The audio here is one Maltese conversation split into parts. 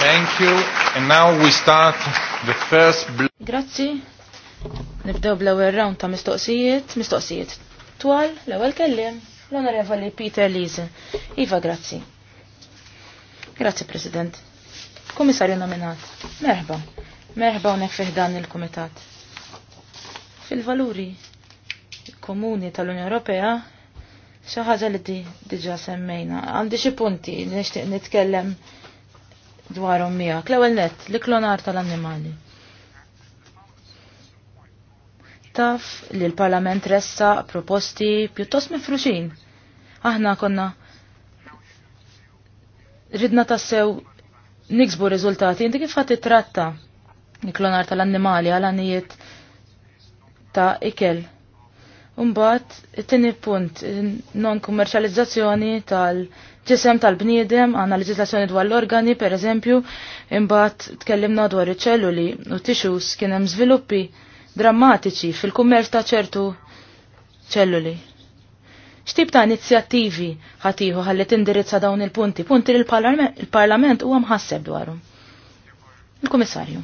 Thank you. And now we start the first Grazzi. Nibdew bl-ewwel round ta' mistoqsijiet, mistoqsijiet. Twal, l-ewwel kelliem, l-Onorevoli Peter Lise. Iva, grazzi. Grazzi, President. Kummissarju nominat. Merħba. Merħba unek dan il-Kumitat. Fil-valuri komuni tal-Unja Ewropea xi ħaġa li diġà semmejna. Għandi xi punti nixtieq nitkellem dwarhom miegħek. L-ewwel nett, l-klonar tal-annimali. Taf li l-Parlament ressa proposti pjuttost mifruxin. Aħna konna ridna tassew niksbu riżultati. Inti kif ħadd tratta l-klonar tal-annimali għal ta' ikel Umbat, it-tini punt, non-kommerċalizzazzjoni tal-ġisem tal-bniedem, għanna leġislazzjoni dwar l-organi, per eżempju, imbat tkellimna dwar iċelluli u tixus kien hemm żviluppi drammatiċi fil-kummerċ ta' ċertu ċelluli. X'tib ta' inizjattivi ħatiħu ħalli tindirizza dawn il-punti, punti li l-Parlament huwa mħasseb dwarhom. Il-Kummissarju.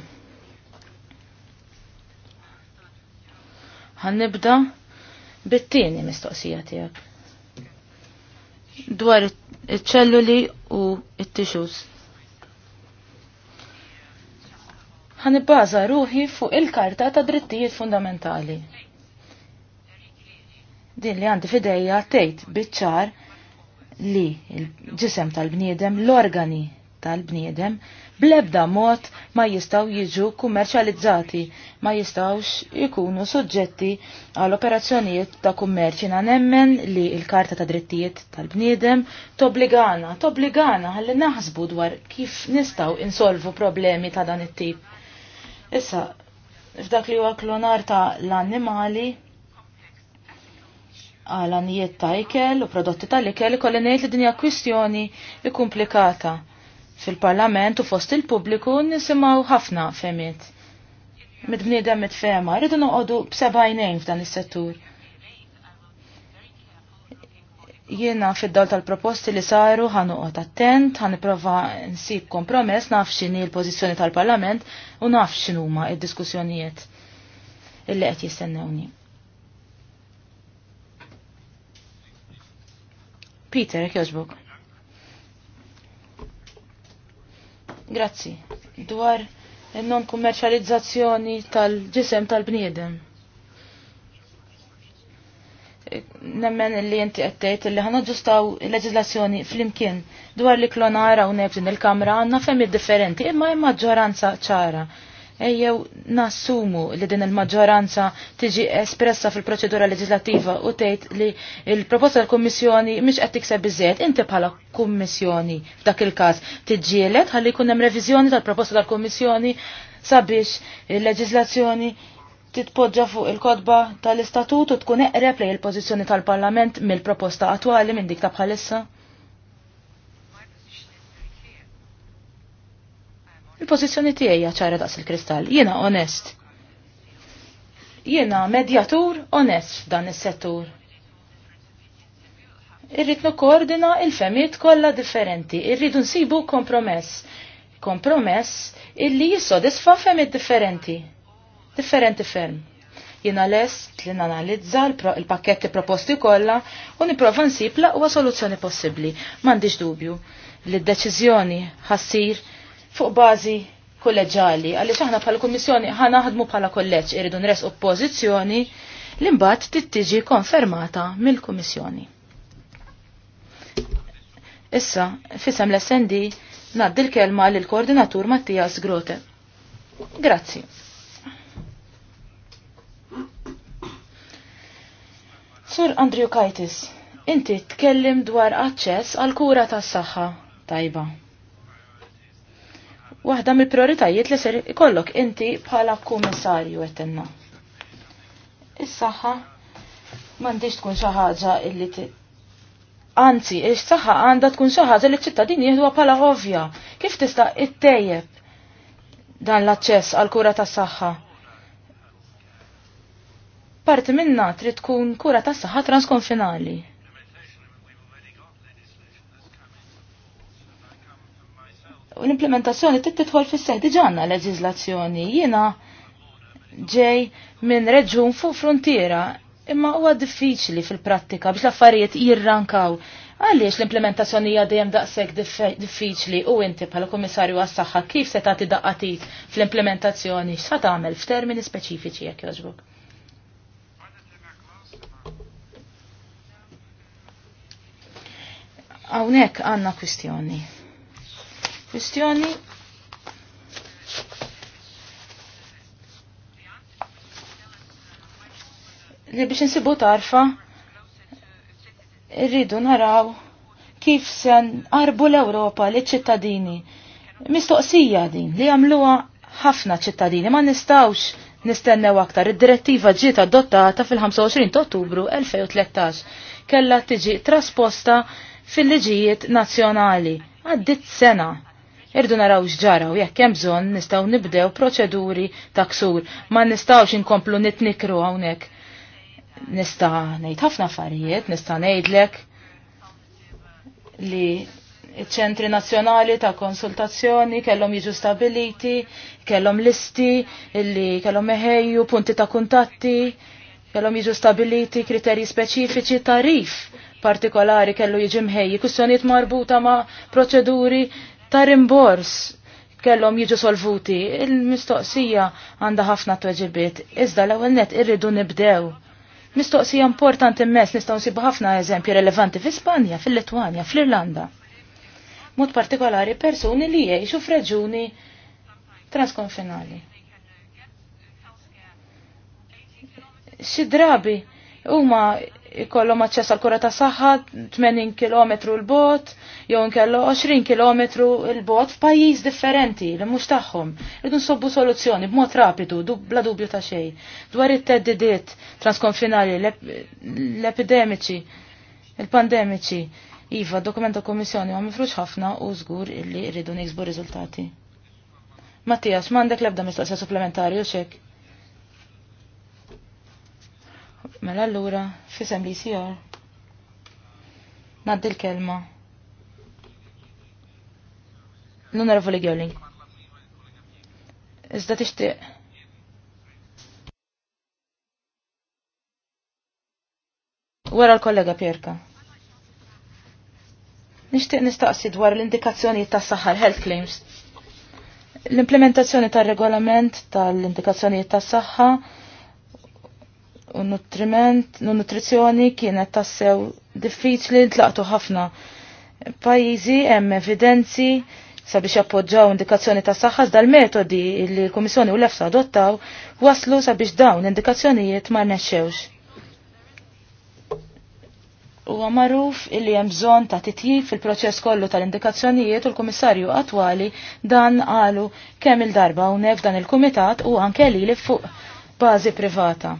Ħannibda bit-tieni mistoqsija tiegħek. Dwar iċ-ċelluli u il tixus Ħanibbaża ruħi fuq il-karta ta' drittijiet fundamentali. Din li għandi fidejja tgħid biċ-ċar li l-ġisem tal-bniedem l-organi tal-bniedem blebda mod ma jistaw jiġu kummerċjalizzati, ma jistawx ikunu suġġetti għal operazzjonijiet ta' kummerċin nemmen li il-Karta ta' Drittijiet tal-Bniedem tobligana, tobligana ħalli naħsbu dwar kif nistaw insolvu problemi ta' dan it-tip. Issa, f'dak li huwa klonar ta' l-annimali, għal anijiet ta' ikel u prodotti tal-ikel, kolli ngħid li dinja kwistjoni ikkumplikata. komplikata fil-parlament u fost il-pubbliku nisimgħu ħafna femiet. Mid-bniedem mitfema, rridu noqogħdu b'sebajnejn f'dan is-settur. Jiena fid-dal tal-proposti li saru uqot attent, ħan prova nsib kompromess, naf x'inhi l-pożizzjoni tal-Parlament u naf x'inhuma id-diskussjonijiet illi qed jistennewni. Peter, jogħġbok. Grazzi. Dwar non kummerċjalizzazzjoni tal-ġisem tal-bniedem. E, nemmen li jinti għettejt li ħana ġustaw leġizlazzjoni fl-imkien dwar li klonara u nebżin il-kamra għanna femmi differenti imma imma ġoranza ċara ejjew nassumu li din il-maġġoranza tiġi espressa fil-proċedura leġislattiva u tgħid li il-proposta tal-Kummissjoni mhix qed tikseb biżejjed inti bħala Kummissjoni f'dak il-każ tiġġieled ħalli jkun hemm reviżjoni tal-proposta tal-Kummissjoni sabiex il-leġislazzjoni titpoġġa fuq il-kodba tal-istatut u tkun eqreb lej il-pożizzjoni tal-Parlament mill-proposta attwali minn dik ta' bħalissa. Il-pozizjoni tiegħi ċara daqs il-kristall. Jiena onest. Jiena medjatur onest f'dan is-settur. Irrid koordina il-femijiet kollha differenti, irridu nsibu kompromess. Kompromess illi jissodisfa femijiet differenti. Differenti ferm. Jiena lest li nanalizza l-pakketti proposti kollha u nipprova nsib laqwa soluzzjoni possibbli. M'għandix dubju li d-deċiżjoni ħassir fuq bażi kolleġali għaliex aħna bħala ħana ħadmu bħala kolleġġ iridu nres oppożizzjoni li mbagħad tittiġi konfermata mill-kummissjoni. Issa, fissam l-SND naddi l-kelma l-koordinatur Mattias Grote. Grazzi. Sur Andrew Kaitis, inti tkellim dwar aċċess għal kura tas saħħa tajba waħda mill-prioritajiet li ser ikollok inti bħala kummissarju għetenna. Is-saħħa m'għandix tkun xi ħaġa illi Anzi, is-saħħa għandha tkun xi ħaġa li ċ-ċittadini jieħduha bħala ovvja. Kif tista' ittejjeb dan l-aċċess għal kura tas-saħħa? Parti minna trid tkun kura tas-saħħa transkonfinali. u l-implementazzjoni trid tidħol fis-seħ diġanna leġizlazzjoni Jiena ġej minn reġun fuq frontiera imma huwa diffiċli fil-prattika biex l-affarijiet jirrankaw. Għaliex l-implementazzjoni hija dejjem daqshekk diffiċli u inti bħala kummissarju għas-saħħa kif se tagħti daqqatit fl-implementazzjoni x'sa tagħmel f'termini speċifiċi jekk jogħġbok. Hawnhekk għandna kwistjoni kwestjoni. Li biex nsibu tarfa, irridu naraw kif sen arbu l-Europa li ċittadini. Mistoqsija din li għamluwa ħafna ċittadini, ma nistawx nistennew aktar. Id-direttiva ġiet adottata fil-25 ottubru 2013 kella tiġi trasposta fil-liġijiet nazzjonali. Għaddit sena irdu naraw x'ġara u jekk hemm bżonn nistgħu nibdew proċeduri ta' ksur ma nistgħux inkomplu nitnikru hawnhekk. Nista' ngħid ħafna affarijiet, nista' ngħidlek li ċentri nazzjonali ta' konsultazzjoni kellhom jiġu stabiliti, kellhom listi li kellhom meħejju punti ta' kuntatti, kellhom jiġu stabiliti kriterji speċifiċi tarif partikolari kellu jiġi mħejji, kustjoniet marbuta ma' proċeduri ta' rimbors kellhom jiġu solvuti. Il-mistoqsija għandha ħafna tweġibiet, iżda l-ewwel net irridu nibdew. Mistoqsija importanti mess nistgħu nsibu ħafna eżempji relevanti fi Spanja, fil-Litwanja, fl-Irlanda. Mod partikolari persuni li jgħixu f'reġuni transkonfinali. Xi drabi huma ikollhom aċċess għal kura ta' saħħa 80 km l-bot, jew nkellu 20 km l-bot f'pajjiż differenti li mhux tagħhom. Irridu nsobbu soluzzjoni b'mod rapidu, bla dubju ta' xejn. Dwar it-teddidiet transkonfinali, l-epidemiċi, il-pandemiċi, iva, dokumenta kommissjoni għam mifrux ħafna u żgur illi rridu niksbu riżultati. Mattias, m'għandek l-ebda mistoqsija supplementari u xek? Mela allura, fisem li sijar. Naddi l-kelma. l li Gerling. Iżda tixtieq. Wara l-kollega Pierka. Nixtieq nistaqsi dwar l-indikazzjonijiet tas-saħħa health claims. L-implementazzjoni tar-regolament tal-indikazzjonijiet tas-saħħa u nutriment, u nutrizzjoni kienet tassew diffiċli tlaqtu ħafna pajjiżi hemm evidenzi sabiex appoġġaw indikazzjoni ta' saħħas dal-metodi li l-Kummissjoni u l-EFSA adottaw waslu sabiex dawn indikazzjonijiet ma rnexxewx. Huwa magħruf illi hemm bżonn ta' titjib fil-proċess kollu tal-indikazzjonijiet u l-Kummissarju attwali dan qalu kemm il-darba hawnhekk dan il-Kumitat u anke li fuq bażi privata.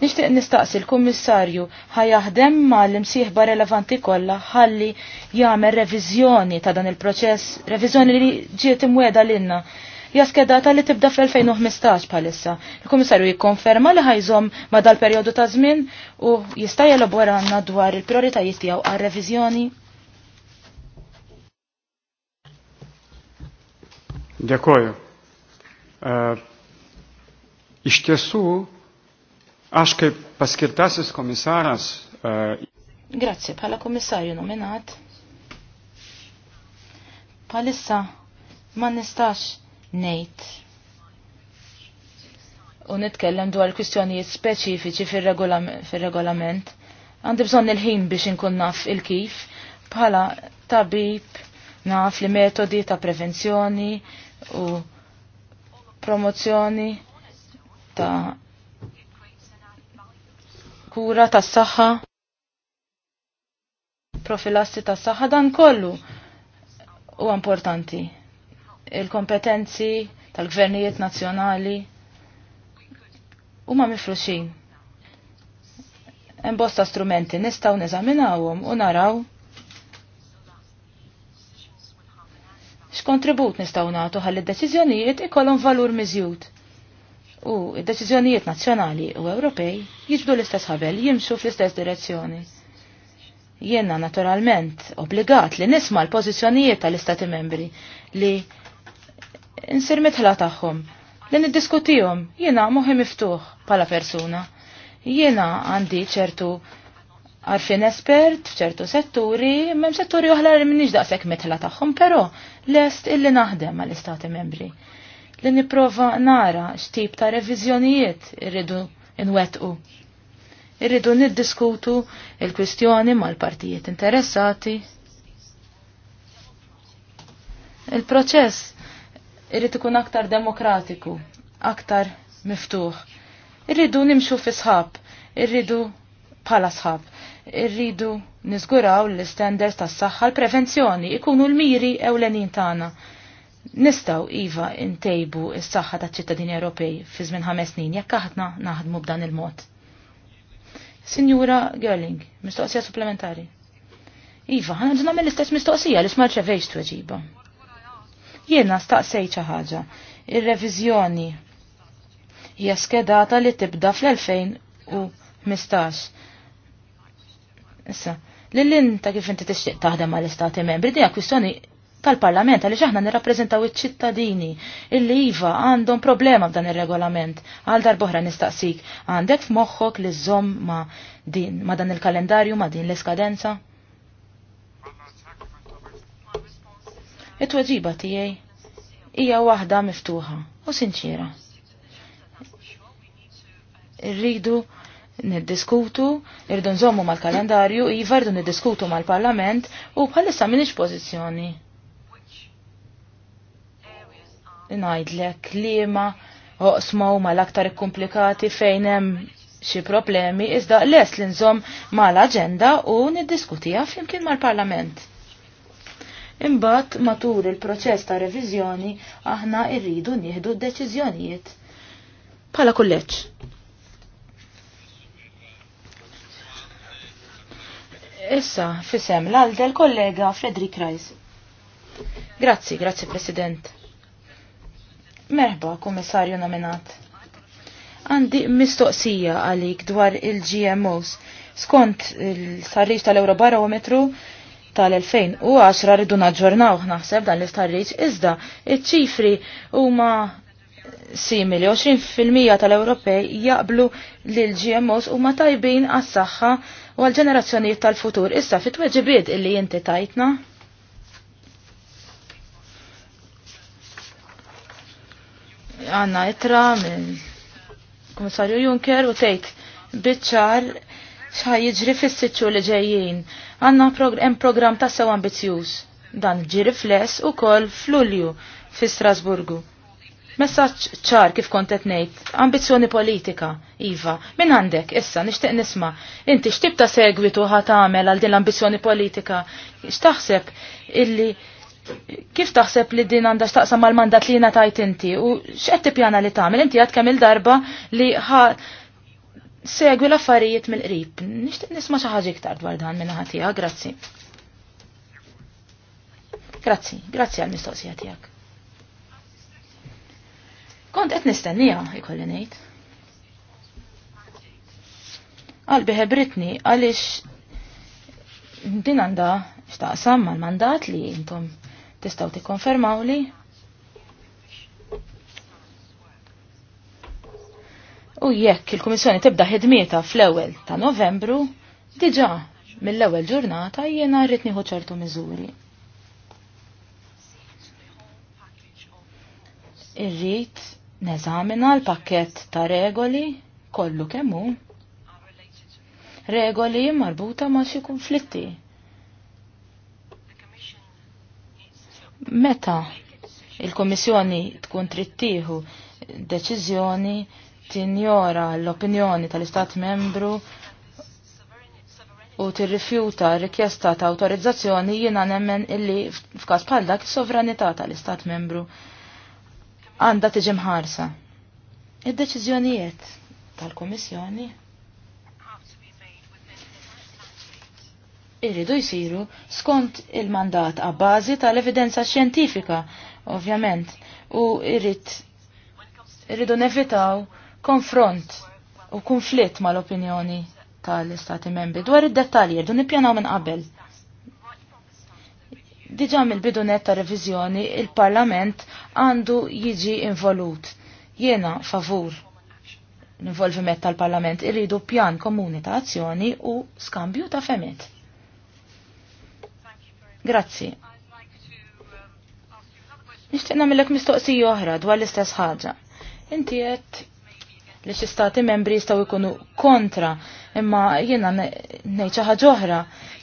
Nixtieq nistaqsi l-Kummissarju ħajaħdem mal-imsieħba relevanti kollha ħalli jagħmel reviżjoni ta' dan il-proċess, reviżjoni li ġiet imweda lilna. Jaskedata li tibda fl-2015 bħalissa. Il-Kummissarju jikkonferma li ħajżom ma' dal-perjodu ta' żmien u jista' jelaboranna dwar il-prioritajiet tiegħu għar-reviżjoni. Dekoju. Uh, Ixtessu Aš kaip paskirtasis komisaras. Uh, Grazie, pala komissarju nominat. Palissa ma nistax nejt. U nitkellem dwar kwistjonijiet speċifiċi fil-regolament. Għandi bżonn il-ħin biex inkun naf il-kif. Pala tabib naf li metodi ta' prevenzjoni u promozzjoni ta' kura tas-saħħa, profilassi tas-saħħa dan kollu huwa importanti. Il-kompetenzi tal-gvernijiet nazzjonali huma mifruxin. Embosta bosta strumenti nistgħu neżaminawhom u naraw x'kontribut nistgħu nagħtu ħalli d-deċiżjonijiet ikollhom valur miżjud u d deċiżjonijiet nazzjonali u Ewropej jiġbdu l-istess ħabel jimxu fl-istess direzzjoni. Jiena naturalment obbligat li nisma' l-pożizzjonijiet tal-Istati membri li insir mitħla tagħhom li niddiskutihom jiena moħi miftuħ bħala persuna. Jiena għandi ċertu għarfin espert f'ċertu setturi, m'hemm setturi oħra li minnix daqshekk mitħla tagħhom, però lest illi naħdem għall-Istati membri li niprofa nara x'tip ta' reviżjonijiet irridu nwettqu. Irridu niddiskutu il-kwistjoni mal-partijiet interessati. Il-proċess irrid ikun aktar demokratiku, aktar miftuħ. Irridu nimxu fi sħab, irridu bħala sħab, irridu niżguraw l istenders tas-saħħa l-prevenzjoni ikunu l-miri ewlenin tagħna. Nistaw iva intejbu s-saħħa ta' ċittadini Ewropej fi żmien ħames snin jekk aħna naħdmu b'dan il-mod. Sinjura Gerling, mistoqsija supplementari. Iva, ħana ġuna mill-istess mistoqsija li smar ċevejx tweġiba. Jiena staqsej ħaġa. Ir-reviżjoni hija skedata li tibda fl-2015. Issa, l-lin ta' kif inti tixtieq taħdem mal istati membri, dija kwistjoni tal-Parlament għaliex aħna nirrappreżentaw iċ-ċittadini illi iva għandhom problema b'dan ir-regolament. Għal darboħra nistaqsik, għandek f'moħħok li żomm ma' din ma' dan il-kalendarju ma' din l-iskadenza? It-tweġiba tiegħi hija waħda miftuħa u sinċira. Irridu niddiskutu, irdu nżommu mal-kalendarju, iva irdu niddiskutu mal-parlament u bħalissa minix pożizzjoni ngħidlek liema oqsma huma l-aktar komplikati fejn hemm xi problemi iżda lest li nżomm mal-aġenda u niddiskutija flimkien mal-Parlament. Imbagħad matul il-proċess ta' reviżjoni aħna rridu nieħdu d-deċiżjonijiet bħala kulleċ. Issa fisem l-għaldel kollega Fredrik Rajs. Grazzi, grazzi President. Merħba, kummissarju nominat. Għandi mistoqsija għalik dwar il-GMOs. Skont il-sarriċ tal-Eurobarometru tal-2010 rridu naġġornaw naħseb dan l-istarriċ iżda iċ-ċifri huma simili 20% tal-Ewropej jaqblu li l-GMOs huma tajbin għas-saħħa u għal-ġenerazzjonijiet tal-futur. Issa fit-tweġibiet illi inti tajtna għanna itra minn Komissarju Juncker u tgħid bitċar xa jiġri fis li ġejjin. Għandna hemm program ta' sew ambizzjuż. Dan ġi rifless ukoll f'Lulju fi Strasburgu. Messaċ ċar kif kont qed ngħid, ambizzjoni politika, iva, minn għandek issa nixtieq nisma' inti x'tib ta' segwitu ħat għamel għal din l-ambizzjoni politika, x'taħseb illi Kif taħseb li din għandha x'taqsam mal-mandat li jiena tajt inti u x'qed tippjana li tagħmel inti għad kemm il-darba li ħa segwi l-affarijiet mill-qrib. Nixtieq nisma' xi ħaġa iktar dwar dan minn ħatija, grazzi. Grazzi, grazzi għal-mistoqsija tiegħek. Kont qed nistennija jkolli ngħid. Qalbi ħebritni għaliex din għandha x'taqsam mal-mandat li intom Tistaw konfermaw li? U jekk il-Kummissjoni tibda ħidmieta fl-ewwel ta' Novembru, diġà mill-ewwel ġurnata jiena rrid nieħu ċertu miżuri. Irrid neżamina l-pakkett ta' regoli kollu kemm hu regoli marbuta ma' xi konflitti Meta il-Komissjoni tkun trittieħu deċiżjoni tinjora l-opinjoni tal-Istat membru u tirrifjuta rikjesta ta' autorizzazzjoni jiena nemmen illi f'każ bħal dak sovranità tal-Istat membru għandha tiġi mħarsa. Id-deċiżjonijiet tal-Kummissjoni irridu jisiru skont il-mandat għabbażi tal-evidenza xjentifika, ovvjament, u irrid irridu nevitaw konfront u konflitt mal-opinjoni tal-Istati membri dwar id-dettalji irridu nippjanaw minn qabel. Diġa mill-bidunet ta' reviżjoni il-Parlament għandu jiġi involut. Jiena favur l-involviment tal-Parlament irridu pjan komuni ta' azzjoni u skambju ta' femet. Grazzi. Nixtieq namillek mistoqsija oħra dwar l-istess ħaġa. Inti qed li xi stati membri jistgħu jkunu kontra, imma jiena ngħid xi ħaġa oħra.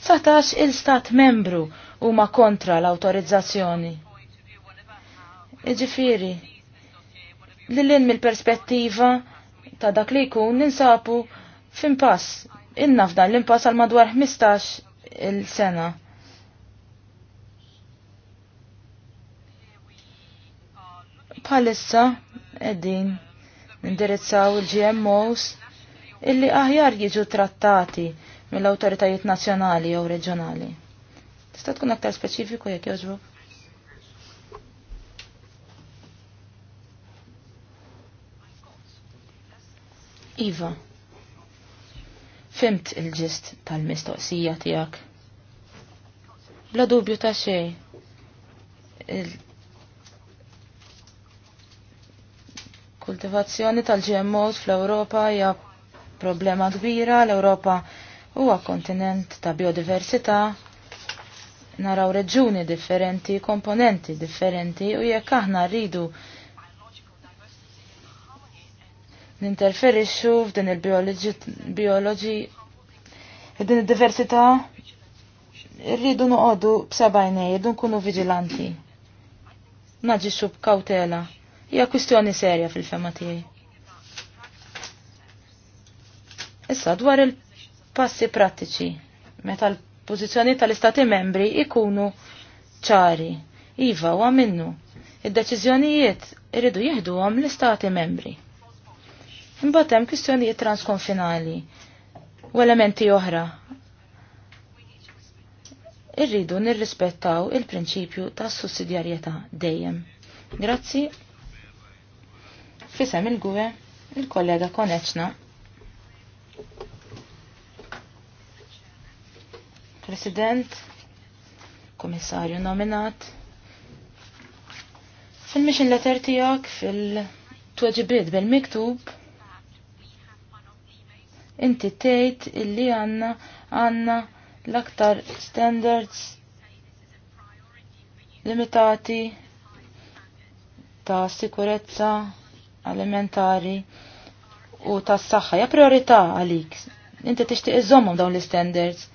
Satax il-stat membru huma kontra l-awtorizzazzjoni. Iġifieri, li l mill-perspettiva ta' dak li jkun ninsabu f'impass. Inna f'dan l-impass għal madwar 15 il-sena. bħalissa eddin nindirizzaw il-GMOs illi aħjar jiġu trattati mill-awtoritajiet nazzjonali jew reġjonali. Tista' tkun aktar speċifiku jekk jogħġbok? Iva, fimt il-ġist tal-mistoqsija tijak. Bla dubju ta' xej, Kultivazzjoni tal-GMOs fl-Ewropa hija problema kbira, l-Ewropa huwa kontinent ta' biodiversità, naraw reġuni differenti, komponenti differenti u jekk aħna rridu ninterferixxu f'din il-bioloġi din id-diversità rridu noqogħdu b'sebajnej, rridu nkunu viġilanti. Naġixxu b'kawtela hija kwistjoni serja fil-fema tiegħi. Issa dwar il-passi prattiċi meta l-pożizzjoni tal-Istati membri ikunu ċari. Iva u minnu. Id-deċiżjonijiet irridu jieħduhom l-Istati membri. Imbagħad hemm kwistjonijiet transkonfinali u elementi oħra irridu nirrispettaw il-prinċipju ta' sussidjarjetà dejjem. Grazzi. Fisem il-gwe, il-kollega koneċna. President, komissarju nominat, fil-mission letter tijak, fil-tweġibrit bil-miktub, inti tgħid illi għandna għandna l-aktar standards limitati ta' sikurezza elementari u tas-saħħa hija priorità għalik. Inti tixtieq iżommhom dawn l-standards.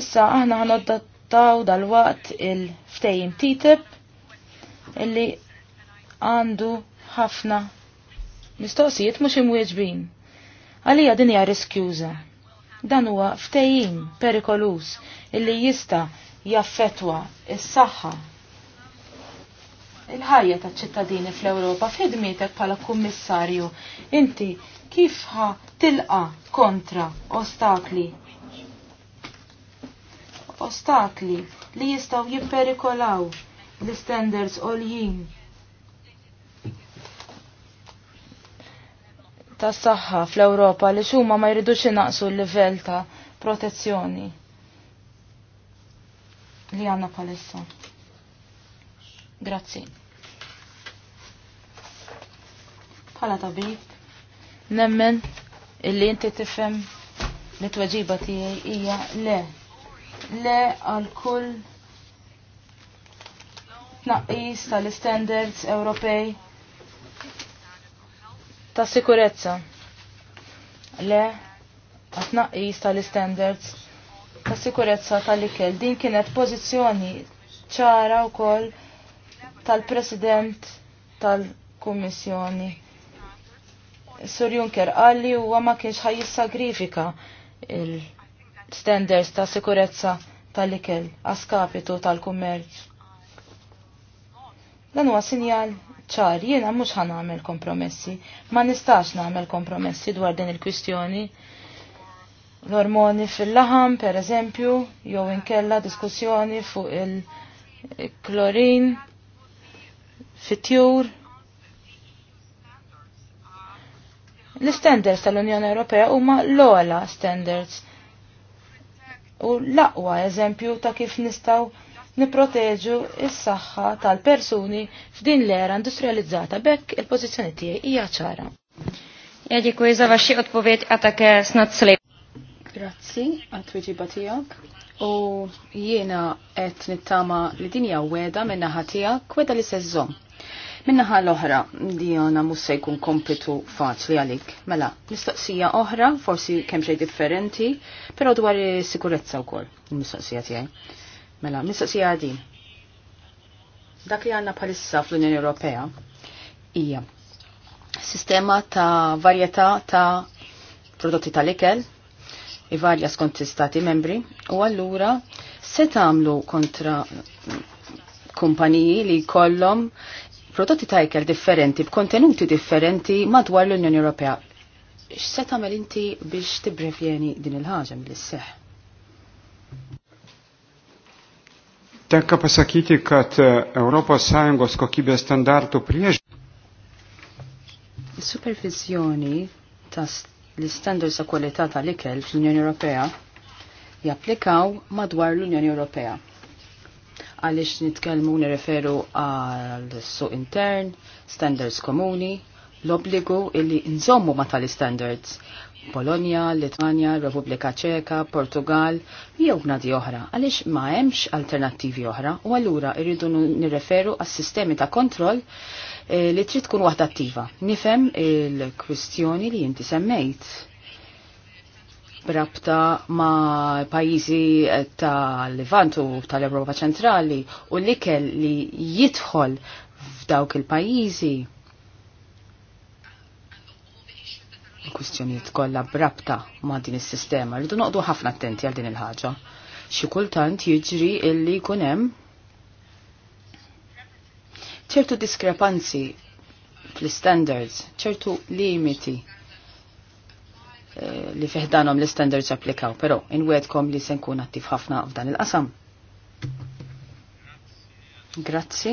Issa aħna ħanoddattaw dal-waqt il-ftejim TTIP illi għandu ħafna mistoqsijiet mhux imwieġbin. Għalija din hija riskjuża. Dan huwa ftejim perikolus illi jista' jaffetwa is-saħħa il-ħajja ta' ċittadini fl-Ewropa f'ħidmietek bħala kummissarju. Inti kif ħa tilqa kontra ostakli? Ostakli li jistaw jipperikolaw l-standards oljin ta' saħħa fl-Ewropa li xuma ma jridux inaqsu l-livell ta' protezzjoni li għanna palissa. Grazie. bħala tabib nemmen illi inti tifhem li tweġiba tiegħi hija le. Le għal kull tnaqqis tal-standards Ewropej ta' sikurezza. Le għal tnaqqis tal-standards ta' sikurezza tal-ikel. Din kienet pożizzjoni ċara wkoll tal-President tal-Kummissjoni Sur Juncker għalli huwa ma kienx ħajjissagrifika il-standards ta' sikurezza tal-ikel għaskapitu tal-kummerċ. Dan huwa sinjal ċar, jiena mhux ħan nagħmel kompromessi, ma nistax nagħmel kompromessi dwar din il-kwistjoni. L-ormoni fil-laħam, per eżempju, jew inkella diskussjoni fuq il-klorin fit-tjur L-standards tal-Unjoni Ewropea huma l-ola standards u l-aqwa eżempju ta' kif nistaw niproteġu is-saħħa tal-persuni f'din l-era industrializzata bekk il-pożizzjoni tiegħi hija ċara. Ja dziękuję za wasi odpowiedź, a takie slej. Grazzi għat tweġiba tiegħek u jiena qed nittama li din hija weda minna naħa tiegħek weda li sezzom. Minnaħa l-oħra li għana mussa jkun kompitu faċli għalik. Mela, mistaqsija oħra, forsi kemm differenti, pero dwar sikurezza u koll, il-mistaqsija tijaj. Mela, mistaqsija għadi. Dak li għanna palissa fl-Unjoni Ewropea hija sistema ta' varjetà ta' prodotti tal-ikel, ivarja skont istati membri, u allura se tagħmlu kontra kumpaniji li kollom prodotti ta' ikel differenti b'kontenuti differenti madwar l-Unjoni Ewropea. X'se tagħmel inti biex tibbrevjeni din il-ħaġa mill-isseħ? Tenka kat eh, Europa Europos Sąjungos kokybės standardu priex. Supervizjoni ta' l-standards ta' kwalità tal-ikel fl-Unjoni Ewropea japplikaw madwar l-Unjoni Ewropea għaliex nitkellmu nireferu għal suq intern, standards komuni, l-obbligu illi nżommu ma tal-standards. Polonia, Litvania, Repubblika Ċeka, Portugal, jew nadi oħra, għaliex ma hemmx alternattivi oħra, u allura irridu nirreferu għas sistemi ta' kontroll eh, li trid tkun waħda attiva. Nifhem il-kwistjoni li inti semmejt brabta ma pajizi eh, tal-Levantu tal-Europa ċentrali u l-ikel li jidħol f'dawk il-pajizi. Kustjonijiet kollha brabta ma din is-sistema rridu noqdu ħafna attenti għal din il-ħaġa. Xi kultant jiġri illi jkun hemm ċertu diskrepanzi fl-standards, ċertu limiti Eh, li fiħdanom li standards applikaw, pero wedkom li se nkun attiv ħafna f'dan il-qasam. Grazzi.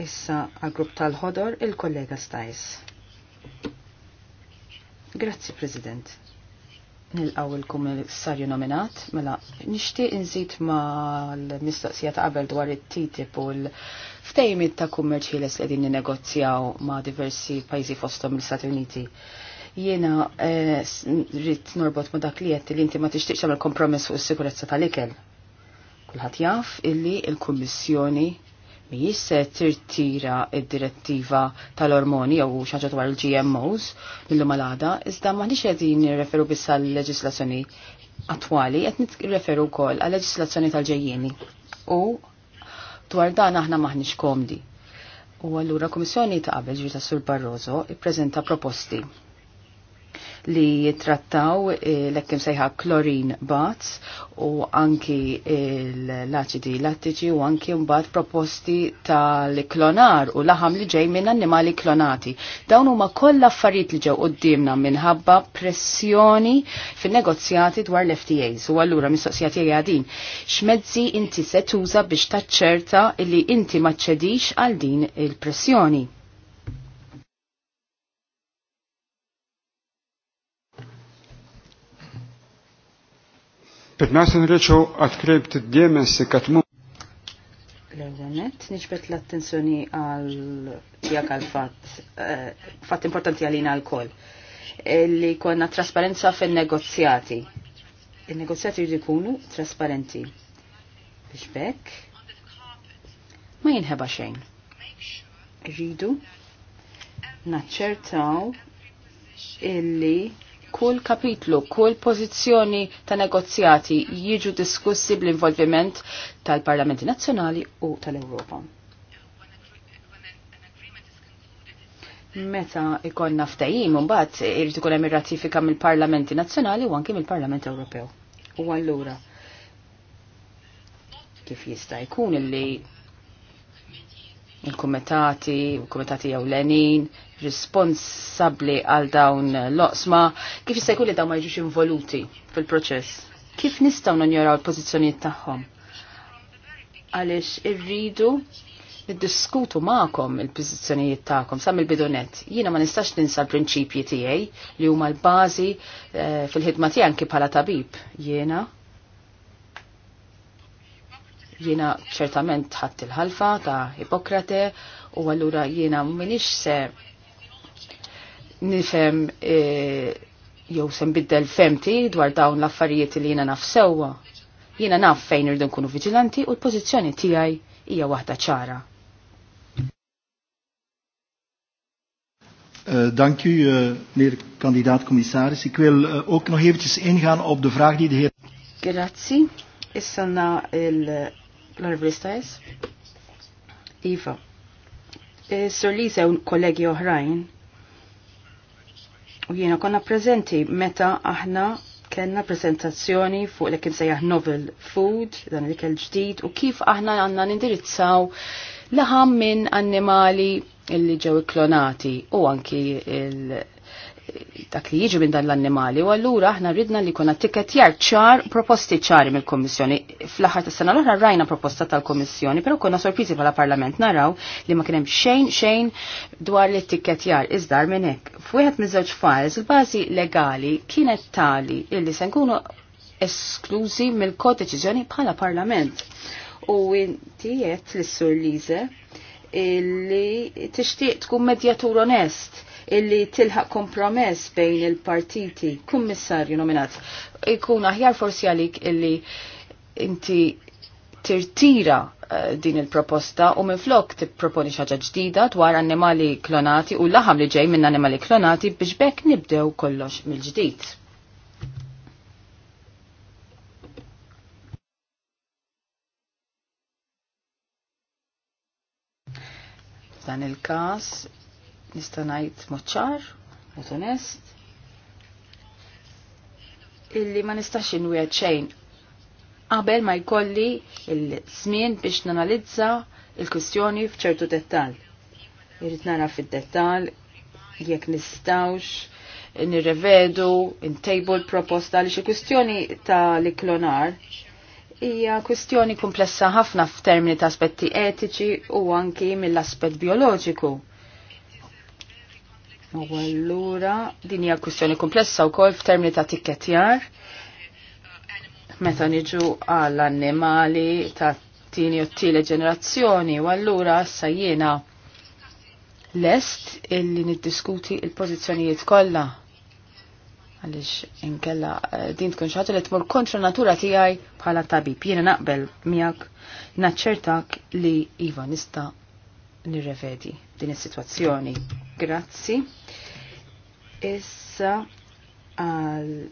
Issa għal-grupp tal-ħodor il-kollega Stajs. Grazzi, President. Nil-għaw il-kummissarju nominat, mela nixtieq inżid ma l-mistoqsija ta' qabel dwar it-TTIP u l-ftejmit ta' l-es li qegħdin negozjaw ma' diversi pajjiżi fosthom l-Stati Uniti Jiena eh, rrit norbot ma dak li qed li inti ma tixtieqx tagħmel kompromess fuq is-sikurezza tal-ikel. Kulħadd jaff illi l-Kummissjoni mi jisse tirtira id-direttiva tal-ormoni jew xaġa dwar il-GMOs mill malada, għada, iżda maħniex qegħdin nirreferu biss l leġislazzjoni attwali qed referu wkoll għal-leġislazzjoni tal-ġejjieni. U dwar dan aħna maħniex komdi. U għallura Komissjoni ta' qabel ġita Sur Barroso ippreżenta proposti li jittrattaw eh, l-ekkim sejħa klorin bats u anki eh, l-aċidi lattiċi u anki mbagħad proposti tal-klonar u laħam li ġej minn annimali klonati. Dawn huma kollha affarijiet li ġew qudiemna minħabba pressjoni fin-negozjati dwar l-FTAs u allura mistoqsija tiegħi għadin. X'mezzi inti se tuża biex taċċerta li inti maċċedix għal din il-pressjoni? Pirmiausia, norėčiau atkreipti dėmesį, kad mums. L-għanet, nġbet l-attenzjoni għal tijak għal fat, eh, fat importanti għalina għal kol, e, li konna trasparenza fil negozjati Il-negozjati jridu jkunu trasparenti. Biex bekk, ma jinħeba xejn. Rridu naċċertaw illi kull kapitlu, kull pożizzjoni ta' negozjati jiġu diskussi bl-involviment tal-Parlamenti Nazzjonali u tal-Ewropa. Meta ikonna ftajim, mbagħad irid ikun hemm ir-ratifika mill-Parlamenti Nazzjonali u anke mill-Parlament Ewropew. U allura kif jista' jkun illi il-kumitati, il-kumitati jawlenin, responsabli għal dawn l-oqsma, kif jista' jkun li dawn ma jiġux involuti fil-proċess? Kif nistgħu nonjoraw il pożizzjonijiet tagħhom? Għaliex irridu niddiskutu ma'kom il-pożizzjonijiet taħħom, sa mill bidonet Jiena ma nistax ninsa l-prinċipji tiegħi li huma l-bażi eh, fil-ħidma tiegħi bħala tabib. Jiena Jiena ċertament ħatt il-ħalfa ta' Hipokrate u allura jiena minix se nifhem e, jew se nbiddel femti dwar dawn l-affarijiet li jiena nafsewa. Jiena naf fejn irdu nkunu viġilanti u l-pożizzjoni tiegħi hija waħda ċara. Uh, dank u, uh, meneer kandidaat-commissaris. Ik wil uh, ook nog eventjes ingaan op de vraag die de heer... Grazie. Issanna il l-Onorevoli Stajs. Iva. Eh, Sir Lisa u kollegi oħrajn. U jiena konna prezenti meta aħna kellna prezentazzjoni fuq li kien sejjaħ novel food, dan li kell ġdid u kif aħna għandna nindirizzaw laħam minn annimali illi ġew klonati u anki il- dak li jiġi minn dan l-annimali u allura aħna ridna li kuna tikketjar ċar proposti ċari mill-Kommissjoni. Fl-aħħar tas sena l-oħra rajna proposta tal-Kommissjoni, però kuna sorpriżi bħala Parlament naraw li ma kien hemm xejn xejn dwar li tikketjar iżdar minn hekk. F'wieħed miż-żewġ files il-bażi legali kienet tali illi se nkunu esklużi mill deċiżjoni bħala Parlament. U inti qed lis-Sur Lize illi tixtieq tkun medjatur onest illi tilħaq kompromess bejn il-partiti, kummissarju nominat, ikun aħjar forsi għalik illi inti tirtira eh, din il-proposta u minn flok tipproponi xaġa ġdida dwar annimali klonati u laħam li ġej minn annimali klonati biex bekk nibdew kollox mill-ġdid. Dan il-kas nista' ngħid moċċar, mod onest, illi ma nistax inwiegħed xejn qabel ma jkolli il-żmien biex nanalizza il-kwistjoni f'ċertu dettal. Irrid nara fid-dettal jekk nistawx nirrevedu, in l-proposta li xi kwistjoni ta' li klonar hija kwistjoni komplessa ħafna f'termini ta' aspetti etiċi u anki mill-aspett bioloġiku. U allura din hija kwistjoni komplessa wkoll f'termini ta' tikketjar. Meta niġu għall annimali ta' tini u t-tile ġenerazzjoni u allura issa jiena lest illi niddiskuti il-pożizzjonijiet kollha għalix inkella eh, din tkun xaġa li tmur kontra natura tiegħi bħala tabib. Jiena naqbel miegħek naċċertak li iva nista' nirrevedi din is-sitwazzjoni. Grazzi. Issa għal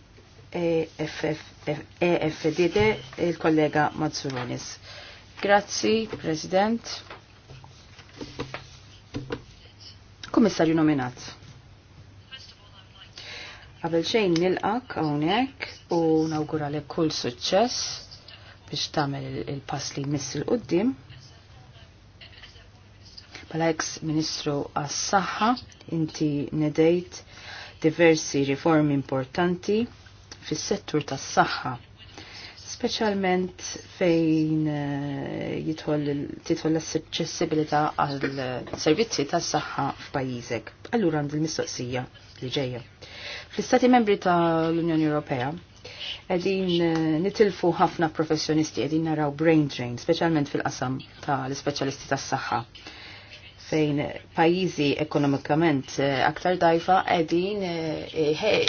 EFDD e il-kollega Mazzuronis. Grazzi, President. Komissarju nominat. Qabel xejn nilqak hawnhekk u nawguralek kull suċċess biex tagħmel il-pass li jmiss il-qudiem. il pass li jmiss il qudiem il Pala ex ministru għas-saħħa inti nedejt diversi riformi importanti fis-settur tas-saħħa specialment fejn eh, jitħol titħol l-accessibilità għal servizzi tas saħħa f'pajjiżek. Allura għand il-mistoqsija li ġejja. Fl-Istati membri tal-Unjoni Ewropea qegħdin eh, nitilfu ħafna professjonisti qegħdin naraw brain drain, speċjalment fil-qasam tal-ispeċjalisti tas-saħħa fejn pajizi ekonomikament eh, aktar dajfa edin eh, eh,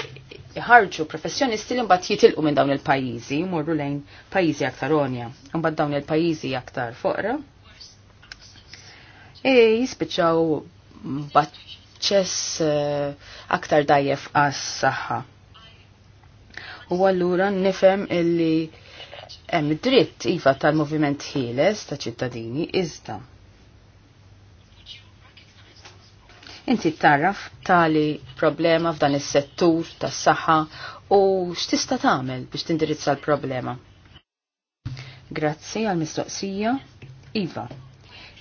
ħarġu professjonisti li mbagħad jitilqu minn dawn il-pajjiżi, jmorru lejn pajjiżi aktar onja. Mbagħad dawn il-pajjiżi aktar foqra. E jispiċċaw baċċess aktar dajjef għas-saħħa. U allura nifhem illi hemm dritt iva tal-moviment ħieles ta' ċittadini iżda Inti tarraf tali problema f'dan is-settur tas-saħħa u x'tista' tagħmel biex tindirizza l-problema. Grazzi għal mistoqsija Iva.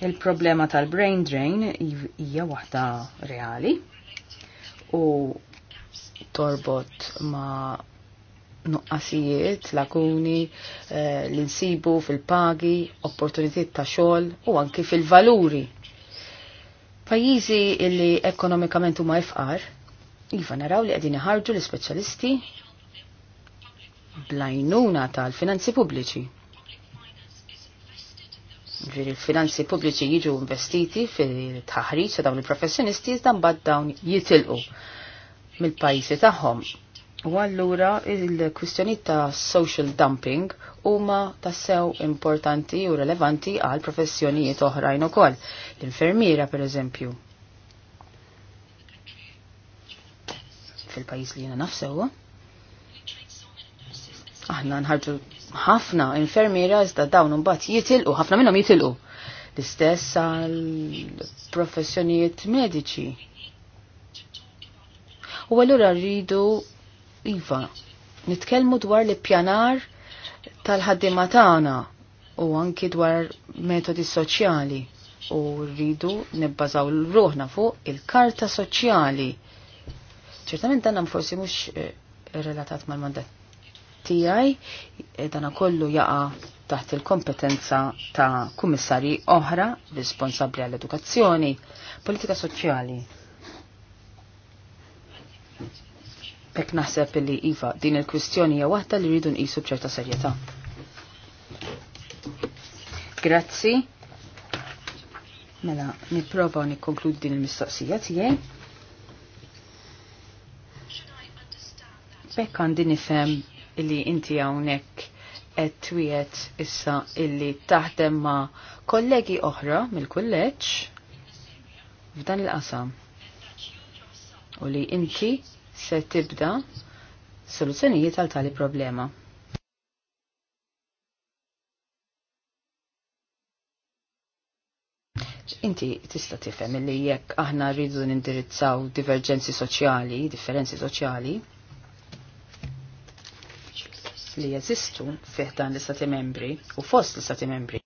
Il-problema tal-brain drain hija waħda reali u torbot ma' nuqqasijiet, lakuni, eh, l-insibu fil-pagi, opportunitiet ta' xogħol u anki fil-valuri Pajjiżi li ekonomikament huma ifqar, iva naraw li qegħdin iħarġu l-ispeċjalisti blajnuna tal-finanzi pubbliċi. Ġiri l-finanzi pubbliċi jiġu investiti fil-taħriġ ta' dawn il-professjonisti iżda mbagħad dawn jitilqu mill-pajjiżi tagħhom U allura il-kwistjoni ta' social dumping huma tassew importanti u relevanti għal professjonijiet oħrajn ukoll. L-infermiera pereżempju. Fil-pajjiż li jiena nafsew. Aħna nħarġu ħafna infermiera iżda dawn imbagħad jitilqu, ħafna minnhom jitilqu. L-istess għal professjonijiet mediċi. U allura rridu Iva, nitkellmu dwar li pjanar tal-ħaddima tagħna u anki dwar metodi soċjali u rridu nibbażaw l-ruħna fuq il-karta soċjali. Ċertament dan forsi mhux eh, relatat mal-mandat tiegħi eh, dana kollu jaqa' taħt il-kompetenza ta' kummissarji oħra responsabbli għall-edukazzjoni, politika soċjali. Ek naħseb li Iva, din il-kwistjoni hija waħda li rridu nqisu b'ċerta serjetà. Grazzi. Mela, nipprova nikkonkludi din il-mistoqsija tiegħi. Bekk għandi nifhem illi inti hawnhekk qed twiet issa illi taħdem ma' kollegi oħra mill-kulleġġ f'dan il-qasam. U li inti se tibda soluzzjonijiet għal tali problema. Inti tista tifhem li jekk aħna rridu nindirizzaw divergenzi soċjali, differenzi soċjali li jeżistu fih dan l-istati membri u fost l-istati membri.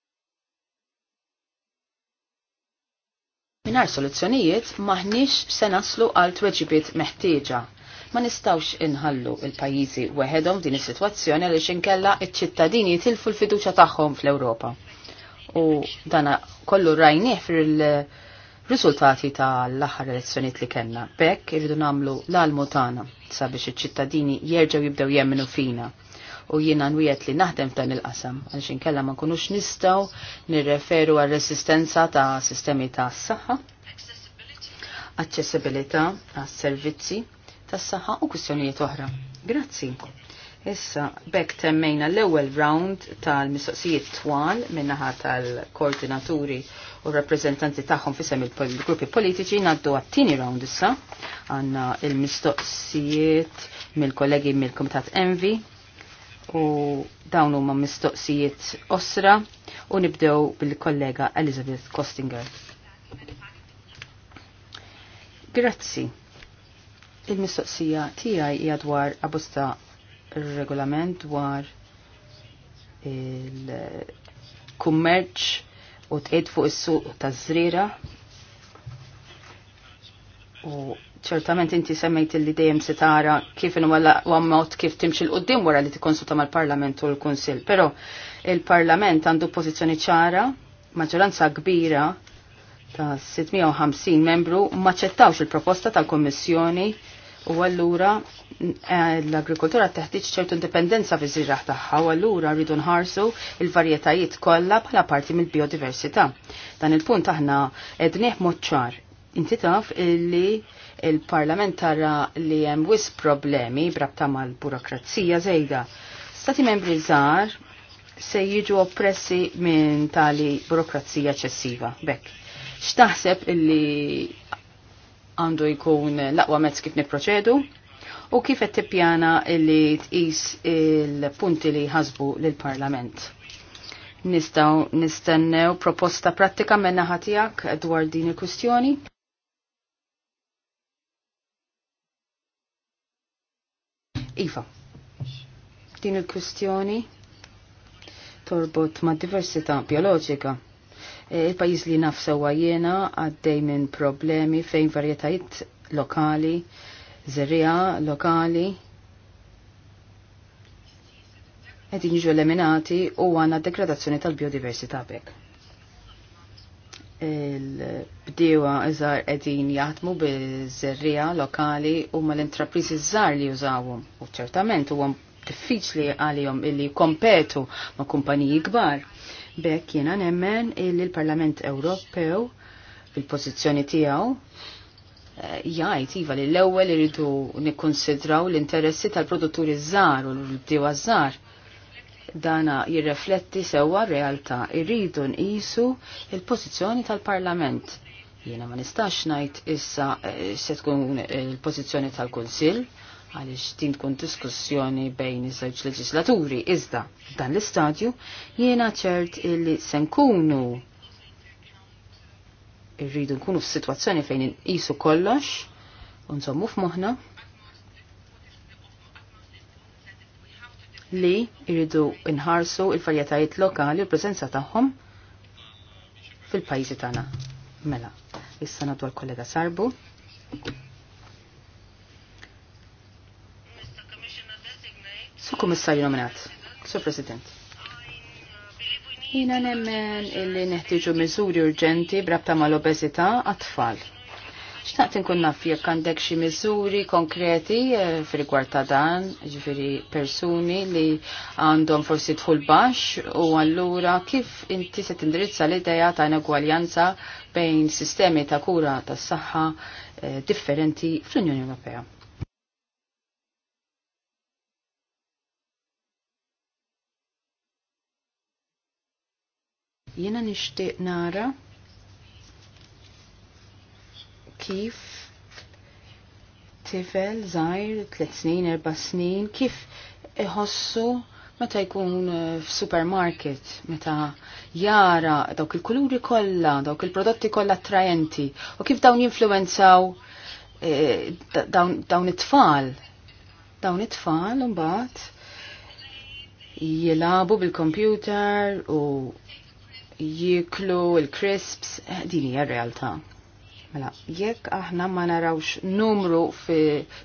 Minar soluzzjonijiet maħniex se naslu għal tweġibiet meħtieġa Ma nistawx inħallu il-pajjiżi weħedhom din is-sitwazzjoni għaliex inkella iċ-ċittadini jitilfu l-fiduċja tagħhom fl-Ewropa. U dana kollu rajnieh fil-riżultati tal-aħħar elezzjonijiet li kellna. Bekk irridu nagħmlu l-almu tagħna sabiex iċ-ċittadini jerġgħu jibdew jemminu fina u jiena nwiet li naħdem f'dan il-qasam għaliex inkella ma nkunux nistgħu nirreferu għal resistenza ta' sistemi ta' s-saħħa, aċċessibilità għas servizzi tas-saħħa u kwistjonijiet oħra. Grazzi. Issa, bekk temmejna l-ewwel round tal-mistoqsijiet twal minnaħa tal-koordinaturi u rappreżentanti tagħhom fisem il-gruppi politiċi ngħaddu għat-tieni round issa għandna il-mistoqsijiet mill-kollegi mill-Kumitat Envi u dawn huma mistoqsijiet osra u nibdew bil-kollega Elizabeth Kostinger. Grazzi. Il-mistoqsija tiegħi hija dwar abusta regolament dwar il-kummerċ u tqiet fuq is-suq taż-żriera u ċertament inti semmejt li dejjem se tara kif inwella u kif timxil qudiem wara li tikkonsulta mal-Parlament u l-Kunsill, però il-Parlament għandu pożizzjoni ċara, maġġoranza kbira ta' 650 membru maċċettawx il-proposta tal-Kommissjoni U allura eh, l-agrikoltura teħtieġ ċertu indipendenza fi żirraħ tagħha u allura rridu nħarsu il-varjetajiet kollha bħala parti mill-biodiversità. Dan il-punt aħna qed mod ċar. Inti taf illi il-Parlament tara li hemm wis problemi brabta mal-burokrazija żejda. Stati membri żgħar se jiġu oppressi minn tali burokrazija ċessiva. Bekk, x'taħseb illi għandu jkun laqwa mezz kif niproċedu u kif qed tippjana li tqis il-punti li jħasbu lill-Parlament. Nistgħu nistennew proposta prattika minn naħa tiegħek dwar din il kustjoni Iva, din il-kwistjoni torbot ma' diversità bioloġika E, il-pajis li nafsewa jena għaddej minn problemi fejn varjetajiet lokali, zerrija lokali, Għed jiġu eliminati u għanna degradazzjoni tal-biodiversità bekk. Il-bdiewa iżar edin jaħdmu bil-żerrija lokali u mal-intrapriżi żar li jużawhom u ċertament huwa diffiċli għalihom illi kompetu ma' kumpaniji kbar Bekk jiena nemmen li l-Parlament Ewropew fil pozizjoni tiegħu eh, jgħid iva li l-ewwel iridu nikkonsidraw l-interessi tal-produtturi żgħar u l-bdiewa żgħar dana jirrefletti sewwa r-realtà irridu nqisu il-pożizzjoni tal-Parlament. Jiena ma nistax ngħid issa eh, se tkun il-pożizzjoni tal-Kunsill għaliex din kun diskussjoni bejn iż-żewġ leġislaturi. Iżda, dan l-istadju jiena ċert illi se nkunu irridu nkunu f'sitwazzjoni fejn inqisu kollox u nżommu f'moħħna li irridu nħarsu il-varjetajiet lokali u l-preżenza tagħhom fil-pajjiżi tagħna. Mela, issa nadu kollega Sarbu. Su kummissarju nominat, su president. Jina nemmen illi neħtieġu miżuri urġenti brabta mal l għat-tfal. Xtaqt nkun naf jekk għandek xi miżuri konkreti eh, f'rigward ta' dan, ġifieri persuni li għandhom forsi dħul baxx u allura kif inti se tindirizza l-idea ta' inegwaljanza bejn sistemi ta' kura tas saħħa eh, differenti fl-Unjoni Ewropea. Jena nishtiq nara kif tifel zaħir, tliet snin, erba snin, kif iħossu meta jkun eh, f'supermarket, meta jara dawk il-kuluri kollha, dawk il-prodotti kollha attrajenti, u kif dawn jinfluenzaw eh, dawn it-tfal. Dawn it-tfal mbagħad jilabu bil-computer u jiklu il-crisps, din hija realtà. Mela, jekk aħna ma narawx numru fi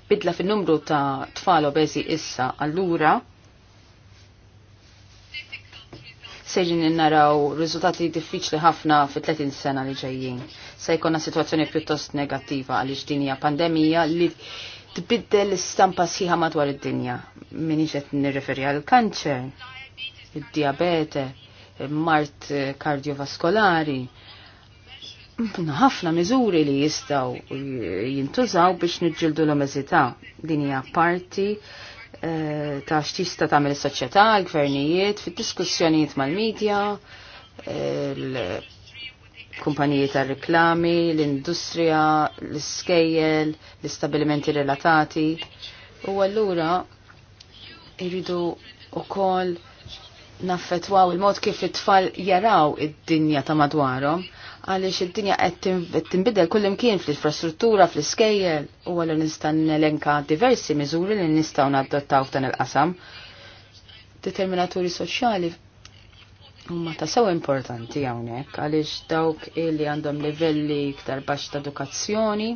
bidla fin numru ta' tfal obezi issa allura sejrin naraw riżultati diffiċli ħafna fi 30 sena li ġejjin. Se jkollna sitwazzjoni pjuttost negattiva għaliex din hija pandemija li tbiddel l-istampa sħiħa madwar id-dinja. Min qed nirreferi għal kanċer, id-diabete, mart kardiovaskolari. Ħafna miżuri li jistaw jintużaw biex nġildu l omezita Din hija parti eh, ta' x'tista tagħmel is-soċjetà, l-gvernijiet, fid-diskussjonijiet mal-medja, l-kumpaniji tar riklami l-industrija, l-iskejjel, l-istabilimenti relatati. U allura irridu koll naffetwaw il-mod kif it-tfal jaraw id-dinja ta' madwarhom għaliex id-dinja qed tinbidel kullimkien fl-infrastruttura, fl-iskejjel u għallu nista' nelenka diversi miżuri li nistgħu nadottaw f'dan il-qasam. Determinaturi soċjali huma ta' sew importanti hawnhekk għaliex dawk illi għandhom livelli iktar baxx ta' edukazzjoni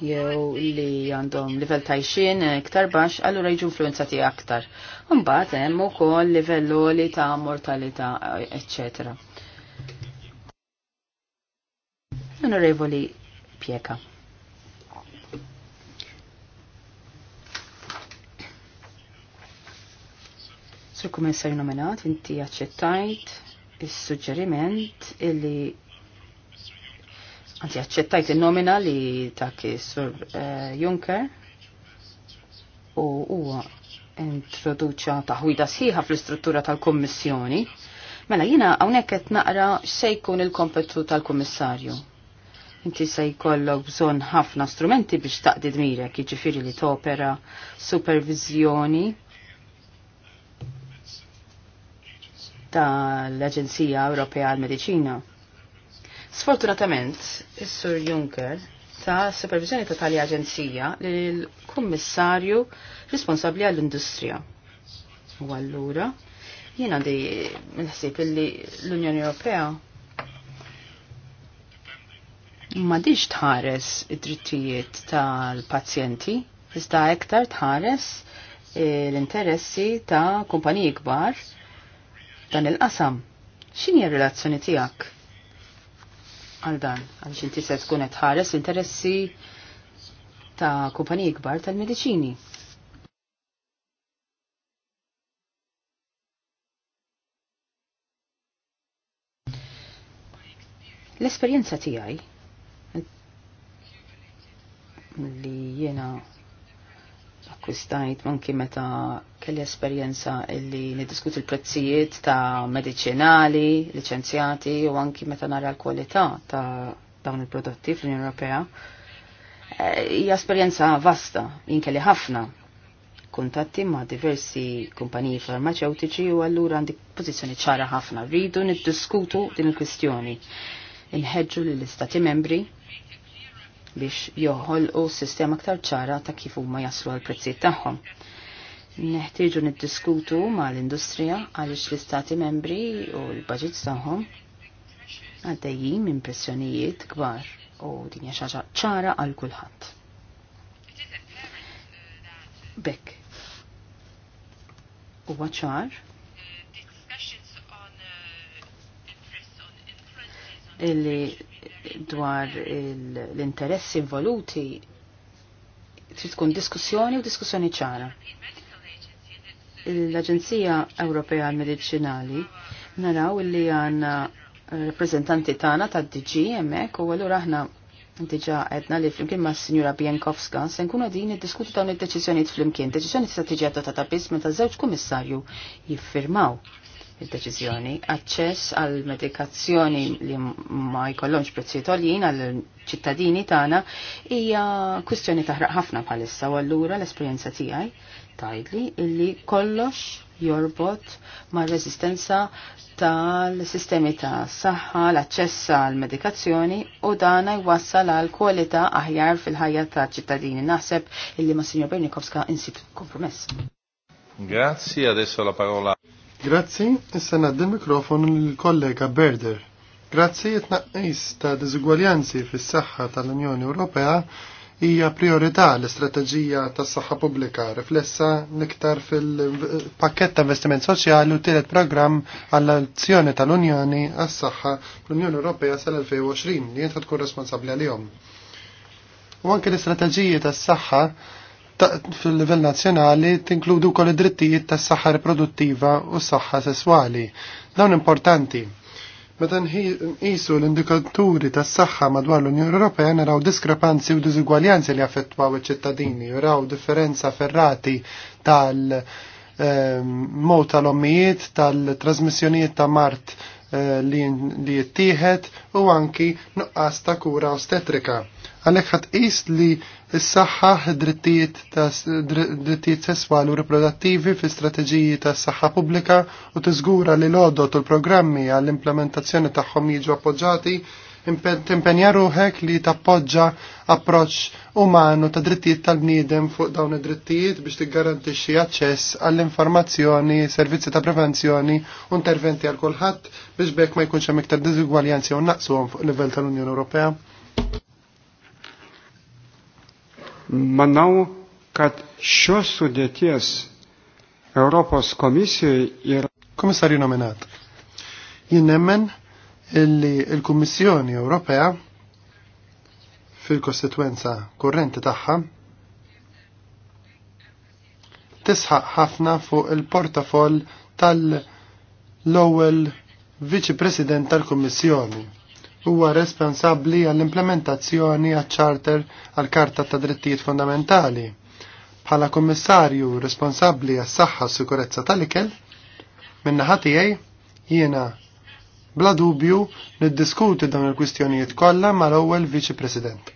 jew li għandhom livell tajxin iktar baxx, allura jiġu influenzati aktar. Mbagħad hemm ukoll livell li ta' mortalità, eċċetera. Onorevoli Pieka. Sur kummissarju nominat, inti aċċettajt is-suġġeriment illi Għanzi għacċettajt il-nomina li ta' Sur eh, Juncker u huwa introduċa ta' ħwida sħiħa fl-istruttura tal-Kommissjoni. Mela jina hawnhekk qed naqra se jkun il-kompetu tal-Kummissarju. Inti se jkollok bżonn ħafna strumenti biex taqdid mirek, jiġifieri li topera supervizjoni tal-Aġenzija Ewropea għal-Mediċina Sfortunatament, is-Sur Juncker ta' supervisjoni ta' tali aġenzija l-kummissarju responsabli għall-industrija. U allura, jien għandi minħsib li l-Unjoni Ewropea ma diġ tħares id-drittijiet tal-pazjenti, iżda iktar tħares eh, l-interessi ta' kumpaniji kbar dan il-qasam. X'inhi r-relazzjoni tiegħek? għal dan, għaliex inti se tkun qed ħares interessi ta' kumpaniji kbar tal-mediċini. L-esperjenza tiegħi li jiena akkustajt manki meta kelli esperjenza illi niddiskuti il-prezzijiet ta' medicinali, licenzjati u anki meta nara l-kwalità ta' dawn il-prodotti fl-Unjoni Ewropea. Eh, hija esperjenza vasta, jinkelli ħafna kuntatti ma' diversi kumpaniji farmaceutiċi u allura għandi pożizzjoni ċara ħafna. Rridu niddiskutu din il-kwistjoni. Inħedġu lill istati membri biex joħolqu sistema aktar ċara ta' kif huma jaslu għal prezzijiet tagħhom. Neħtieġu niddiskutu mal-industrija għaliex l-istati membri u l budget tagħhom għaddejjin impressjonijiet kbar u din hija xaġa ċara għal kulħadd. Bekk. Huwa ċar illi dwar l-interessi involuti trid tkun diskussjoni u diskussjoni ċara. L-Aġenzija Ewropea medicinali naraw li għanna reprezentanti tagħna tad-DG hemmhekk u allura aħna diġa għedna li flimkien ma' s-Sinjura Bienkowska se nkunu din id-diskutu dawn id deċiżjonijiet flimkien. Deċizjoni tista' tiġi adottata biss meta żewġ kummissarju jiffirmaw il-deċizjoni. Aċċess għal medikazzjoni li ma jkollhomx prezzijiet għoljin għal ċittadini tagħna hija kwistjoni taħraq ħafna bħalissa u allura l-esperjenza tiegħi tgħidli illi kollox jorbot ma' reżistenza tal-sistemi ta' saħħa, l-aċċess għal medikazzjoni u dana jwassal għal kwalità aħjar fil-ħajja ta' ċittadini. Naħseb illi ma' Signor Bernikowska insit kompromess. Grazie, adesso la parola. Grazzi, issa naddi mikrofon l-kollega Berder. Grazzi it-naqqis ta' diżugwaljanzi fis-saħħa tal-Unjoni Ewropea hija priorità l-istrateġija tas saħħa pubblika riflessa l-iktar fil-pakket ta' investiment soċjali u tielet programm għall-azzjoni tal-Unjoni għas-saħħa l-Unjoni Ewropea sal-2020 li jenta tkun responsabbli għalihom. U anke l-istrateġiji tas-saħħa fil-livell nazzjonali tinkludu kol id-drittijiet tas saħħa riproduttiva u s-saħħa sesswali. Dawn importanti. Meta nqisu l-indikaturi tas saħħa madwar l-Unjoni Ewropea naraw diskrepanzi u diżugwaljanzi li affettwaw iċ-ċittadini, naraw differenza ferrati tal- ehm, mod tal-ommijiet, tal-trasmissjonijiet ta' mart eh, li jittieħed u anki nuqqas ta' kura ostetrika. Għalhekk ħadd li Is-saħħa drittijiet ta' drittijiet sesswali u riproduttivi fi strateġiji tas saħħa pubblika u tiżgura li l u l-programmi għall-implementazzjoni tagħhom jiġu appoġġati timpenja ruħek li tappoġġa approċċ umanu ta' drittijiet tal-bniedem fuq dawn id-drittijiet biex tiggarantixxi aċċess għall-informazzjoni, servizzi ta' prevenzjoni u interventi għal kulħadd biex bekk ma jkunx hemm iktar diżigwaljanzi u naqsuhom fuq livell tal-Unjoni Ewropea. Manau, kad šios sudėties Europos komisijoje yra. Komisarį nominat. Jien nemmen illi il-Kummissjoni Ewropea fil-kostituenza kurrenti tagħha tisħaq ħafna fuq il-portafol tal-ewwel Viċi President tal-Kummissjoni huwa responsabbli għall-implementazzjoni għal charter għall-Karta ta' Drittijiet Fundamentali. Bħala Kummissarju responsabbli għas-saħħa s sikurezza tal-ikel, minna tiegħi jiena bla dubju niddiskuti dawn il-kwistjonijiet kollha mal-ewwel Viċi President.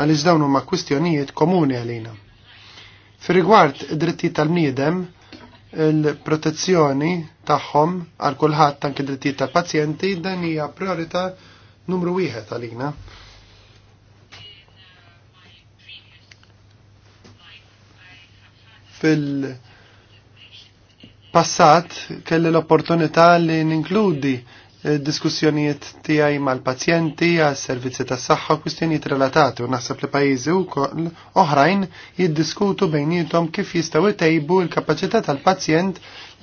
Għaliex dawn huma kwistjonijiet komuni għalina. Fir-rigward id-drittijiet tal-bniedem, il-protezzjoni tagħhom għal kulħadd anke drittijiet tal-pazjenti dan hija priorità numru wieħed għalina. Fil-passat kelli l-opportunità li ninkludi eh, diskussjonijiet tiegħi mal-pazjenti, għas-servizzi tas-saħħa, kwistjonijiet relatati u naħseb li pajjiżi wkoll oħrajn jiddiskutu bejnietom kif jistgħu jtejbu l-kapaċità tal-pazjent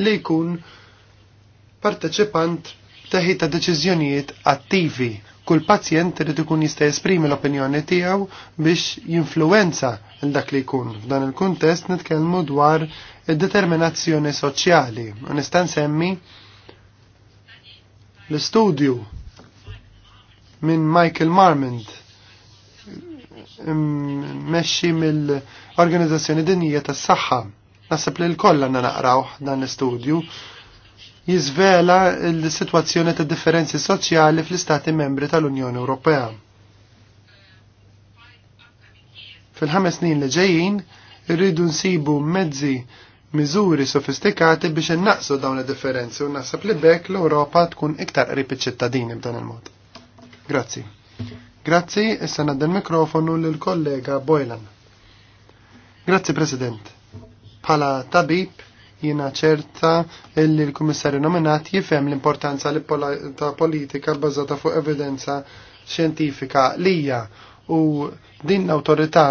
li jkun parteċipant teħi ta' deċiżjonijiet attivi Kull pazjent irid ikun jista' jesprimi l-opinjoni tiegħu biex jinfluwenza l dak li jkun. F'dan il-kuntest nitkellmu dwar id-determinazzjoni soċjali. U nista' nsemmi l-istudju minn Michael Marmond meċi mill-Organizzazzjoni Dinjija tas saħħa Nasib li l-koll għanna naqraw dan l-istudju jizvela l-situazzjoni ta' differenzi soċjali fl-istati membri tal-Unjoni Ewropea. Fil-ħames snin li ġejjin, irridu nsibu mezzi miżuri sofistikati biex innaqsu dawn id-differenzi u nasab li bekk l-Ewropa tkun iktar qrib iċ-ċittadini b'dan il-mod. Grazzi. Grazzi, issa nadda l mikrofonu lill-kollega Boylan. Grazzi President. Bħala tabib Jiena ċerta illi l-Kummissarju nominat jifhem l-importanza li ta' politika bbażata fuq evidenza xjentifika lija u din l-awtorità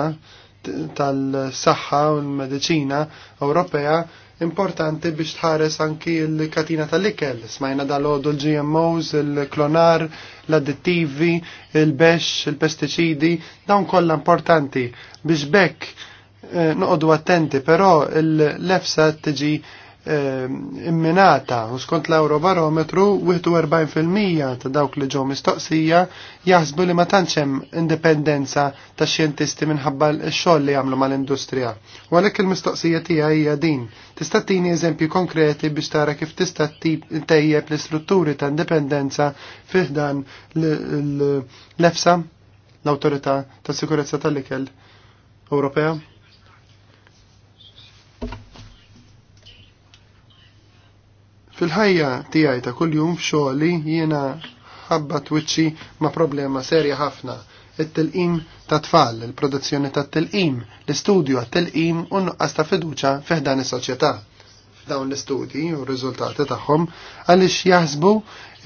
tal-saħħa u l-medicina Ewropea importanti biex tħares anki l-katina tal-ikel. Smajna dal-ħodu l-GMOs, l-klonar, l-additivi, il-bex, il-pesticidi, dawn kollha importanti biex bekk Eh, noqdu attenti, però l-lefsa tiġi eh, imminata u skont l-Eurobarometru 41% ta' dawk li ġew mistoqsija jaħsbu li ma tantx hemm indipendenza ta' xjentisti minħabba x-xogħol li jagħmlu mal-industrija. U għalhekk il-mistoqsija tiegħi hija din. Tista' tini eżempju konkreti biex tara kif tista' tejjeb l-istrutturi ta' indipendenza fih dan l-EFSA, l-Awtorità ta' Sikurezza tal-Ikel Ewropea? Fil-ħajja tiegħi ta' kuljum f'xogħli jiena ħabba twiċċi ma' problema serja ħafna it-tilqim ta' tfal, il-produzzjoni ta' tilqim, l-istudju għat tilqim u għasta ta' fiduċa fiħdan is-soċjetà. Dawn l-istudji u r-riżultati tagħhom għaliex jaħsbu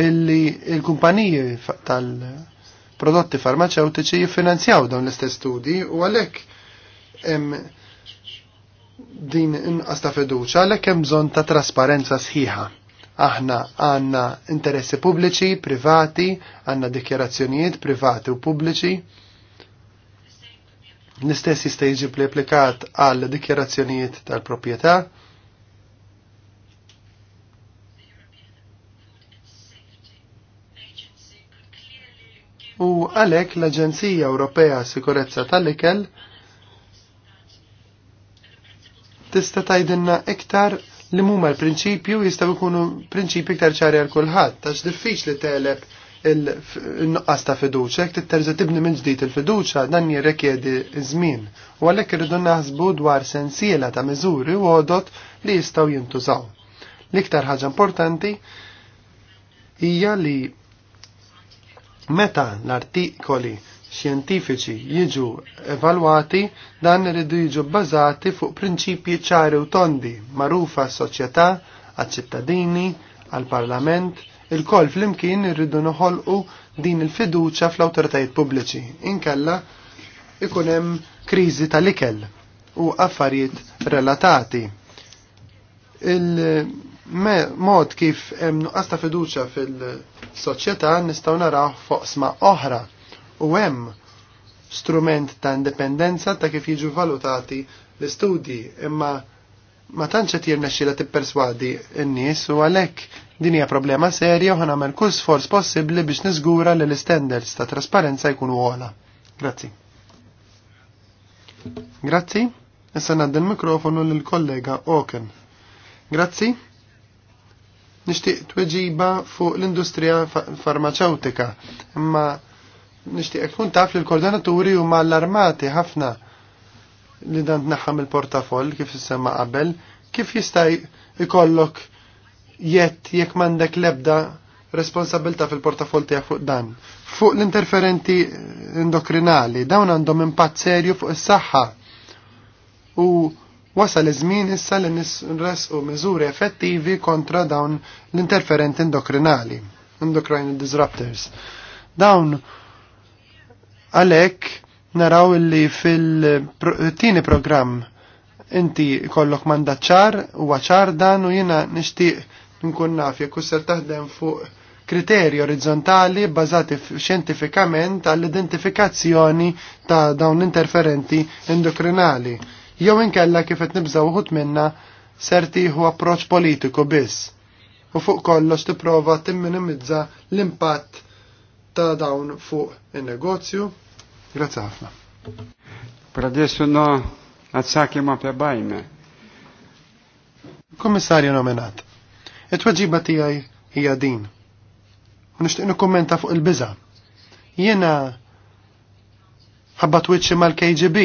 li l-kumpaniji tal-prodotti farmaceutiċi jiffinanzjaw dawn l-istess studji u għalhekk hemm din inqas ta' fiduċa għalhekk hemm bżonn ta' trasparenza sħiħa Aħna għanna interessi pubbliċi, privati, għanna dikjarazzjonijiet privati u pubbliċi. L-istess jista' jiġi applikat għal dikjarazzjonijiet tal-proprjetà. U għalhekk l-Aġenzija Ewropea Sikurezza tal-Ikel tista' tgħidilna iktar li mumma l-prinċipju jistaw ikunu prinċipju iktar ċari għal kulħadd, għax diffiċ li teleb il-nuqqas ta' fiduċa, jek titterza tibni minn ġdid il-fiduċa, dan jirrekjedi żmien. U għalhekk irridu naħsbu dwar sensiela ta' miżuri u għodot li jistgħu jintużaw. L-iktar ħaġa importanti hija li meta l-artikoli xjentifiċi jiġu evalwati dan iridu jiġu bbażati fuq prinċipji ċari u tondi magħrufa s-soċjetà, għaċ-ċittadini, għall-Parlament, il-koll flimkien irridu noħolqu din il-fiduċa fl-awtoritajiet pubbliċi. Inkella ikun hemm kriżi tal-ikel u affarijiet relatati. Il-mod kif hemm nuqqas ta' fiduċa fil-soċjetà nistgħu naraw foqsma oħra u hemm strument ta' indipendenza ta' kif jiġu valutati l-istudji imma ma tantx qed jirnexxila tipperswadi n-nies u għalhekk din hija problema serja u ħanamel kull sforz possibbli biex niżgura li l istandards ta' trasparenza jkunu ogħla. Grazzi. Grazzi. Issa naddi l-mikrofonu lill-kollega Oken. Grazzi. Nixtieq tweġiba fuq l-industrija farmaceutika, imma nixtieq kun taf li l-koordinaturi huma allarmati ħafna li dan tnaħħam il-portafoll kif semma qabel, kif jista' ikollok jett jekk m'għandek lebda responsabilta fil-portafoll tiegħek fuq dan. Fuq l-interferenti endokrinali, dawn għandhom impatt serju fuq is-saħħa. U wasal iż-żmien issa li nisresqu miżuri effettivi kontra dawn l-interferenti endokrinali, endocrine disruptors. Dawn Għalhekk naraw illi fil-tieni program inti kollok mandat ċar u ċar dan u jiena nixtieq nkun naf jekk ser taħdem fuq kriteri orizzontali bbażati xjentifikament għall-identifikazzjoni ta' dawn interferenti endokrinali. Jew inkella kif qed nibżaw uħud minna ser tieħu approċċ politiku biss. U fuq kollox tipprova timminimizza l-impatt ta' dawn fuq il-negozju. Grazie ħafna. Pradesu no azzaki ma pjabajme. Kommissarju nominat, it-tweġiba tijaj hija din. U nishtiq nikkummenta fuq il-biża. Jiena ħabbat wiċċi mal-KGB,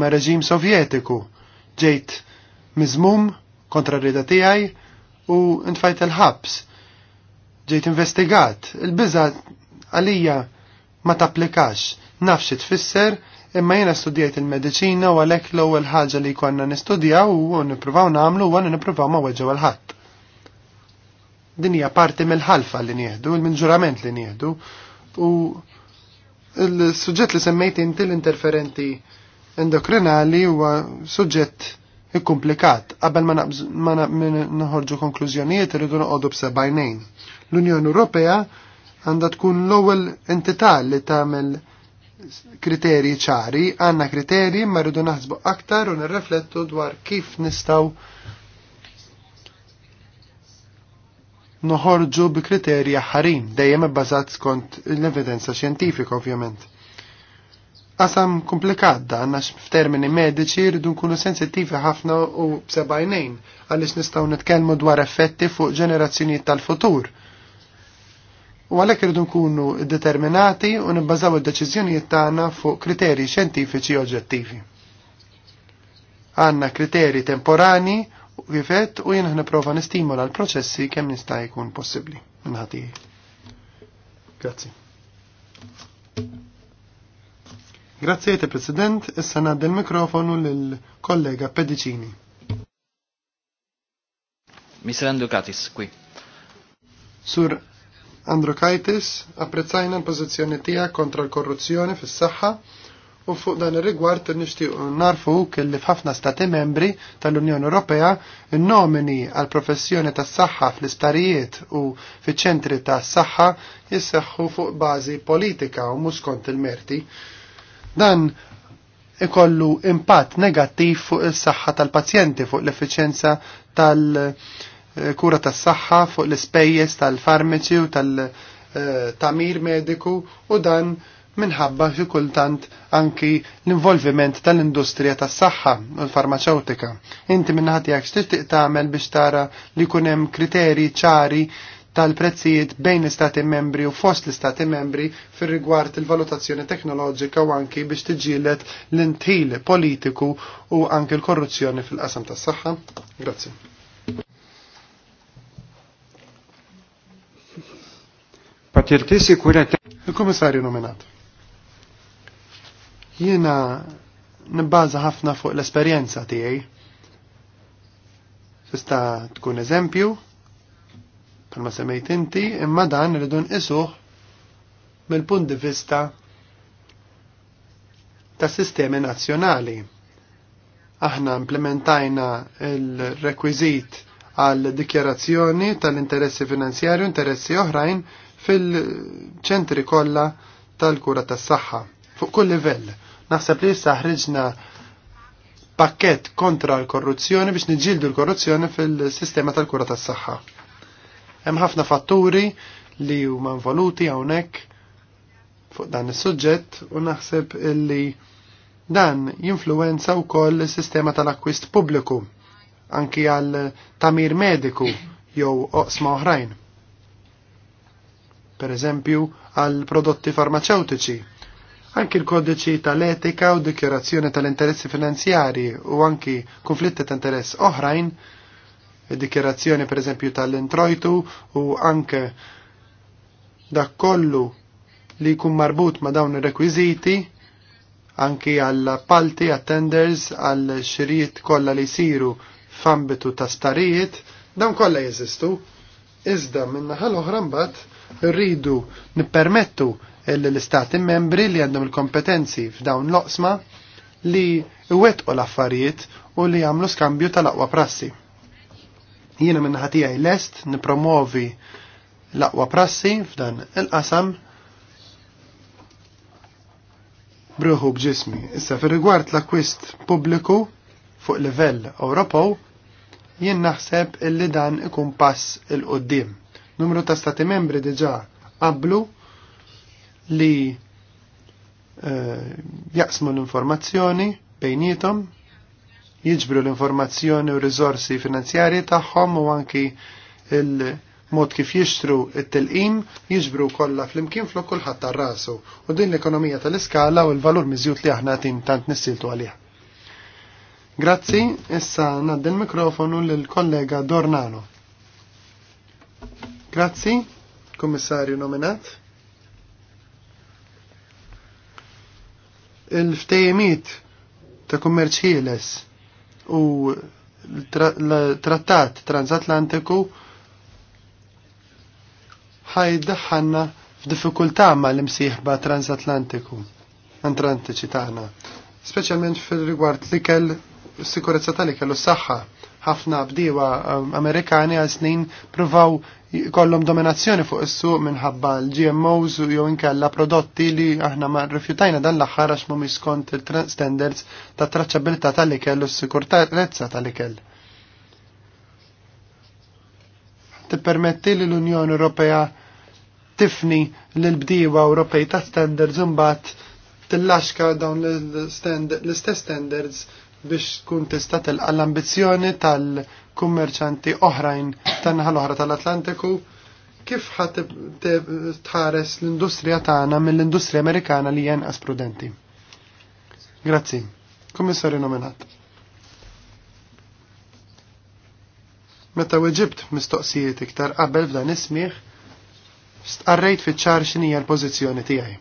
ma' reġim sovjetiku, ġejt miżmum kontra rida tiegħi u ntfajt il-ħabs. Ġejt investigat, il-biża għalija ma tapplikax, nafx tfisser, imma jena studijajt il-medicina u għalek l-ewwel ħaġa li konna nistudjaw u nippruvaw nagħmlu u nippruvaw ma weġġa' għal ħadd. Din hija parti mill-ħalfa li nieħdu, il-minġurament li nieħdu u il-sujġet li semmejt inti l-interferenti endokrinali huwa suġġett ikkumplikat qabel ma naħorġu konklużjonijiet irridu noqogħdu b'sebajnejn. L-Unjoni Ewropea għandha tkun l-ewwel entità li tagħmel kriterji ċari, għandna kriterji ma rridu naħsbu aktar u nirreflettu dwar kif nistgħu noħorġu bi kriterji ħarin, dejjem bbażat skont l-evidenza xjentifika ovvjament. Qasam komplikat dan għax f'termini mediċi rridu nkunu sensittivi ħafna u b'sebajnejn għaliex nistgħu nitkellmu dwar effetti fuq ġenerazzjonijiet tal-futur U għalhekk rridu nkunu determinati u nibbażaw id-deċiżjonijiet tagħna fuq kriteri xjentifiċi oġġettivi. Għanna kriteri temporani kifet u jien nipprova nistimola l-proċessi kemm nista' jkun possibbli minħati. Grazzi. Grazzi President, issa ngħad l-mikrofonu lill-kollega Pedicini. Mr. Andukatis, qui. Sur Andrukaitis apprezzajna l-pożizzjoni tiegħek kontra l-korruzzjoni fis-saħħa u fuq dan ir-rigward nixtiequ narfu kelli f'ħafna stati membri tal-Unjoni Ewropea n nomini għal professjoni tas-saħħa fl istarijiet u fiċ-ċentri tas-saħħa jisseħħu fuq bażi politika u mhux kont il-merti. Dan ikollu impatt negattiv fuq is-saħħa tal-pazjenti fuq l-effiċenza tal-, -pazjenti, fuq l efficienza tal pazjenti tal Eh, kura tas saħħa fuq l-ispejjeż tal-farmaċi u tal-tamir mediku u dan minħabba xi kultant anki l-involviment tal-industrija tas-saħħa u l-farmaceutika. Inti minnaħat jak x'tixtieq tagħmel biex tara li jkun hemm kriterji ċari tal-prezzijiet bejn l-istati membri u fost l-istati membri fir rigward il-valutazzjoni teknoloġika u anki biex tiġilet l-intil politiku u anki l-korruzzjoni fil-qasam tas-saħħa. Grazzi. patirtis į Il-Komissarju nominat. Jiena nibbaza ħafna fuq l-esperjenza tiegħi. Sista' tkun eżempju bħalma semmejt inti, imma dan rridu nqisuh mill-punt di vista ta' sistemi nazzjonali. Aħna implementajna il-rekwizit għal dikjarazzjoni tal-interessi finanzjarju interessi oħrajn fil-ċentri kollha tal-kura tas-saħħa fuq kull livell. Naħseb li issa ħriġna pakket kontra l-korruzzjoni biex niġildu l-korruzzjoni fil-sistema tal-kura tas-saħħa. Hemm ħafna fatturi li huma involuti hawnhekk fuq dan is-suġġett u naħseb li dan jinfluwenza wkoll is-sistema tal-akkwist pubbliku anki għal tamir mediku jew oqsma oħrajn per eżempju għal prodotti farmaceutiċi. Anki l-kodiċi tal-etika u dikjerazzjoni tal-interessi finanzjari u anki konflitti ta' interess oħrajn, dikjerazzjoni per eżempju tal-introjtu u anke dak kollu li jkun marbut ma' dawn ir-rekwiżiti anki għall palti għat tenders għall xirijiet kollha li jsiru f'ambitu ta' starijiet, dawn kollha jeżistu. Iżda minna ħal oħra mbagħad rridu nippermettu l-istati membri li għandhom il-kompetenzi f'dawn l-oqsma li iwettqu l-affarijiet u li jagħmlu skambju tal-aqwa prassi. Jiena minn l lest nipromovi l-aqwa prassi f'dan il-qasam bruħu bġismi. Issa fir rigward l-akwist pubbliku fuq livell Ewropew jien naħseb illi dan ikun pass il-qoddim Numru ta' stati membri diġa qablu li uh, jaqsmu l-informazzjoni bejnietom, jiġbru l-informazzjoni u rizorsi finanzjarji tagħhom u anki il- mod kif jixtru it-telqim jiġbru kollha flimkien flok kulħadd tar-rasu u din l-ekonomija tal-iskala u l-valur miżjut li aħna tim tant nissiltu għalih. Grazzi, issa naddi l-mikrofonu lill kollega Dornano. Grazzi, Kommissarju nominat. il ftejmit ta' kummerċ ħieles u l-trattat transatlantiku ħajdaħħanna f'diffikultà ma' l-imsieħba transatlantiku, antrantiċi taħna, specialment fil-rigward li kell sikurezza tal-ikel u s-saxħa ħafna bdiewa um, Amerikani għal snin provaw kollom dominazzjoni fuq is-suq minħabba l-GMOs jew inkella prodotti li aħna ma rrifjutajna dan l-aħħar għax mhumiex skont il-standards ta' traċċabilità tal-ikel u s-sikurtezza tal-ikel. Tippermetti li l-Unjoni Ewropea tifni l-bdiewa Ewropej ta' standards imbagħad tillaxka dawn l-istess standards biex tkun tista' tilqa l-ambizzjoni tal- kummerċanti oħrajn tan-naħa l-oħra tal-Atlantiku kif ħat tħares l-industrija tagħna mill-industrija Amerikana li jenqas prudenti. Grazzi. Kummissarju nominat. Meta weġibt mistoqsijiet iktar qabel f'dan ismiħ, stqarrejt fiċ-ċar x'inija l-pożizzjoni tiegħi.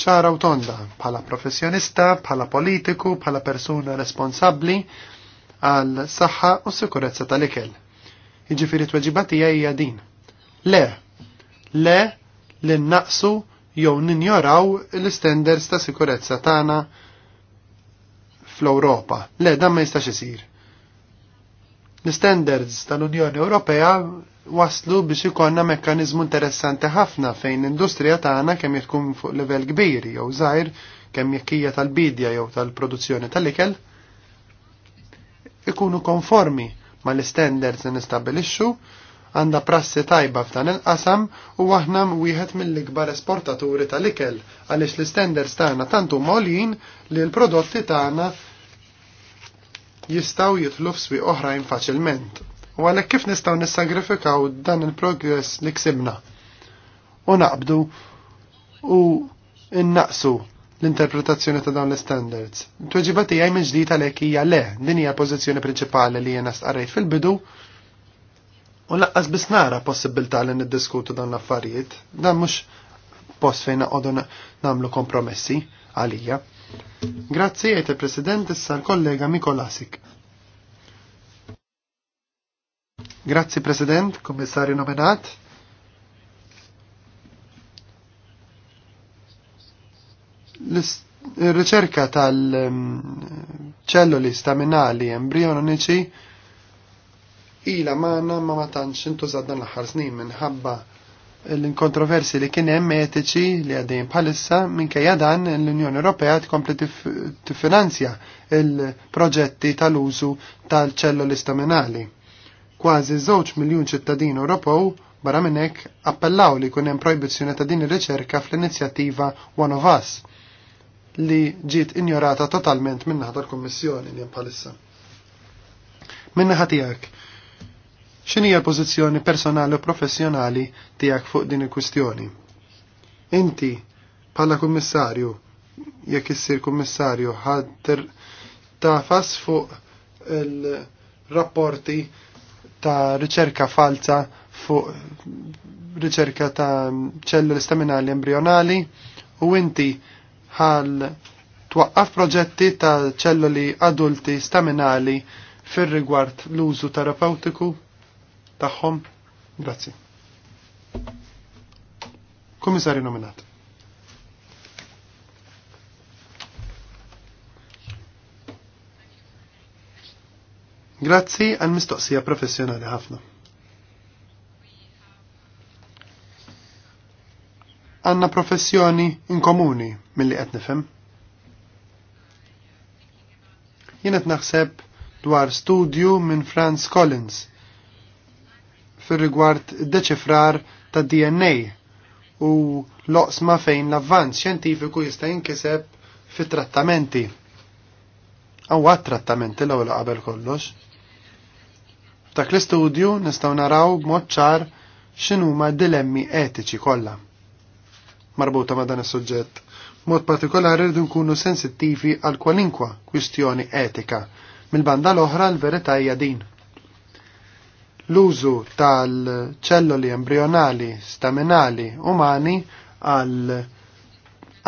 ċara u tonda bħala professjonista, bħala politiku, bħala persuna responsabbli, għal saħħa u sikurezza tal-ikel. Jiġifieri tweġibati hija din. Le, le li naqsu jew ninjoraw l-standards ta' sikurezza tagħna fl-Ewropa. Le, dan ma jistax isir. L-standards tal-Unjoni Ewropea waslu biex ikonna mekkanizmu interessanti ħafna fejn l-industrija tagħna kemm jekk fuq livell kbir jew żgħir kemm jekk hija tal-bidja jew tal-produzzjoni tal-ikel, ikunu konformi ma l-standards li nistabilixxu għandha prassi tajba f'dan il-qasam u aħna wieħed mill-ikbar esportaturi tal-ikel għaliex l-standards tagħna tant huma li l-prodotti tagħna jistaw jitlu f'swieq oħrajn faċilment. U għalhekk kif nistgħu nissagrifikaw dan il-progress li ksibna? U naqbdu u innaqsu l-interpretazzjoni ta' dawn l-standards. Tweġiba tiegħi minn ġdid għalhekk hija le, din hija pożizzjoni prinċipali li jiena stqarrejt fil-bidu u laqqas biss nara possibilità li niddiskutu dawn l-affarijiet, dan mhux post fejn naqogħdu nagħmlu kompromessi għalija. Grazzi għajt il-President issa l-kollega Mikolasik. Grazzi President, Kommissarju nominat. l riċerka tal-ċelluli staminali embrioniċi ila maħna ma ma tantx intużad dan l-aħħar snin minħabba l-kontroversi li kien hemm etiċi li għaddejn bħalissa minkejja dan l-Unjoni Ewropea tkompli tiffinanzja il-proġetti tal-użu tal-ċelluli staminali. Kważi żewġ miljun ċittadin Ewropew barra minn hekk appellaw li jkun hemm projbizzjoni ta' din ir-riċerka fl-inizjattiva One of Us li ġiet injorata totalment minnaħa tal-Kommissjoni li bħalissa. Minnaħa tijak, xinija l-pozizjoni personali u professjonali tijak fuq din il-kwistjoni? Inti, bħala kummissarju, jekk issir kummissarju, ħadder tafas fuq il-rapporti ta' riċerka falza fuq riċerka ta' ċelluli staminali embrionali u inti ħal twaqqaf proġetti ta' ċelluli adulti staminali fir-rigward l-użu terapeutiku tagħhom? Grazzi. Komissarju nominat. Grazzi għal mistoqsija professjonali ħafna. għanna professjoni inkomuni mill-li qed nifhem. Jien qed naħseb dwar studju minn Franz Collins fir-rigward deċifrar ta' DNA u loqsma fejn l-avvanz xjentifiku jista' jinkiseb fit-trattamenti. Aw għat-trattamenti l-ewwel qabel kollox. Dak l-istudju nistgħu naraw b'mod ċar x'inhuma dilemmi etiċi kollha marbuta ma' dan is-suġġett. Mod partikolari rridu nkunu sensittivi għal kwalinkwa kwistjoni etika. Mill-banda l-oħra l-verità hija din. L-użu tal-ċelloli embrionali, staminali, umani għal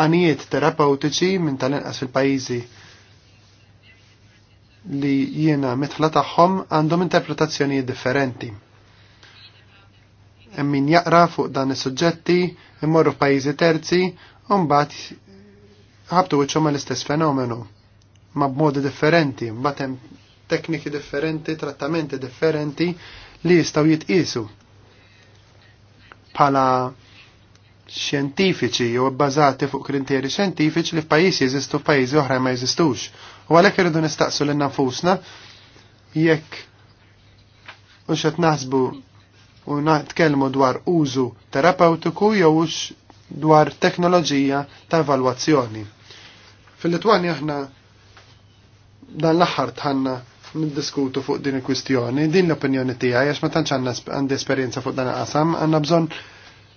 anijiet terapeutiċi minn tal-inqas fil-pajjiżi li jiena mitħla tagħhom għandhom interpretazzjonijiet differenti hemm min jaqra fuq dan is-suġġetti, immorru f'pajjiżi terzi, u mbagħad ħabtu wiċċhom l-istess fenomenu ma b'modi differenti, mbagħad hemm tekniki differenti, trattamenti differenti li jistgħu jitqisu bħala xjentifiċi jew bbażati fuq kriterji xjentifiċi li f'pajjiż jeżistu f'pajjiżi oħra ma jeżistux. U għalhekk irridu nistaqsu lil nafusna jekk u xed naħsbu u natkellmu dwar użu terapeutiku jew dwar teknoloġija ta' evalwazzjoni. fil litwani aħna dan l-aħħar tħanna niddiskutu fuq din il-kwistjoni, din l-opinjoni tiegħi għax ma tantx għandna għandi esperjenza fuq dan il-qasam, għandna bżonn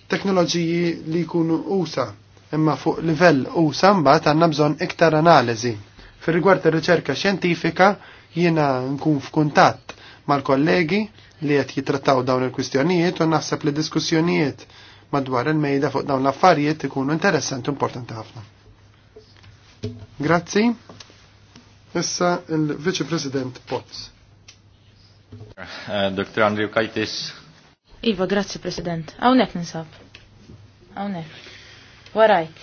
teknoloġiji li jkunu usa, imma fuq livell usa mbagħad għandna bżonn iktar analiżi. Fir rigward ir-riċerka xjentifika jiena nkun f'kuntatt mal-kollegi li qed jitrattaw dawn il-kwistjonijiet u naħseb li diskussjonijiet madwar il-mejda fuq dawn l-affarijiet ikunu interessanti u importanti ħafna. Grazzi. Issa il-Viċi President Potts. Eh, Dr. Andrew Kajtis. Iva, grazzi President. Hawnhekk ninsab. Għawnek. Warajk.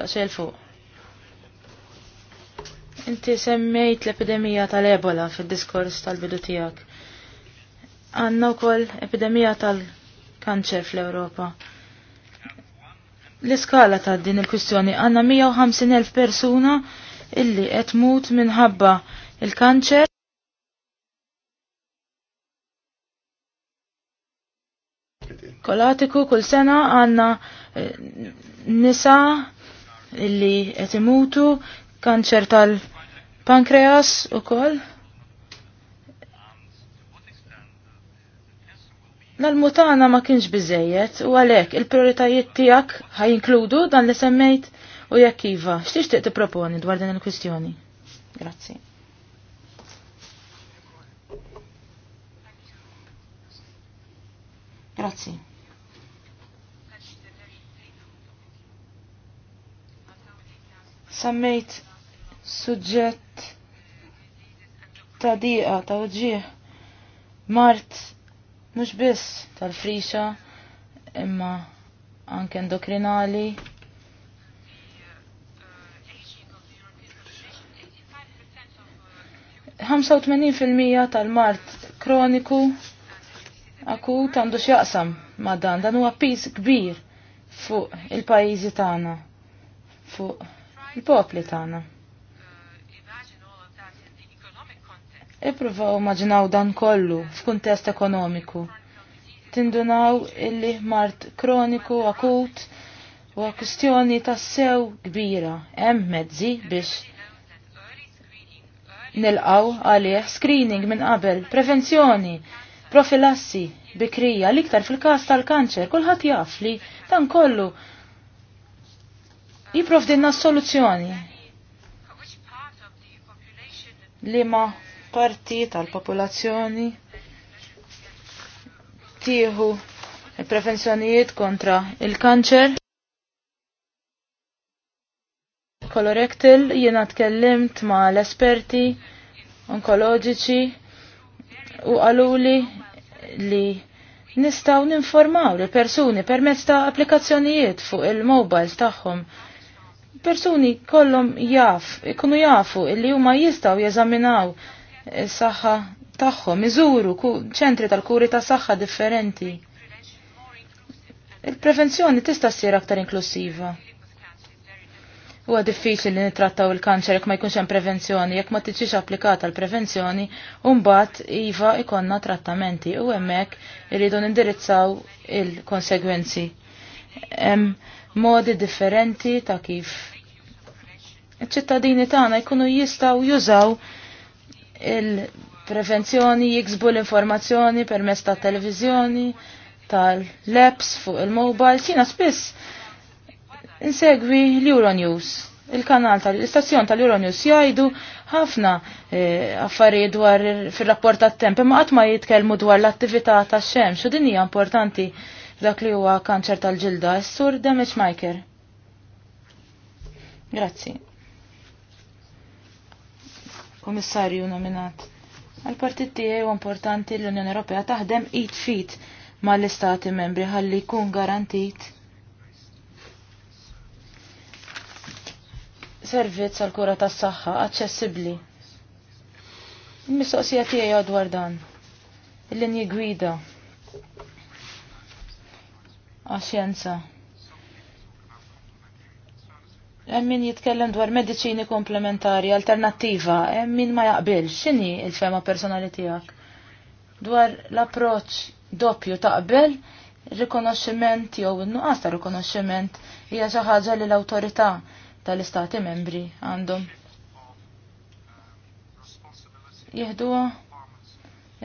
Daqsxejn fuq. Inti semmejt l-epidemija tal-ebola fil-diskors tal-bidu tijak. Għanna u koll epidemija tal-kanċer fl-Europa. L-iskala ta' din il-kwistjoni għanna 150.000 persuna illi qed mut minħabba il-kanċer. Kolatiku kull sena għanna eh, nisa illi qed imutu kanċer tal- pankreas u koll. Nal-mutana ma kienx bizzejiet u għalek il-prioritajiet tijak ħajinkludu dan li semmejt u jekk iva. X'tixtieq tipproponi dwar din il-kwistjoni? Grazzi. Grazzi. Semmejt suġġett ta' diqa ta' uġieħ mart mhux biss tal-frixa imma anke endokrinali ħamsa fil-mija tal-mart kroniku akut għandu x'jaqsam ma' dan dan huwa pis kbir fuq il-pajjiżi tagħna fuq il-popli tagħna. Ippruvaw maġinaw dan kollu f'kuntest ekonomiku. Tindunaw illi mart kroniku akut u kwistjoni tassew kbira hemm mezzi biex nilqaw għalih screening minn qabel, prevenzjoni, profilassi, bikrija, liktar fil-kas tal-kanċer, kulħadd jaf li dan kollu jiprofdinna soluzzjoni li ma parti tal-popolazzjoni tieħu prevenzjonijiet kontra il-kanċer. Kolorektil jiena tkellimt ma l-esperti onkoloġiċi u għaluli li nistaw ninformaw li persuni permezz ta' applikazzjonijiet fuq il-mobile tagħhom. Persuni kollhom jaf, ikunu jafu illi huma jistgħu jeżaminaw saħħa tagħhom, iżuru ċentri tal-kuri ta' saħħa differenti. Il-prevenzjoni tista' ssir aktar inklusiva. Huwa diffiċli li il-kanċer jekk ma jkunx hemm prevenzjoni, jekk ma tiġix applikata l-prevenzjoni, u mbagħad iva ikonna trattamenti u hemmhekk irridu nindirizzaw il-konsegwenzi. Hemm modi differenti ta' kif iċ-ċittadini tagħna jkunu jistgħu jużaw il-prevenzjoni jiksbu l-informazzjoni permezz ta' televizjoni, tal leps fuq il-mobile, sina spiss insegwi l-Euronews, il-kanal tal-istazzjon tal-Euronews jgħidu ħafna e, affarijiet dwar fil-rapport tat-temp, imma qatt ma jitkellmu dwar l-attività tax-xemx u din hija importanti dak li huwa kanċer tal-ġilda, s-sur Damage Maker. Grazzi komissarju nominat. Għal-partit tiegħu importanti l-Unjoni Ewropea taħdem id fit mal-istati membri ħalli jkun garantit servizz għal kura tas saħħa aċċessibbli. Il-mistoqsija tiegħi dwar dan. Il-linji gwida għaxjenza Hemm min jitkellem dwar medicini komplementari, alternattiva, hemm min ma jaqbil x'inhi l-fema personali tiegħek? Dwar l-approċċ doppju taqbel, rikonoxximent jew in nuqas ta' rikonoxximent hija xi ħaġa li l-awtorità tal-istati membri għandhom. Jihduha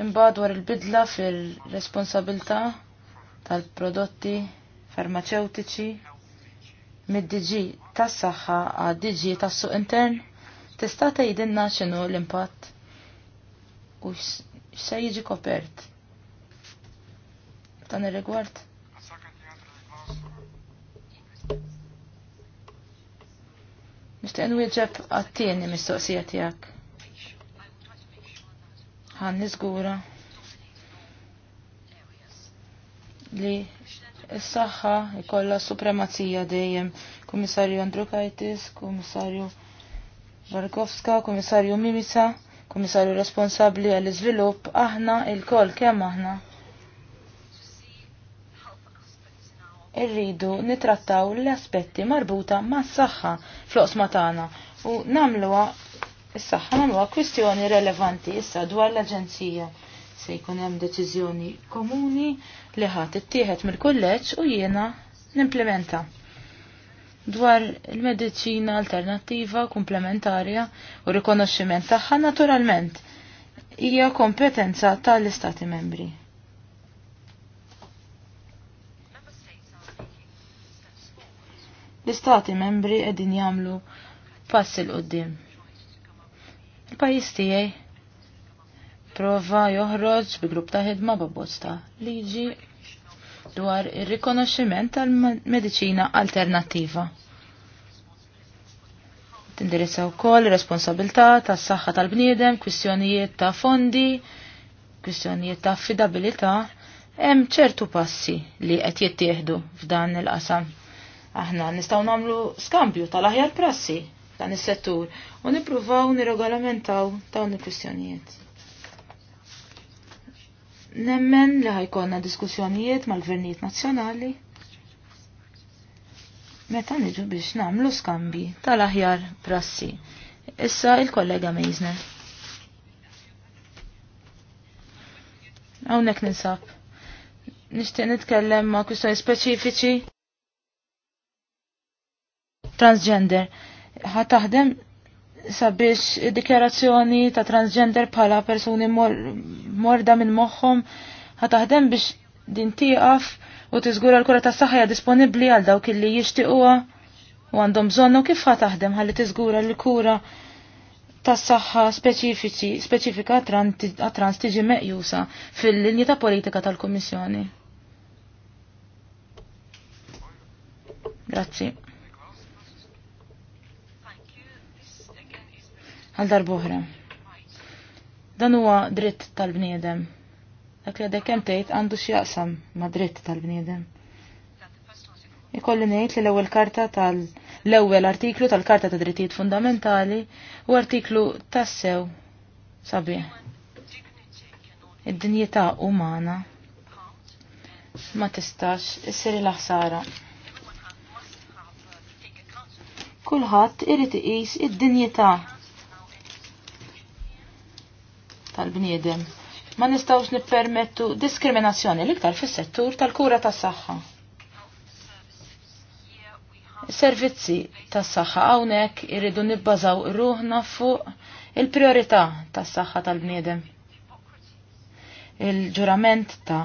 imbagħad dwar il-bidla fir-responsabilità tal-prodotti farmaceutiċi mid-DG tas-saħħa għad diġi tas-suq intern tista' tgħidilna x'inhu l-impatt u x'se jiġi kopert. Dan ir-rigward. Nixtieq nwieġeb għat-tieni mistoqsija tiegħek. Ħanni żgura li s-saħħa jkollha supremazija dejjem Komissarju Andrukaitis, Komissarju Barkovska, Komissarju Mimica, Komissarju responsabli għall-iżvilupp, aħna il koll kemm aħna. Irridu nitrattaw l-aspetti marbuta ma' s-saxħa fl tagħna u namluwa s-saxħa namluwa kwistjoni relevanti issa dwar l-Aġenzija se jkun hemm deċiżjoni komuni li ħadd ittieħed mill-kulleġġ u jiena nimplementa dwar il-medicina alternativa komplementarja u rikonoxximent tagħha naturalment hija kompetenza tal-Istati membri. L-Istati membri qegħdin jagħmlu passi l qoddim Il-pajjiż tiegħi prova joħroġ bi grupp ta' ħidma b'abbozz liġi dwar ir-rikonoxximent tal-mediċina alternattiva. Tindirizza wkoll ir-responsabilità tas-saħħa tal-bniedem, kwistjonijiet ta' fondi, kwistjonijiet ta' affidabilità, hemm ċertu passi li qed jittieħdu f'dan il-qasam. Aħna nistgħu nagħmlu skambju tal-aħjar prassi dan is-settur u nippruvaw nirregolamentaw dawn il-kwistjonijiet. Nemmen li ħajkonna diskussjonijiet mal-gvernijiet nazzjonali meta niġu biex namlu skambi tal-aħjar prassi. Issa il-kollega Mejzner. Hawnhekk ninsab. Nixtieq nitkellem ma' kwistjoni speċifiċi. Transgender. Ħa taħdem sabiex dikjarazzjoni ta' transgender bħala persuni mor morda minn moħħom taħdem biex din tieqaf u tiżgura l-kura ta' saħħa disponibbli għal dawk illi jixtiequha u għandhom bżonn u kif taħdem ħalli tiżgura l-kura tas saħħa speċifiċi speċifika għat-trans tiġi meqjusa fil-linji ta' politika tal-Kummissjoni. Grazzi. għal darbohra. Dan huwa dritt tal-bniedem. Dak li għadek hemm tgħid għandu x'jaqsam ma' dritt tal-bniedem. Ikolli ngħid li l-ewwel karta tal l-ewwel artiklu tal-Karta ta' Drittijiet Fundamentali u artiklu tassew sabiħ. Id-dinjità umana ma tistax issir l-ħsara. Kulħadd irid iqis id-dinjità tal-bniedem. Ma nistawx nippermettu diskriminazzjoni l-iktar fis-settur tal-kura tas-saħħa. Servizzi tas-saħħa hawnhekk irridu nibbażaw ruħna fuq il-priorità tas-saħħa tal-bniedem. Il-ġurament ta'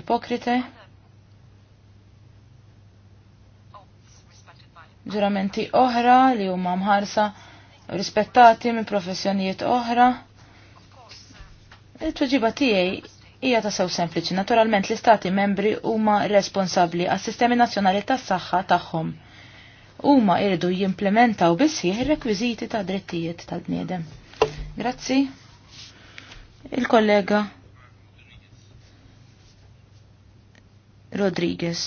Ipokrite ġuramenti oħra li huma mħarsa rispettati minn professjonijiet oħra Il-tweġiba tiegħi hija ta' sew sempliċi. Naturalment l-istati membri huma responsabbli għas sistemi nazzjonali tas-saħħa tagħhom. Huma jridu jimplementaw bissieħ ir-rekwiżiti ta' drittijiet tal-bniedem. Grazzi. Il-kollega Rodriguez.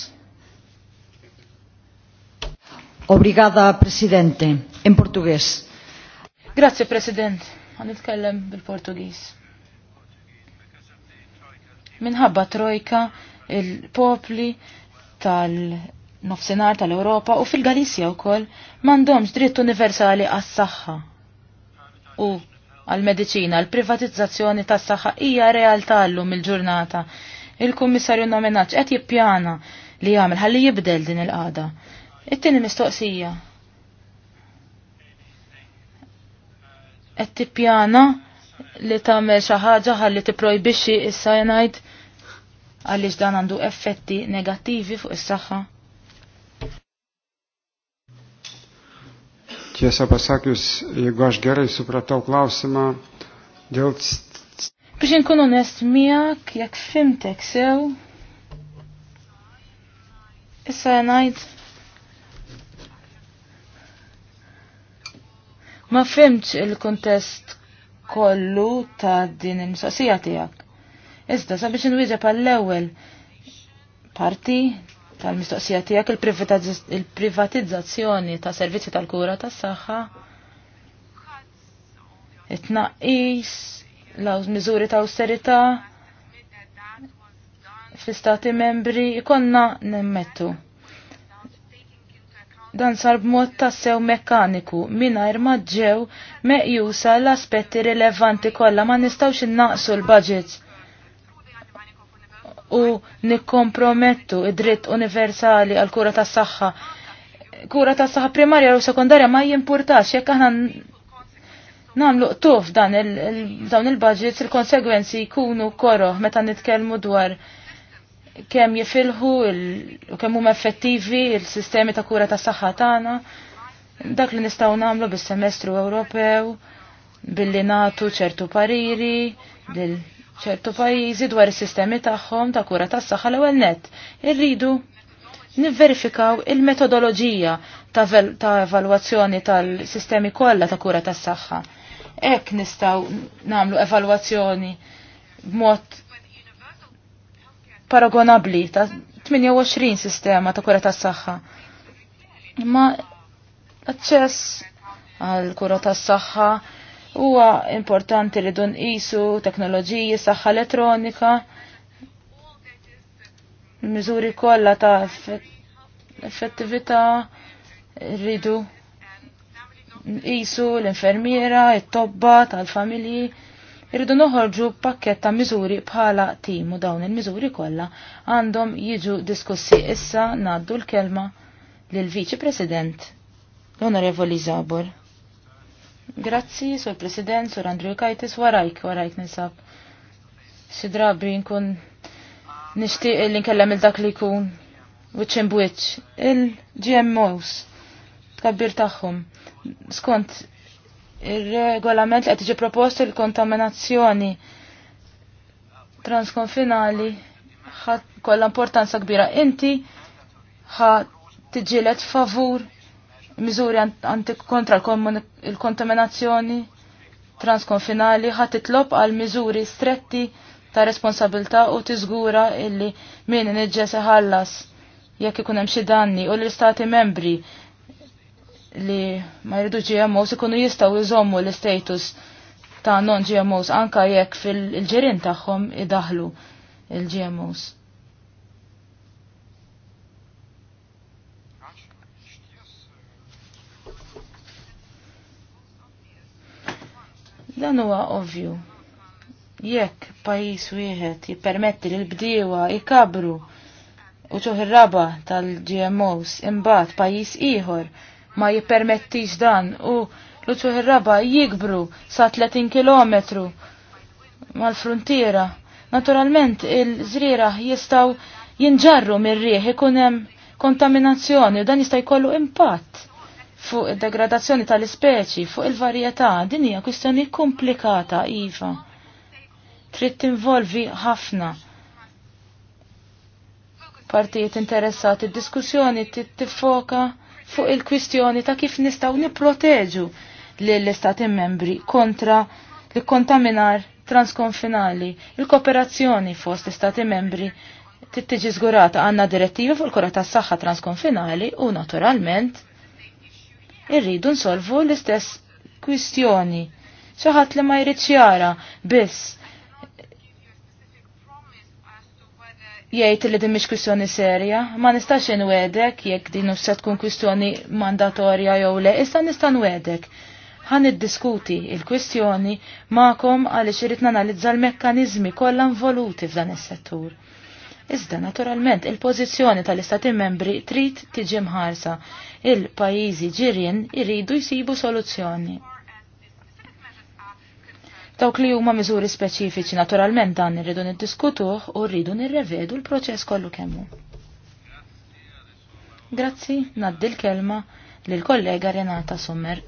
Obrigada, Presidente, in Portugues. Grazie, President. Għan nitkellem bil-Portugiż minħabba trojka il-popli tal nofsenar tal-Europa u fil-Galizja u koll mandomx dritt universali għas-saħħa u għal-medicina, l-privatizzazzjoni tas-saħħa hija realtà llum il-ġurnata. Il-kummissarju nominaċ qed jippjana li jagħmel ħalli jibdel din il-qagħda. It-tieni mistoqsija. Qed tippjana li tagħmel xi ħaġa ħalli tipprojbixxi is-cyanide għaliex dan għandu effetti negattivi fuq is-saħħa. Kiesa pasakius, jgħax aš gerai supratau klausimą Biex nkun onest miegħek, jekk fimtek sew, issa ngħid ma fimtx il-kuntest kollu ta' din il-mistoqsija tiegħek. Iżda sabiex inwieġeb għall-ewwel parti tal-mistoqsija tiegħek il-privatizzazzjoni ta' servizzi tal-kura tas-saħħa it-tnaqqis law miżuri ta' austerità fl-istati membri ikonna nemmettu dan sar b'mod tassew mekkaniku mingħajr ma ġew meqjusa l-aspetti rilevanti kollha ma nistgħux innaqsu l-budgets u nikkompromettu id-dritt universali għal kura tas saħħa kura tas saħħa primarja u sekundarja ma jimpurtax jekk aħna namlu tuf dan il-dawn il-budgets il-konsegwenzi jkunu koroħ meta nitkellmu dwar kemm jifilħu u kemm huma effettivi il-sistemi ta' kura tas saħħa tagħna dak li nistgħu nagħmlu bis-semestru Ewropew billi natu ċertu pariri lil ċertu pajjiżi dwar is-sistemi tagħhom ta' kura tas-saħħa l-ewwel nett. Irridu nivverifikaw il-metodoloġija ta', ta evalwazzjoni tal-sistemi kollha ta' kura tas-saħħa. Hekk nistgħu nagħmlu evalwazzjoni b'mod paragonabli ta' 28 sistema ta' kura tas-saħħa. Ma aċċess għal kura tas-saħħa Huwa importanti li dun isu teknoloġiji, saħħa elettronika, miżuri kollha ta' effettività rridu isu l-infermiera, it-tobba tal-familji. Irridu noħorġu pakket ta' miżuri bħala timu dawn il-miżuri kollha għandhom jiġu diskussi issa ngħaddu l-kelma lil viċi President l-Onorevoli Zabor. Grazzi, sur President, sur Andrew Kajtis, warajk, warajk nisab. Si drabi nkun nixtieq li nkellem il-dak li jkun which and which, il-GMOs, tkabbir tagħhom. Skont ir-regolament li qed tiġi proposto l-kontaminazzjoni transkonfinali ħadd kollha importanza kbira. Inti ħa tiġilet favur miżuri kontra l-kontaminazzjoni transkonfinali ħat titlob għal miżuri stretti ta' responsabilta u tiżgura illi min nidġes ħallas jekk ikun hemm xi danni u l-istati membri li ma jridu GMOs ikunu jistgħu jżommu l istatus ta' non-GMOs anka jekk fil-ġirin tagħhom idaħlu il-GMOs. Dan huwa ovvju. Jekk pajis wieħed jippermetti li l-bdiewa jkabru u ċoħ ir-raba tal-GMOs imbagħad pajis ieħor ma jippermettix dan u l ċoħ ir-raba jikbru sa 30 km mal-frontiera. Naturalment il-żriera jistgħu jinġarru mir-rieħ ikun hemm kontaminazzjoni u dan jista' jkollu impatt fuq id-degradazzjoni tal-ispeċi, fuq il-varjetà, din hija kwistjoni komplikata iva. Trid tinvolvi ħafna partijiet interessati, diskussjoni tiffoka fuq il-kwistjoni ta' kif nistgħu nipproteġu lill-istati membri kontra l-kontaminar transkonfinali. Il-kooperazzjoni fost istati membri tittiġi żgurata għandna direttiva fuq il-kura tas-saħħa transkonfinali u naturalment irridu nsolvu l-istess kwistjoni. Xaħat li ma jrid jara biss jgħid li din mhix kwistjoni serja, ma nistax inwedek jekk din se tkun kwistjoni mandatorja jew le, issa nista' nwedek. Ħan iddiskuti il-kwistjoni ma'kom għaliex irid nanalizza l-mekkaniżmi kollha involuti f'dan is-settur. Iżda naturalment il-pożizzjoni tal-Istati membri trid tiġi mħarsa il-pajjiżi ġirien irridu jsibu soluzzjoni. Dawk li huma miżuri speċifiċi naturalment dan irridu niddiskutuh u rridu nirrevedu l-proċess kollu kemmu. Grazzi, naddi l-kelma lill kollega Renata Sommer.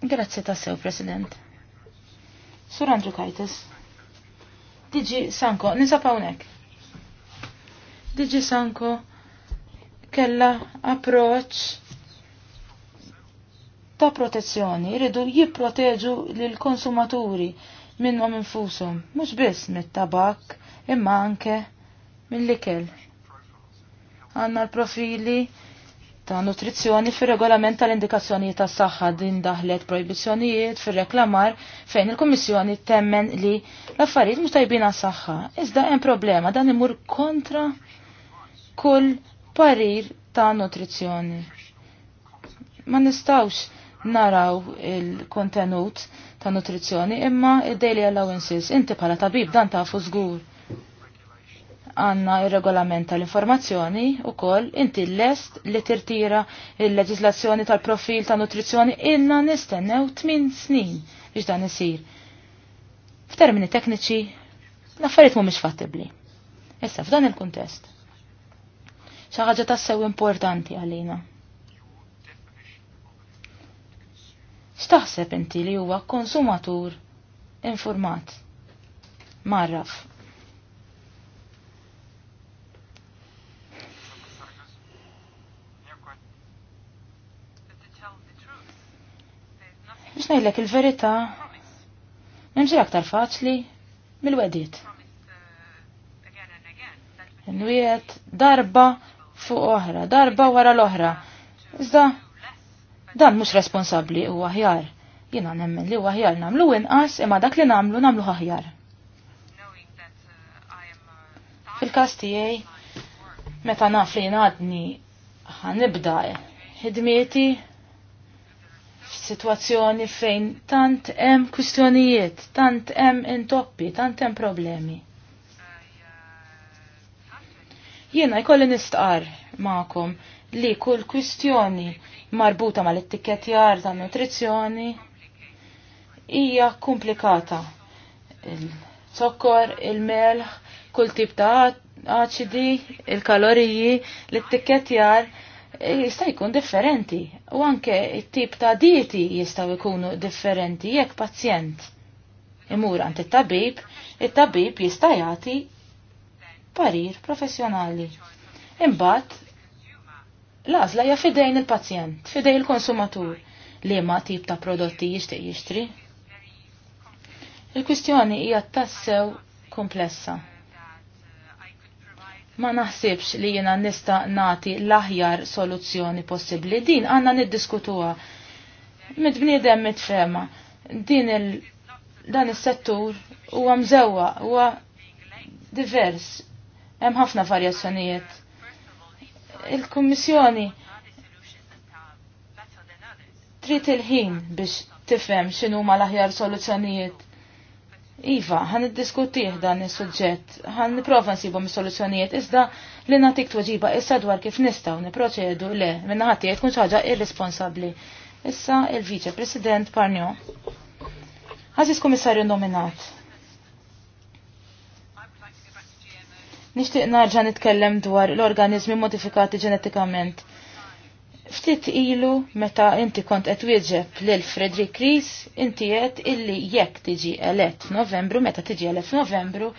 Grazzi ta sew President. Sur Andrew Kajtis. Diġi Sanko, nisa hawnhekk. Diġi Sanko kella approċ ta' protezzjoni, jridu jipproteġu l konsumaturi minnhom infushom, mhux biss mit-tabak, imma anke mill-ikel. Għanna l-profili ta' nutrizzjoni fir regolament tal-indikazzjoni ta' saħħa din daħlet projbizzjonijiet fir reklamar fejn il-Kummissjoni temmen li l-affarijiet mhux tajbina saħħa. Iżda hemm problema dan imur kontra kull parir ta' nutrizzjoni. Ma nistawx naraw il-kontenut ta' nutrizzjoni imma id-daily allowances. Inti bħala tabib dan ta' fużgur. Għanna il-regolament tal-informazzjoni u koll inti l-lest li tirtira il-leġislazzjoni tal-profil ta' nutrizzjoni inna nistennew 8 snin biex dan isir. F'termini tekniċi, l-affarijiet mhumiex fattibbli. Issa f'dan il-kuntest xi ħaġa tassew importanti għalina. X'taħseb inti li huwa konsumatur informat? Marraf. biex ngħidlek il-verità nimxi aktar faċli mill-wedit. Nwiet darba fuq oħra, darba wara l-oħra. Iżda, dan mhux responsabbli u aħjar. Jiena nemmen li huwa aħjar nagħmlu inqas imma dak li nagħmlu nagħmlu aħjar. Fil-każ tiegħi meta naf li ngħadni ħanibda ħidmieti f'sitwazzjoni fejn tant hemm kwistjonijiet, tant hemm intoppi, tant hemm problemi. Jiena jkolli nistqar ma'kom li kull kwistjoni marbuta mal-etikettjar ta' nutrizzjoni hija komplikata. il sokkor il-melħ, kull tip ta' aċidi, il-kaloriji, l-etikettjar e, jista' jkun differenti u anke il tip ta' dieti jistgħu jkunu differenti jekk pazjent imur għand it-tabib, it-tabib jista' jagħti parir professjonali. Imbagħad l-għażla hija fidejn il-pazjent, fidejn il-konsumatur li ma tip ta' prodotti jixtieq jixtri. Il-kwistjoni hija tassew komplessa. Ma naħsibx li jiena nista' nagħti l-aħjar soluzzjoni possibbli. Din għandna niddiskutuha. Mid bniedem mitfema. Din il dan is-settur huwa mżewwa huwa divers Hemm ħafna varjazzjonijiet. Il-Kummissjoni trid il-ħin biex tifhem x'in huma l-aħjar soluzzjonijiet. Iva, ħan iddiskutih dan is-suġġett, ħan nipprova nsibu mis-soluzzjonijiet iżda li nagħtik tweġiba issa dwar kif nistgħu niproċedu le minn ħadd jgħid tkun xi ħaġa irresponsabbli. Issa il-Viċe President Parnio. Aziz Komissarju nominat, Nixtieq narġa' nitkellem dwar l-organizmi modifikati ġenetikament. Ftit ilu meta inti kont qed wieġeb lil Frederick Rees, inti qed illi jekk tiġi elett Novembru, meta tiġi elett Novembru,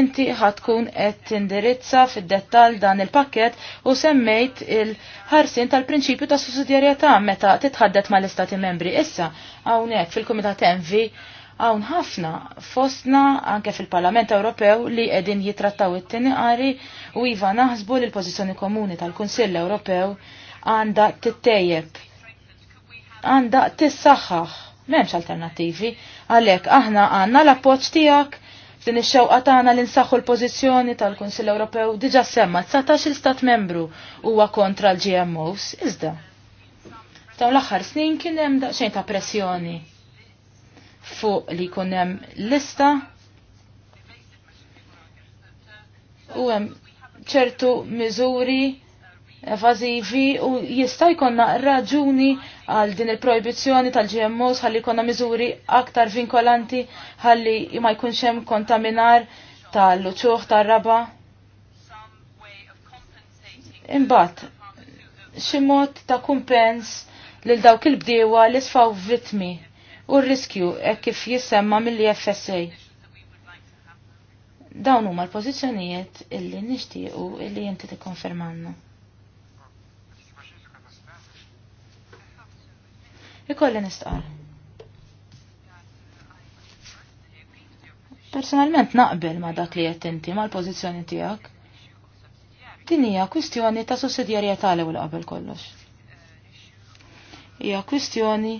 inti ħatkun qed tindirizza fid-dettall dan il-pakket u semmejt il-ħarsin tal-prinċipju ta' sussidjarjetà meta titħaddet mal-Istati Membri. Issa hawnhekk fil-Kumitat Envi hawn ħafna fostna anke fil-Parlament Ewropew li qegħdin jitrattaw it-tieni qari u iva naħsbu li l-pożizzjoni komuni tal-Kunsill Ewropew għandha tittejjeb. Għandha tissaħħaħ, m'hemmx alternattivi, għalhekk aħna għandna l-appoġġ tiegħek f'din ix-xewqa tagħna li nsaħħu l-pożizzjoni tal-Kunsill Ewropew diġà semma 19 stat membru huwa kontra l-GMOs iżda. Dawn l-aħħar snin kien hemm daqsxejn ta' pressjoni fuq li jkun hemm lista u hemm ċertu miżuri evazivi u jista' jkollna raġuni għal din il-projbizzjoni tal-GMOs ħalli jkollna miżuri aktar vinkolanti ħalli ma jkunx hemm kontaminar tal-luċuħ tar-raba. Imbagħad xi mod ta' kumpens lil dawk il-bdiewa li sfaw vitmi u r-riskju hekk kif jisemma mill-FSA. Dawn huma l-pożizzjonijiet illi nixtiequ illi inti tikkonfermanna. Ikolli nistqar. Personalment naqbel ma dak li qed inti mal-pożizzjoni tiegħek. Din hija kwistjoni ta' sussidjarjetà l-ewwel qabel kollox. Hija kwistjoni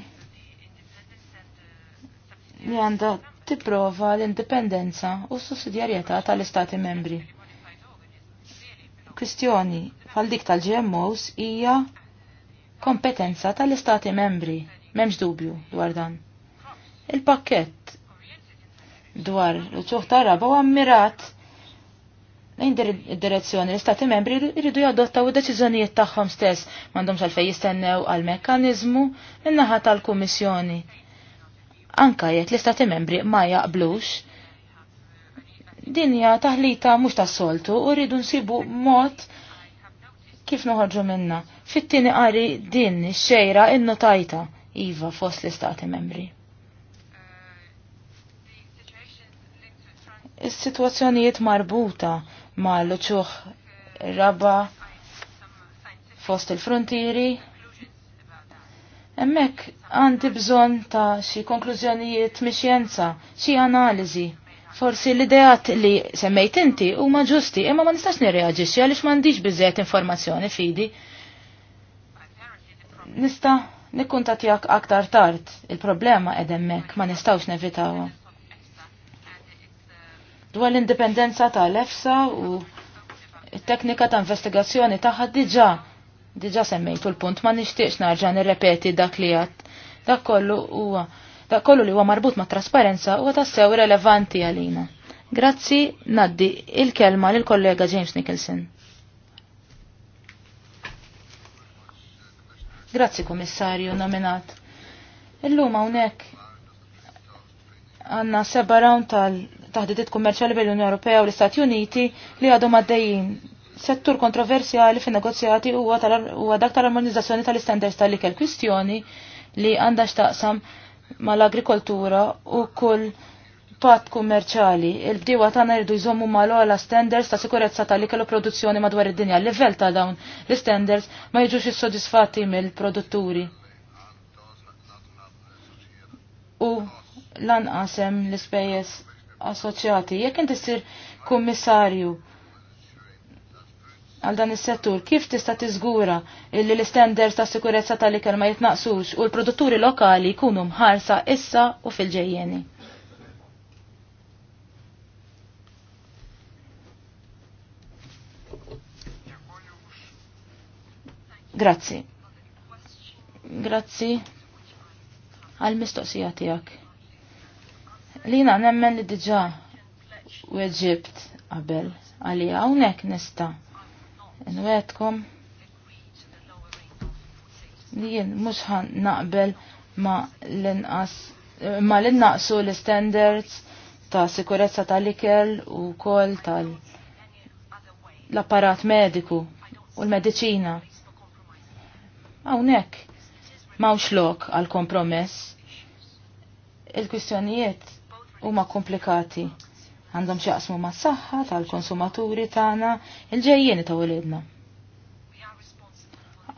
li għandha tipprova l-indipendenza u s-sussidjarjetà tal-Istati membri. Kwistjoni bħal dik tal-GMOs hija kompetenza tal-Istati membri, m'hemmx dubju dwar dan. Il-pakkett dwar l-ċuħ taraba u ammirat lejn id-direzzjoni l-Istati membri jridu jadottaw id-deċiżjonijiet tagħhom stess m'għandhomx għalfejn jistennew għal mekkaniżmu min-naħa tal-Kummissjoni anka jekk l-istati membri ma jaqblux. Dinja taħlita mhux tas-soltu u rridu nsibu mod kif noħorġu minna. Fit-tieni qari din ix-xejra innotajta iva fost l-istati membri. Is-sitwazzjonijiet marbuta mal-ċuħ raba fost il-frontieri Emmek għandi bżon ta' xi konklużjonijiet mixjenza, xi analiżi. Forsi l-ideat li semmejt inti huma ġusti, imma ma nistax nirreaġixxi għaliex m'għandix biżejjed informazzjoni fidi. Nista' nikkun tiegħek aktar tard, il-problema qed hemmhekk ma nistgħux nevitawha. Dwar l-indipendenza tal-EFSA u t-teknika ta' investigazzjoni tagħha diġà Diġa semmejtu l-punt, ma nixtieqx narġa nirrepeti dak li għat. Dak kollu huwa dak kollu li huwa marbut ma' trasparenza huwa tassew relevanti għalina. Grazzi naddi il-kelma lil kollega James Nicholson. Grazzi komissarju nominat. Illum hawnhekk għanna seba round tal taħdidiet kummerċali bil-Unjoni Ewropea u l-Istati Uniti li għadhom għaddejjin settur kontroversjali fin negozjati huwa dak tal-armonizzazzjoni tal-istandards tal-ikel kwistjoni li għandha x'taqsam mal-agrikoltura u kull pat kummerċali. il bdiwa tagħna jridu jżommu mal-ogħla standards ta' sikurezza tal-ikel u produzzjoni madwar id-dinja. Livell ta' dawn l-standards ma jiġux issodisfatti mill-produtturi. U lanqasem l-ispejjeż assoċjati. Jekk inti ssir kummissarju għal dan is-settur, kif tista' tiżgura li l-istenders ta' sikurezza tal-ikel ma jitnaqsux u l-produtturi lokali jkunu mħarsa issa u fil-ġejjeni? Grazzi. Grazzi għal mistoqsija tiegħek. Lina nemmen li diġà u Eġipt qabel għalija hawnhekk nista' nwetkom li jien mhux naqbel ma l ma l-innaqsu l-standards ta' sikurezza tal-ikel u kol tal l-apparat mediku u l-medicina. Hawnhekk mawx lok għal kompromess. Il-kwistjonijiet huma komplikati għandhom xaqsmu ma' s-saħħa tal-konsumaturi tagħna il-ġejjeni ta' ulidna.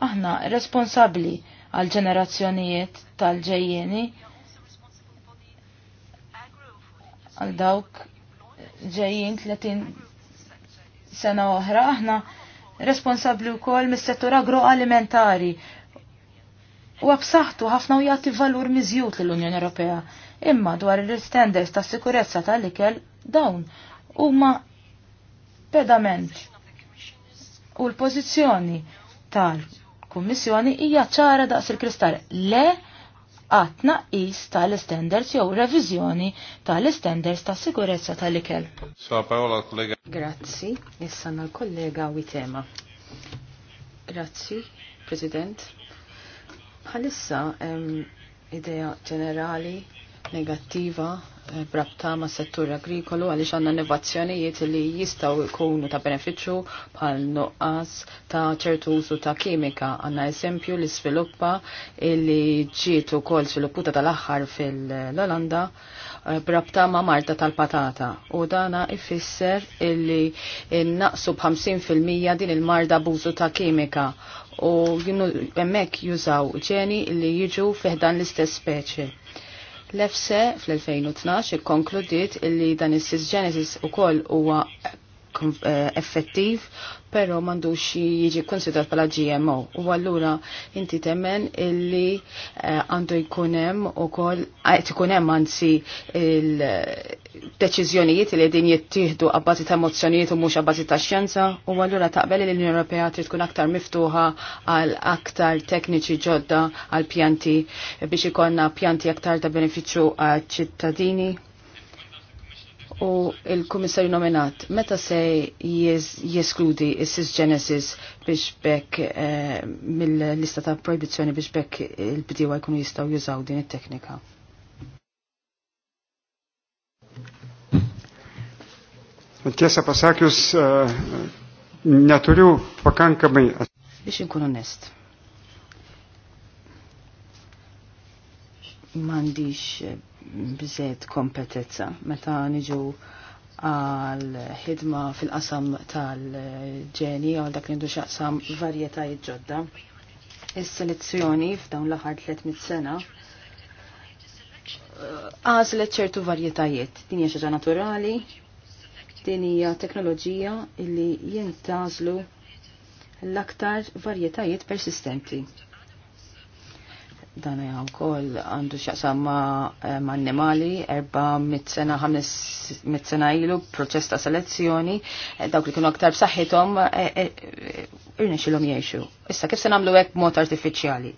Aħna responsabli għal ġenerazzjonijiet tal-ġejjeni għal dawk ġejjin 30 sena oħra aħna responsabli wkoll mis-settur agroalimentari u għabsaħtu ħafna u jgħati valur mizjut l-Unjoni Ewropea imma dwar il-standards ta' sikurezza tal-ikel dawn huma pedament u l-pożizzjoni tal-Kummissjoni hija ċara daqs il-kristall le għatna is tal-standards jew revizjoni tal-standards ta' sikurezza tal-ikel. Sa parola kollega. Grazzi, issa l-kollega Witema. Grazzi, President. Bħalissa idea ġenerali negattiva eh, brabta ma' settur agrikolu għaliex għandna innovazzjonijiet li jistgħu jkunu ta' benefiċċju bħal nuqqas ta' ċertu użu ta' kimika. Għandna eżempju li sviluppa li ġiet ukoll svilupputa tal-aħħar fil-Olanda eh, brabta ma' marta tal-patata. U dana ifisser illi naqsu b'50% din il-marda b'użu ta' kimika u jemmek jużaw ġeni li jiġu fiħdan l-istess speċi L'Efse fl-2012 ikkonkludiet illi dan is-sisgenesis ukoll huwa eh, effettiv pero mandux jiġi konsidrat pala GMO. U għallura inti temmen illi eh, għandu jkunem eh, u kol, għajt jkunem għansi il-deċizjonijiet li din jittihdu għabbazi ta' emozjonijiet u mux għabbazi ta' xjenza u għallura taqbel li l-Unjoni Ewropea trid tkun aktar miftuħa għal aktar tekniċi ġodda għal pjanti biex ikonna pjanti aktar ta' beneficju għal ċittadini u il-komissarju nominat, meta se jeskludi is-sis Genesis biex bekk eh, mill-lista ta' proibizzjoni biex bekk il-bdiewa jkunu jistaw jużaw din it-teknika? Tiesa pasakjus, eh, naturju pakanka pakankamai. Biex nkun onest. Mandiċ eh, bżed kompetenza meta niġu għal ħidma fil-qasam tal-ġeni għal dak li xaqsam varjetajiet ġodda. Is-selezzjoni f'dawn l-aħħar 300 sena uh, għażlet ċertu varjetajiet. Din hija xaġa naturali, din hija teknoloġija illi jintażlu l-aktar varjetajiet persistenti dan hija wkoll għandu x'jaqsam ma' annimali erba' mit-sena ħames mit-sena ilu proċess ta' selezzjoni eh, dawk li kienu aktar b'saħħithom eh, eh, irnexxilhom jgħixu. Issa kif se nagħmlu hekk b'mod artifiċjali.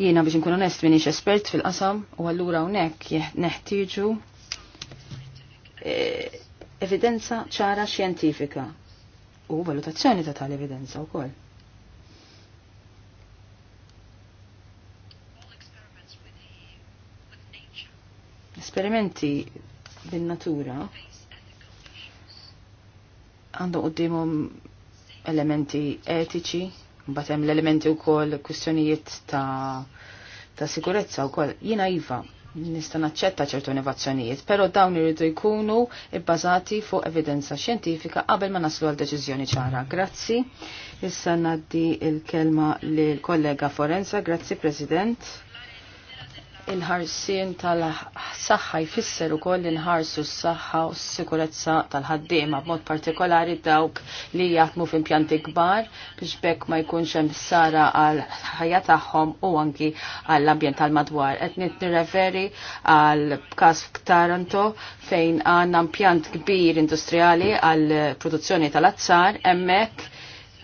Jiena biex nkun onest minix espert fil-qasam u allura hawnhekk neħtieġu evidenza ċara xjentifika u valutazzjoni ta' tal-evidenza wkoll. esperimenti bin-natura għandhom għoddimum elementi etiċi, mbagħad hemm l-elementi wkoll kwistjonijiet ta' ta' sikurezza wkoll. Jiena iva nista' naċċetta ċertu innovazzjonijiet, però dawn iridu jkunu ibbażati fuq evidenza xjentifika qabel ma naslu għal deċiżjoni ċara. Grazzi. Issa ngħaddi il-kelma lill kollega Forenza. Grazzi President il-ħarsien tal-saħħa jfisser ukoll ħarsu s-saħħa u s-sikurezza tal-ħaddiema b'mod partikolari dawk li jaħdmu f'impjanti kbar biex bekk ma jkunx hemm sara għal ħajja tagħhom u anki għall ambjent tal-madwar. Qed nirreferi għal każ f'Taranto fejn għandna impjant kbir industrijali għal produzzjoni tal-azzar hemmhekk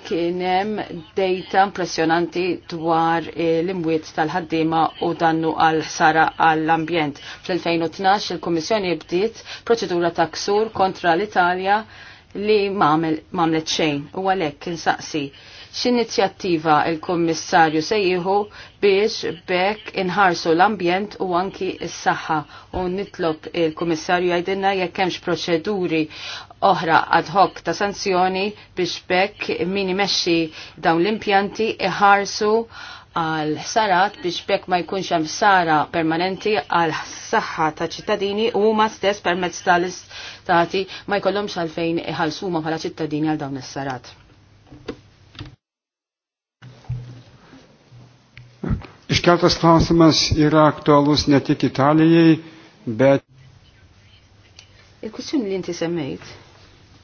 kienem data impressionanti dwar eh, l-imwiet tal-ħaddima u dannu għal ħsara għall-ambjent. Fl-2012 il komissjoni bdiet proċedura ta' ksur kontra l-Italja li mamlet xejn u għalhekk insaqsi x'inizjattiva il-Kommissarju se jieħu biex bekk inħarsu l-ambjent u anki s-saħħa u nitlob il-Kommissarju jgħidilna jekk hemmx proċeduri oħra ad hoc ta' sanzjoni biex bekk min imexxi dawn l-impjanti iħarsu għal sarat biex bekk ma jkunx hemm sara permanenti għal saħħa ta' ċittadini u huma stess permezz tal-istati ma jkollhomx għalfejn iħallsuma bħala ċittadini għal dawn is-sarat. Iškeltas klausimas yra aktualus ne tik Italijai, bet. Il-kustum li inti semmejt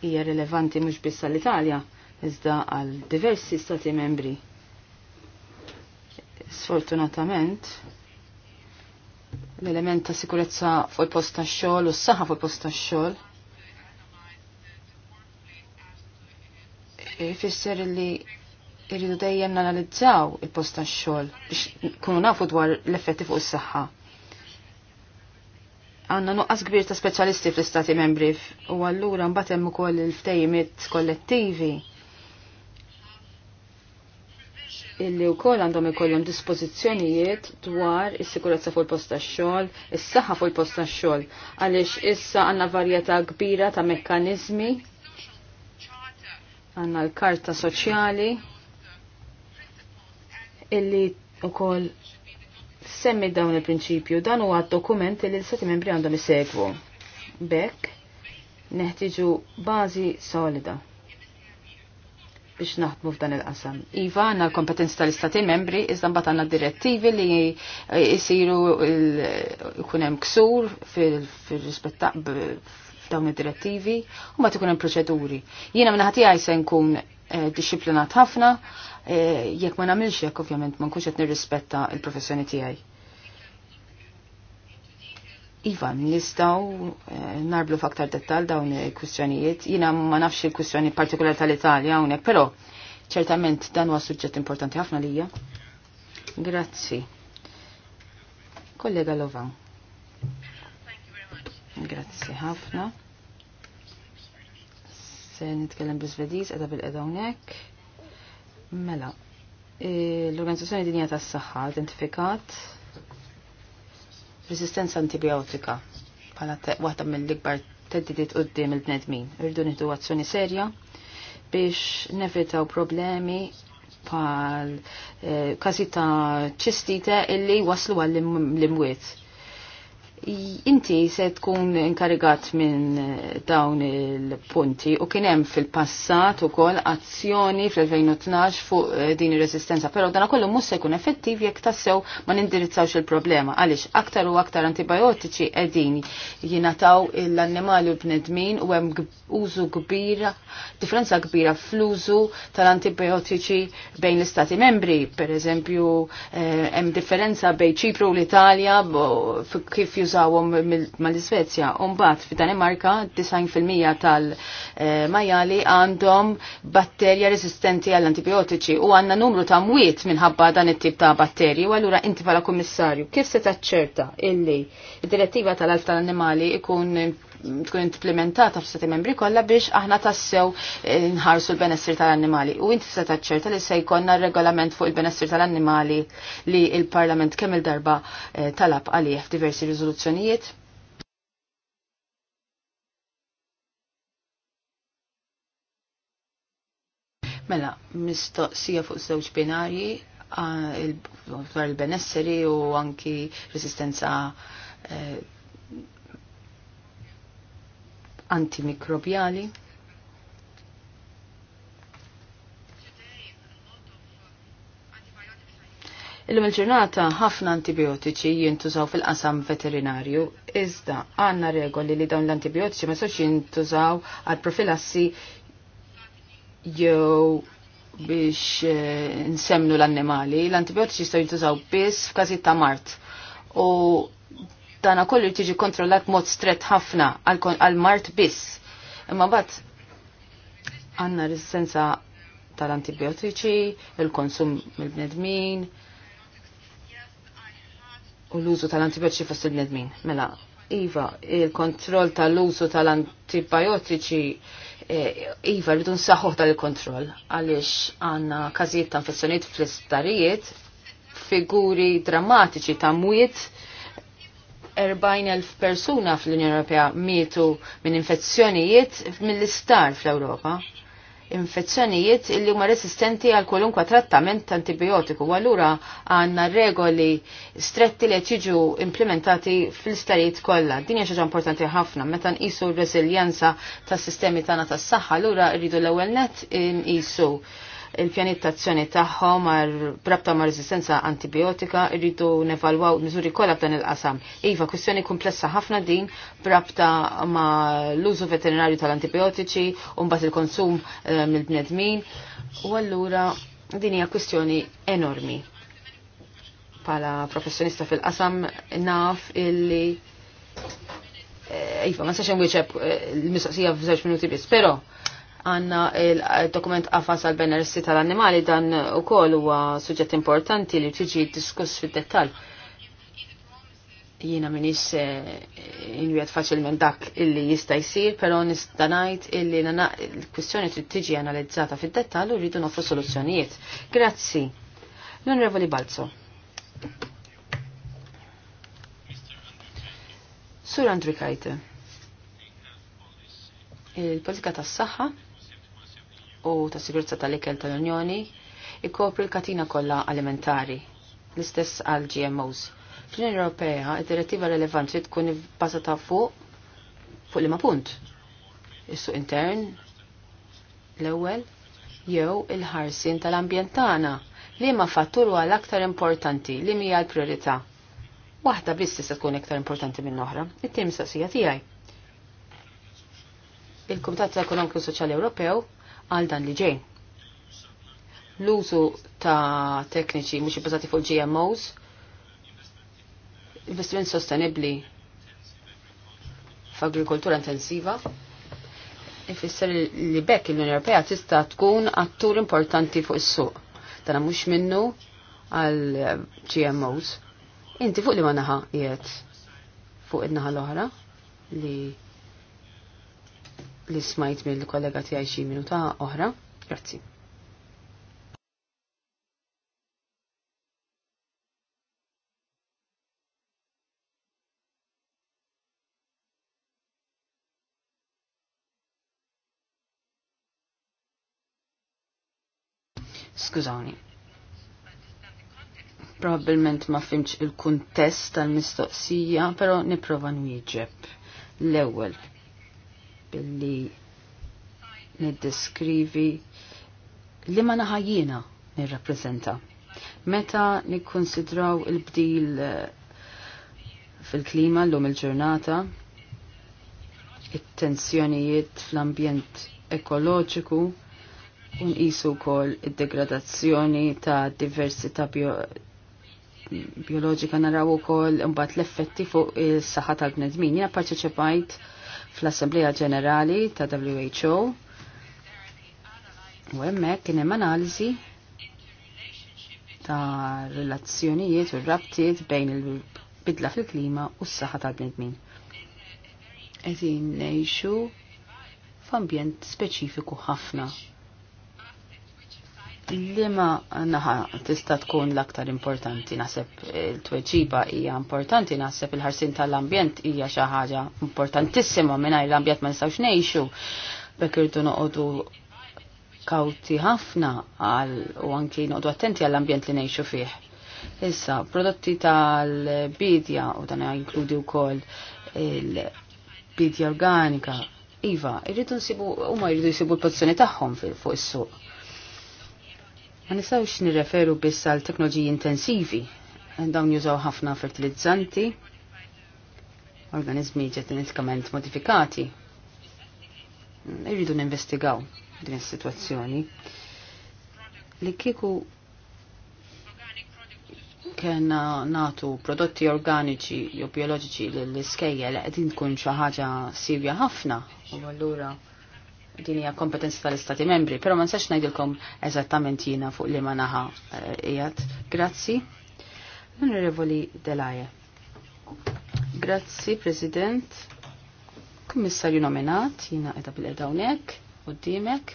hija rilevanti mhux biss għall-Italja, iżda għal diversi stati membri. Sfortunatament, l-element ta' sikurezza fuq il-post ta' xogħol u s-saħħa fuq il-post ta' xogħol jfisser li irridu dejjem nanalizzaw il-post ta' xogħol biex kunu nafu dwar l-effetti fuq is-saħħa għanna nuqqas kbir ta' speċjalisti fl-istati membri u għallura mbagħad hemm ukoll il ftejmit kollettivi illi wkoll għandhom ikollhom dispożizzjonijiet dwar is-sikurezza fuq il posta tax-xogħol, is-saħħa fuq il posta tax-xogħol għaliex issa għandna varjetà kbira ta' mekkaniżmi għandna l-karta soċjali illi ukoll semmi dawn il-prinċipju dan huwa dokument li l-sati membri għandhom isegwu. Bekk neħtiġu bażi solida biex naħdmu f'dan il-qasam. Iva għanna l-kompetenzi tal-istati membri, iżda mbagħad għandna direttivi li jisiru jkun hemm ksur fil-rispett f'dawn id-direttivi u ma tkun hemm proċeduri. Jiena minn ħati se nkun Eh, disciplinat ħafna, eh, jekk ma nagħmilx hekk ovvjament ma nkunx qed nirrispetta l-professjoni tiegħi. Iva, nistaw eh, narblu f'aktar dettal dawn il-kwistjonijiet. Jina ma nafx il-kwistjoni partikolari tal-Italja hawnhekk, però ċertament dan huwa suġġett importanti ħafna lija. Grazzi. Kollega Lovan. Grazzi ħafna nitkellem bl-Svediż qiegħda bil-qiegħda hawnhekk. Mela, e, l-Organizzazzjoni Dinja tas-Saħħa identifikat resistenza antibiotika bħala waħda mill-ikbar teddidiet qudiem il-bnedmin. Irdu nieħdu azzjoni serja biex nevitaw problemi bħal e, każi ta' ċistita illi waslu għall-imwiet inti se tkun inkarigat minn eh, dawn il-punti u kien hemm fil-passat ukoll azzjoni fl-2012 fuq eh, din ir-resistenza, però dana kollu mhux se jkun effettiv jekk tassew ma nindirizzawx il-problema għaliex aktar u aktar antibiotiċi qegħdin jinataw l-annimali u bnedmin u hemm użu kbira, differenza kbira fl-użu tal-antibiotiċi bejn l-istati membri, per eżempju eh, hemm differenza bejn Ċipru u l-Italja kif jużawhom mal-Iżvezja. Umbagħad fid-Danimarka 90% tal-majali għandhom batterja resistenti għall antibiotiċi u għandna numru ta' mwiet minħabba dan it-tip ta' batterji u allura inti bħala kummissarju kif se taċċerta illi id-direttiva tal-alf tal-annimali ikun tkun implementata f'stati membri kollha biex aħna tassew eh, nħarsu l-benessir tal-annimali. U inti se taċċerta li se jkollna regolament fuq il-benessir tal-annimali li il-Parlament kemm il-darba eh, talab għalih f'diversi riżoluzzjonijiet. Mela, mistoqsija fuq żewġ binarji dwar il-benesseri u anki resistenza eh, antimikrobjali. Illum il-ġurnata ħafna antibiotiċi jintużaw fil-qasam veterinarju, iżda għanna regoli li dawn l-antibiotiċi ma sox jintużaw għal profilassi jew biex eh, nsemnu l-annimali. L-antibiotiċi jistaw jintużaw biss f'każi ta' mart. U dana kollu tiġi kontrollat mod stret ħafna għal-mart biss. Imma bat, għanna resistenza tal-antibiotiċi, il-konsum mill-bnedmin, u l-użu tal-antibiotiċi fost il-bnedmin. Mela, Iva, il-kontroll tal-użu tal-antibiotiċi eh, Iva, rridu nsaħħuħ tal-kontroll, għalix għanna kazijiet ta' infezzjoniet fl-istarijiet, figuri drammatiċi ta' mwiet 40.000 persuna fl-Unjoni Ewropea mietu minn infezzjonijiet mill-istar fl-Ewropa. Infezzjonijiet illi huma resistenti għal kwalunkwa trattament ta' antibiotiku allura għandna regoli stretti li qed jiġu implementati fl-istarijiet kollha. Din hija xi ħaġa importanti ħafna meta nqisu r-reżiljenza tas-sistemi tagħna tas-saħħa allura rridu l-ewwel net nqisu il-pjanitazzjoni tagħhom mar brabta ma' resistenza antibiotika irridu nevalwaw miżuri kollha f'dan il-qasam. Iva, kwistjoni komplessa ħafna din brabta ma' l-użu veterinarju tal-antibiotiċi u mbagħad il-konsum eh, mill-bnedmin. U allura din hija kwistjoni enormi. Pala professjonista fil-qasam naf illi eh, Iva, ma sax wieċeb eh, l-mistoqsija f'żewġ minuti biss, però għanna il-dokument għafas għal beneressi tal-animali dan u koll huwa suġġett importanti li tiġi diskuss fid dettal Jiena minix eh, inwiet minn dak illi jista' jsir, però nista' ngħid illi l-kwistjoni trid tiġi analizzata fid dettal u rridu nofru soluzzjonijiet. Grazzi. L-Onorevoli Balzo. Sur Andri Kajte il-politika tas saħħa u ta' sigurezza tal-ikel tal-Unjoni ikopri l-katina kollha alimentari, l-istess għal GMOs. Fl-Unjoni Ewropea, id-direttiva relevanti tkun bbażata fuq fuq liema punt. Is-suq intern, l-ewwel, jew il-ħarsin tal-ambjent tagħna li ma fattur huwa l-aktar importanti li hija l-priorità. Waħda biss tista' tkun iktar importanti minn oħra, it-tim saqsija tiegħi il-Kumitat Ekonomiku Soċjali Ewropew għal dan li ġej. L-użu ta' tekniċi mhux ibbażati fuq GMOs, investiment sostenibbli f'agrikoltura intensiva, ifisser li bekk l-Unjoni Ewropea tista' tkun attur importanti fuq is-suq. Dan mhux minnu għal GMOs. Inti fuq li ma naħa qiegħed fuq in-naħa l-oħra li li smajt l kollega tiegħi xi minuta oħra. Grazzi. Skużawni. Probabilment ma fimx il-kuntest tal-mistoqsija, pero niprova nwieġeb. L-ewwel, billi niddeskrivi li ma naħajjina nirrapprezenta. Meta nikkonsidraw il-bdil eh, fil-klima l-lum il-ġurnata, it-tensjonijiet fl-ambjent ekoloġiku, isu kol id-degradazzjoni ta' diversità bio biologika naraw ukoll imbagħad l-effetti fuq is-saħħa tal-bnedmin. Jiena parteċipajt fl-Assemblea Ġenerali ta' WHO u hemmhekk kien hemm analiżi ta' relazzjonijiet u rabtiet bejn il-bidla fil-klima u s-saħħa tal-bnedmin. Qegħdin ngħixu f'ambjent speċifiku ħafna ma naħa tista' tkun l-aktar importanti naħseb il-tweġiba hija importanti naħseb il-ħarsin tal-ambjent hija xi ħaġa importantissima mingħajr l-ambjent ma nistgħux ngħixu. Bekk irdu noqogħdu kawti ħafna għal u anki noqogħdu attenti għall-ambjent li ngħixu fih. Issa, prodotti tal-bidja u dan jinkludi wkoll il-bidja organika, Iva, irridu nsibu, huma jridu jsibu l-pozizjoni tagħhom fuq is-suq. Ma nistgħux nirreferu biss għal teknoloġiji intensivi, dawn jużaw ħafna fertilizzanti, organizmi ġenetikament modifikati. Irridu ninvestigaw din is-sitwazzjoni li kieku kena natu prodotti organiċi jew bioloġiċi l-iskejjel qegħdin tkun xi ħaġa sirja ħafna u allura din hija kompetenza tal-Istati membri, però ma nsax ngħidilkom eżattament jiena fuq li ma naħa qiegħed. Eh, Grazzi. Onorevoli Delaje. Grazzi, President. Kummissarju nominat, jiena qiegħda bil hawnhekk qudiemek.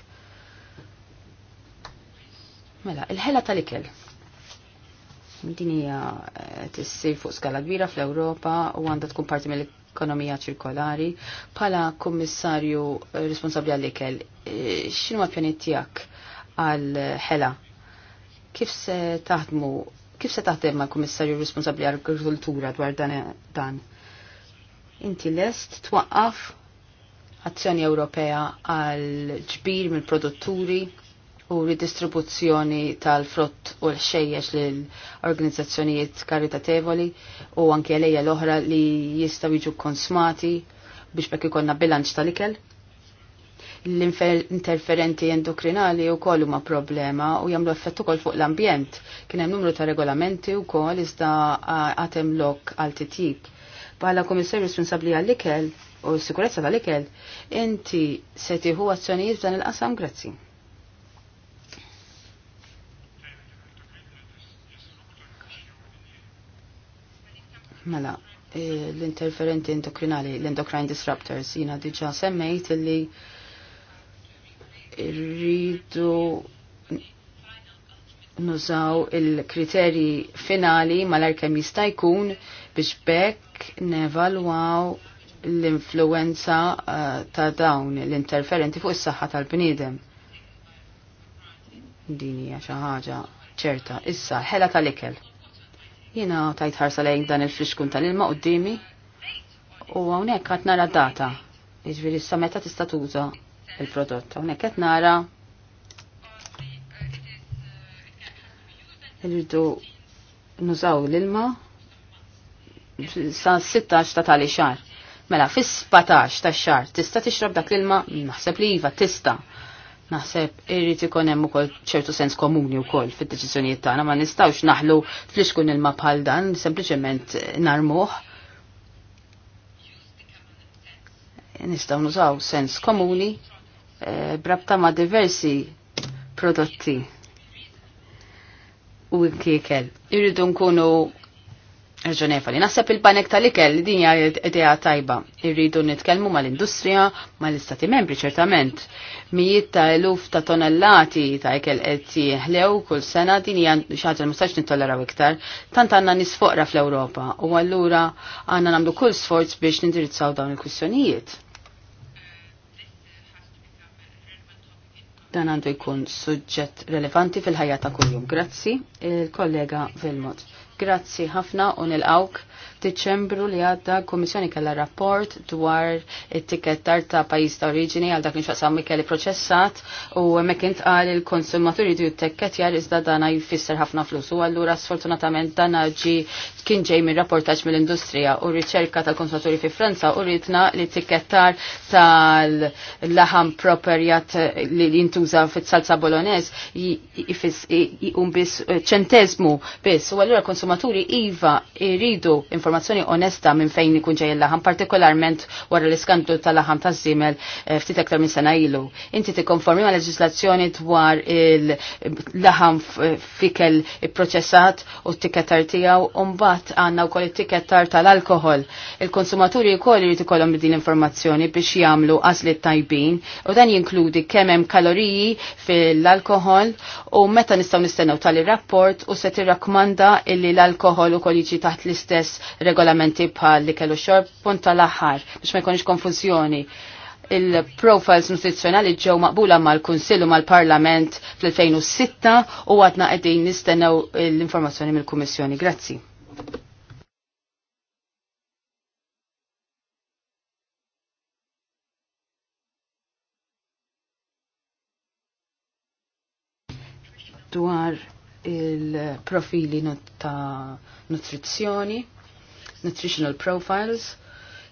Mela, il-ħela tal-ikel. Din hija eh, tissir fuq skala kbira fl-Ewropa u għandha tkun parti mill ekonomija ċirkolari. Pala kummissarju responsabli għall-ikel, e, xinu għapjanet tijak għal-ħela? Kif se taħdmu, kif se taħdem ma' kummissarju responsabli għall-agrikoltura dwar dan? Inti lest twaqqaf azzjoni Ewropea għal ġbir mill-produtturi u ridistribuzzjoni tal-frott u l-xejjex l-organizzazzjonijiet karitatevoli u anke għalija l-oħra li jistaw jiġu konsmati biex bekk ikonna bilanċ tal-ikel. L-interferenti endokrinali u kol huma problema u jagħmlu effett ukoll fuq l-ambjent. Kien hemm numru ta' regolamenti wkoll iżda għatem lok għal titjib. Bħala komissar responsabbli għall-ikel u s-sikurezza tal-ikel, inti se tieħu azzjonijiet dan il-qasam grazzi. Mela, eh, l-interferenti endokrinali, l-endocrine disruptors, jina diġa semmejt li rridu nużaw il-kriterji finali mal-arkem jista' jkun biex bekk nevalwaw l-influenza eh, ta' dawn l-interferenti fuq is-saħħa tal-bniedem. Din hija xi ħaġa ċerta. Issa, ħela tal-ikel. Jena tajt ħarsa lejn dan il-friskun tal-ilma qoddimi u hawnhekk qed nara data. Iġviri issa meta tista' tuża il-prodott. Hawnhekk qed nara irridu nużaw l-ilma sa 16 ta' tali xar. Mela, fis 17 ta' xar, tista' tixrob dak l-ilma? Naħseb li iva, tista' Naħseb irrit ikun hemm ukoll ċertu sens komuni wkoll fid-deċiżjonijiet tagħna ma nistgħux naħlu fl-ixkun ilma bħal dan, sempliċement narmuh. Nistgħu nużaw sens komuni eh, brabta ma' diversi prodotti u kiekel. Irridu nkunu li naħseb il-panek tal-ikel din hija idea tajba. Irridu nitkellmu mal-industrija, mal-istati membri ċertament. Mijiet ta' eluf ta' tonellati ta' ikel qed jieħlew kull sena din hija xi ħaġa mustax nittolleraw iktar. Tant għandna nisfoqra fl-Ewropa u allura għandna nagħmlu kull sforz biex nindirizzaw dawn il-kwistjonijiet. dan għandu jkun suġġett relevanti fil-ħajja ta' kuljum. Grazzi, il-kollega Vilmot. Grazzi ħafna u nilqawk Diċembru li għadda l-Kummissjoni kellha rapport dwar it-tikettar ta' pajjiż ta' oriġini għal dak li xaqsam kelli proċessat u mekint intqal il-konsumaturi jridu jar iżda dana jfisser ħafna flus u allura sfortunatament dana ġi kien ġej minn rapportaġġ mill-industrija u riċerka tal-konsumaturi fi Franza u ritna li t tikettar tal-laħam properjat li jintuża fit-salsa bolonez jifis jqum biss ċentezmu biss u allura konsumaturi iva iridu informazzjoni informazzjoni onesta minn fejn ikun ġej il-laħam, partikolarment wara l-iskandlu tal-laħam ta' zimel eh, ftit aktar minn sena ilu. Inti tikkonformi ma' leġislazzjoni dwar il-laħam fikel il-proċessat u t-tikettar tiegħu u mbagħad għandna wkoll it-tikettar tal-alkohol. Il-konsumaturi wkoll irid ikollhom din informazzjoni biex jagħmlu għażliet tajbin u dan jinkludi kemm hemm kaloriji fil-alkohol u meta nistgħu nistennaw tal-rapport u se rakmanda illi l-alkohol u koliġi taħt l-istess regolamenti bħal li kellu xor punt tal-aħħar biex ma jkunx konfuzjoni il-profiles nutrizzjonali ġew maqbula mal-Kunsill u mal-Parlament fl-2006 u għadna qegħdin nistennew l-informazzjoni mill-Kummissjoni. Grazzi. dwar il-profili ta' nutrizzjoni nutritional profiles.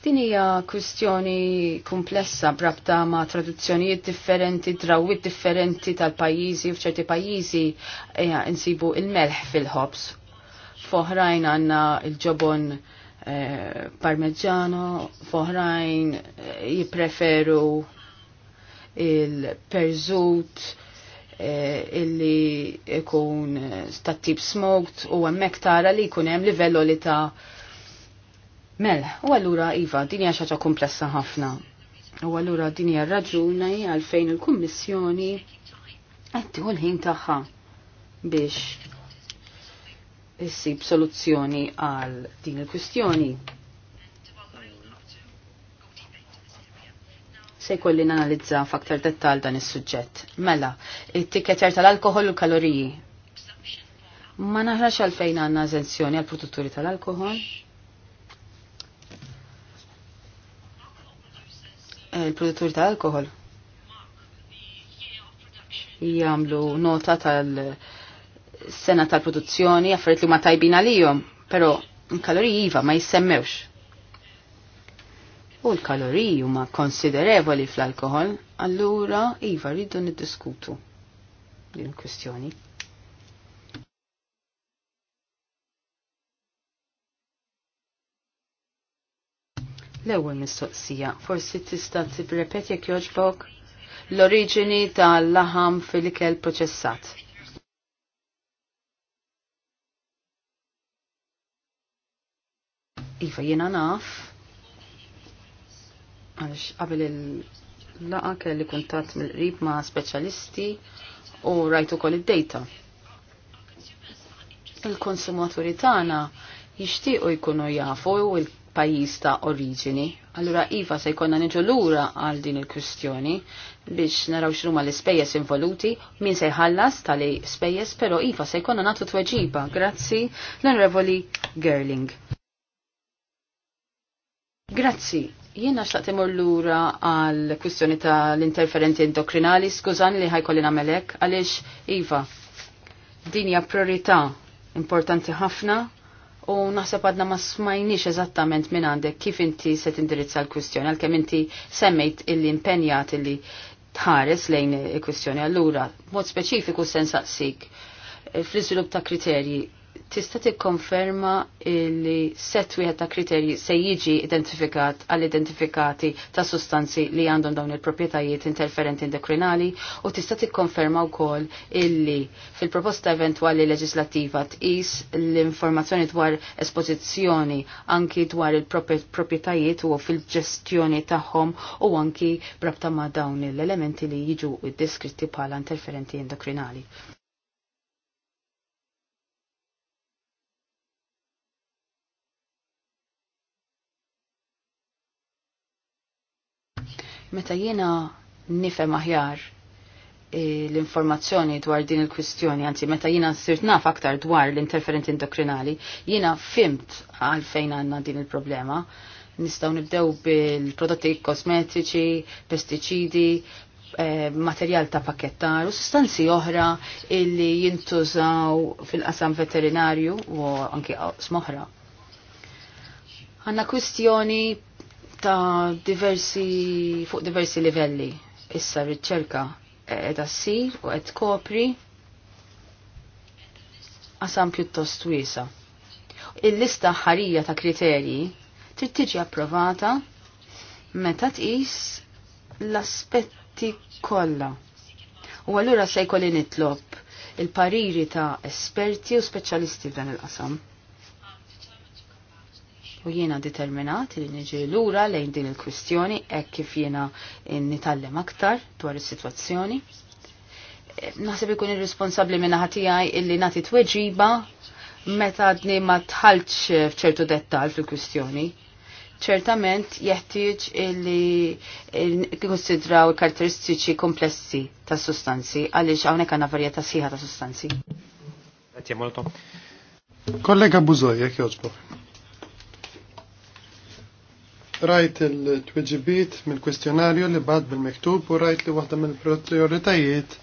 Din hija kwistjoni komplessa brabta ma' traduzzjonijiet differenti, drawit differenti tal-pajjiżi u f'ċerti pajjiżi eh, insibu il-melħ fil-ħobs. Foħrajn għandna il-ġobon eh, parmeġġano, foħrajn e, eh, jipreferu il-perżut illi ikun stat tip smoked u hemmhekk tara li jkun hemm livello li ta' Mel, u għallura Iva, din hija xaġa komplessa ħafna. U għallura din hija raġuna għalfejn il-Kummissjoni qed tieħu l-ħin tagħha biex issib soluzzjoni għal din il-kwistjoni. Se jkolli nanalizza f'aktar dettal dan is-suġġett. Mela, it-tikketer tal-alkohol u kaloriji. Ma naħrax għalfejn għandna eżenzjoni għal produtturi tal-alkohol? il-produttur ta' alkohol jamlu nota tal-sena tal-produzzjoni, għaffariet li ma tajbin għalijom, pero l-kaloriji iva ma jissemmewx. U l-kaloriji huma konsiderevoli fl-alkohol, allura iva rridu niddiskutu din kustjoni L-ewwel mistoqsija, forsi tista' tirrepeti jekk jogħġbok l-oriġini tal-laħam fil-ikel proċessat. Iva jiena naf, għalix qabel il-laqa kelli kuntat mill-qrib ma' speċjalisti u rajtu kol id-dejta. Il-konsumaturi tagħna jixtiequ jkunu jafu u il pajjiż ta' oriġini. Allura iva se jkollna niġu lura għal din il-kwistjoni biex naraw x'ruma l-ispejjeż involuti, min se jħallas tali spejjeż, però iva se jkollna nagħtu tweġiba. Grazzi l-Onorevoli Gerling. Grazzi. Jiena xtaqt imur lura għal kwistjoni ta' l-interferenti endokrinali, skużani li ħajkolli melek, għaliex Iva, din hija priorità importanti ħafna u naħseb għadna ma smajniex eżattament minn għandek kif inti se tindirizza l-kwistjoni għalkemm inti semmejt illi impenjat illi tħares lejn il-kwistjoni. Allura, mod speċifiku sensaqsik fl-iżvilupp ta' kriterji tista' tikkonferma li set wieħed ta' kriterji se jiġi identifikat għall identifikati ta' sustanzi li għandhom dawn il-proprjetajiet interferenti endokrinali u tista' tikkonferma wkoll illi fil-proposta eventwali leġislattiva tqis l-informazzjoni dwar espożizzjoni anki dwar il-proprjetajiet u fil-ġestjoni tagħhom u anki brabta ma' dawn l-elementi li jiġu deskritti bħala interferenti endokrinali. Meta jiena nifhem aħjar eh, l-informazzjoni dwar din il-kwistjoni, anzi meta jiena sirt naf aktar dwar l-interferenti endokrinali, jiena fimt għalfejn għanna din il-problema. Nistaw nibdew bil-prodotti kosmetiċi, pesticidi, eh, materjal ta' pakettar u sustanzi oħra illi jintużaw fil-qasam veterinarju u anki smoħra. Għanna kwistjoni ta' diversi, fuq diversi livelli. Issa riċerka ed assir u qed kopri qasam pjuttost wiesa. Il-lista ħarija ta' kriterji trid tiġi approvata meta tqis l-aspetti kollha. U allura se jkolli nitlob il-pariri ta' esperti u speċjalisti f'dan il-qasam u jiena determinat li niġi lura lejn din il-kwistjoni hekk kif jiena nitallem aktar dwar is-sitwazzjoni. E, naħseb ikun irresponsabbli minn ħatijaj illi nagħti tweġiba meta dni ma tħalċ f'ċertu dettal fil-kwistjoni ċertament jeħtieġ li konsidraw karakteristiċi komplessi ta' sustanzi, għaliex hawnhekk għandna varjetà sħiħa ta' sustanzi. Kollega Buzoj, jekk jogħġbok. Rajt il-tweġibit mill-kwestjonarju li bad bil-miktub u rajt li waħda mill-prioritajiet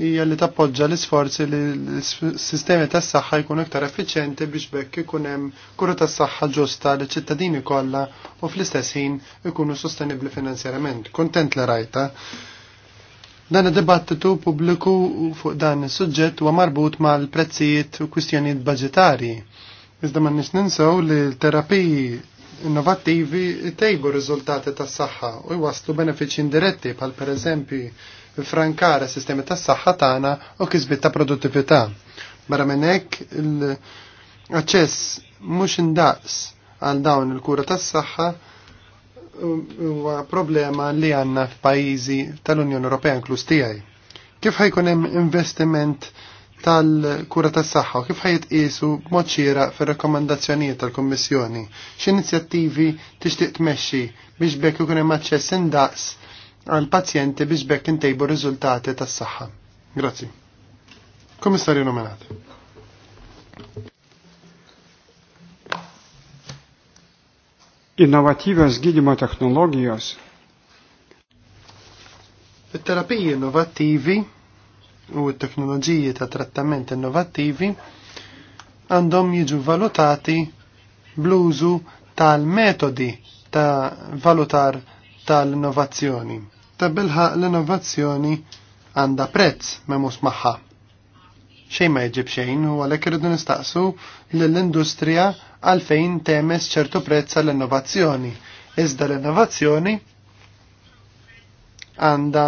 hija li tappoġġa l-isforzi li l-sistemi tas-saħħa jkun iktar effiċjenti biex bekk ikun hemm kura tas-saħħa ġusta li ċittadini kollha u fl-istess ħin ikunu sostenibbli finanzjarament. Kontent li rajta. Dan id-dibattitu pubbliku fuq dan is-suġġett huwa marbut mal-prezzijiet u kwistjonijiet budġetarji. Iżda ma nix ninsew li l-terapiji innovattivi tejbu rizultati tas-saħħa u jwaslu benefiċi indiretti per pereżempju frankara sistemi tas-saħħa tagħna u kisbit ta' produttività. Barra minn hekk l-aċċess mhux indaqs għal dawn il-kura tas-saħħa huwa problema li għandna f'pajjiżi tal-Unjoni Ewropea inkluż tiegħi. Kif ħajkun hemm investiment tal-kura tas-saħħa Kif kif ħajtqisu b'mod xieraq fir-rakkomandazzjonijiet tal-Kummissjoni. X'inizjattivi tixtieq tmexxi biex bekk ikun hemm aċċess indaqs għal pazjenti biex bekk intejbu riżultati tas-saħħa. Grazzi. Kummissarju nominat. Innovativas gydymo technologijos. Fit-terapiji innovattivi u t-teknoloġiji ta' trattament innovattivi għandhom jiġu valutati bluzu tal-metodi ta' valutar tal-innovazzjoni. Ta' bilħa l-innovazzjoni għanda prezz memus maħħa. Xejn ma jġib xejn u għalek irridu nistaqsu lill-industrija għalfejn temes ċertu prezz għall-innovazzjoni. Iżda l-innovazzjoni għanda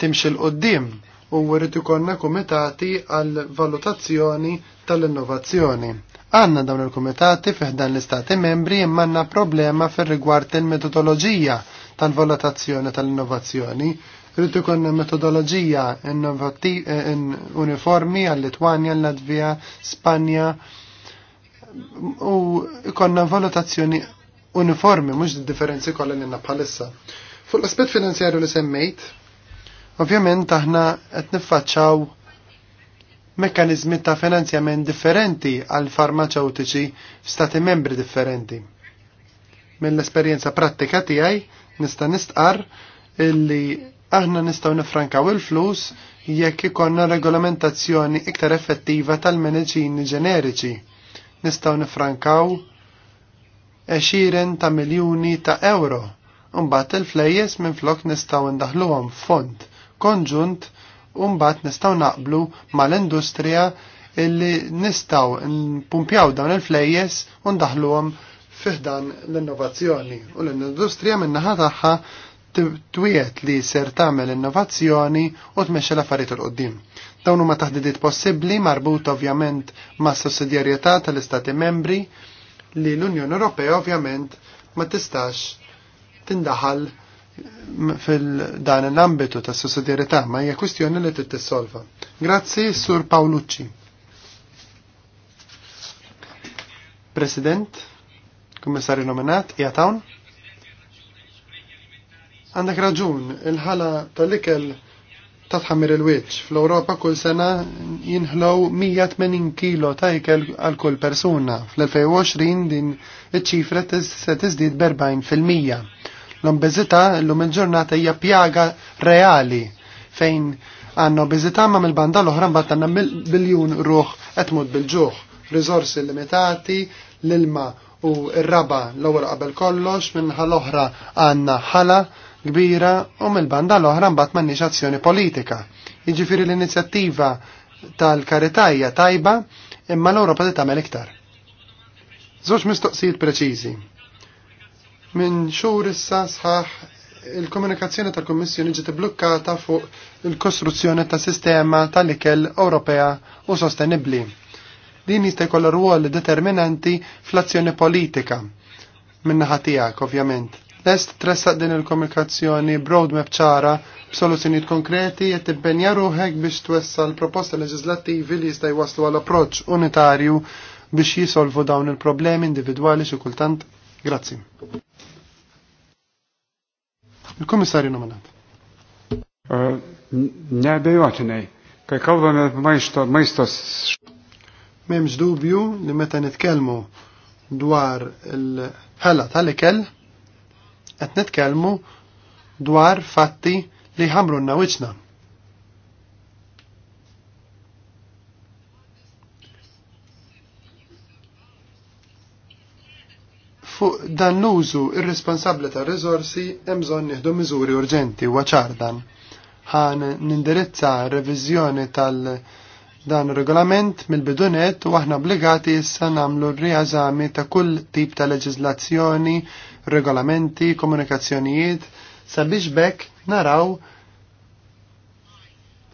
timxil qoddim u rrid ikonna kumitati għal valutazzjoni tal-innovazzjoni. Għanna dawn il-kumitati fiħdan l-istati membri imma għandna problema fir-rigward il-metodoloġija tal-valutazzjoni tal-innovazzjoni rritu ikonna metodoloġija eh, uniformi għal litwanja latvija Spanja u ikonna valutazzjoni uniformi, mux differenzi kollha l-inna bħalissa. Fuq l-aspet finanzjarju li semmejt, Ovvjament aħna qed niffaċċaw mekkaniżmi ta' finanzjament differenti għal farmaceutiċi f'stati membri differenti. Mill-esperjenza prattika tiegħi nista' nistqar illi aħna nistgħu nifrankaw il-flus jekk ikonna regolamentazzjoni iktar effettiva tal-mediċini ġeneriċi. Nistgħu nifrankaw eċiren ta' miljuni ta' euro. Umbat il-flejjes minn flok ndaħluhom fond konġunt u mbagħad nistgħu naqblu mal-industrija illi nistgħu npumpjaw dawn il-flejjes u ndaħluhom fiħdan l-innovazzjoni u l-industrija min-naħa tagħha twiet li ser tagħmel innovazzjoni u tmexxi l-affarijiet il qoddim Dawn huma taħdidiet possibbli marbut ovvjament mas sussidjarjetà tal-Istati membri li l-Unjoni Ewropea ovvjament ma tistax tindaħal fil-dan l-ambitu ta' sussidjarità ma hija kwistjoni li trid tissolva. Grazzi Sur Paolucci. President, kummissarju nominat, jatawn? Għandek raġun, il-ħala tal-ikel ta' tħammir il-wieċ. Fl-Europa kull sena jinħlow 180 kilo ta' ikel għal kull persuna. Fl-2020 din iċ-ċifra se tiżdied b'40 fil-mija l l llum il-ġurnata hija pjaga reali fejn għandna obezita ma mill-banda l-oħra mbagħad għandna biljun ruħ qed tmut bil-ġuħ, riżorsi limitati, l-ilma u r-raba l-ewwel qabel kollox minħa l-oħra għandna ħala kbira u mill-banda l-oħra mbagħad m'għandniex azzjoni politika. Jiġifieri l-inizjattiva tal-karità hija tajba imma l-Ewropa tagħmel iktar. Żewġ mistoqsijiet preċiżi. Minn xhur issa sħaħ il-komunikazzjoni tal-Kommissjoni ġiet blokkata fuq il-kostruzzjoni ta' sistema tal-ikel Ewropea u sostenibbli. Din jista' jkollha rwol determinanti fl-azzjoni politika minnaħa naħa tiegħek ovvjament. Lest tressaq din il-komunikazzjoni broadmap ċara b'soluzzjonijiet konkreti qed tibbenja ruħek biex twessal proposta leġislattivi li jista' jwaslu għal approċċ unitarju biex jisolvu dawn il-problemi individwali xi kultant. Grazzi. Il-Komissarju nominat. Neabejotinai, kai kalbame maisto, maistos. Memx dubju li meta nitkellmu dwar il ħala tal-ikel, qed nitkellmu dwar fatti li ħamru n-nawiċna fuq dan l-użu irresponsabbli ta' rizorsi hemm bżonn nieħdu miżuri urġenti wa ċardan. Ħan nindirizza reviżjoni tal dan regolament mill-bidunet u aħna obbligati issa nagħmlu r-riażami ta' kull tip ta' leġiżlazzjoni, regolamenti, komunikazzjonijiet sabiex bekk naraw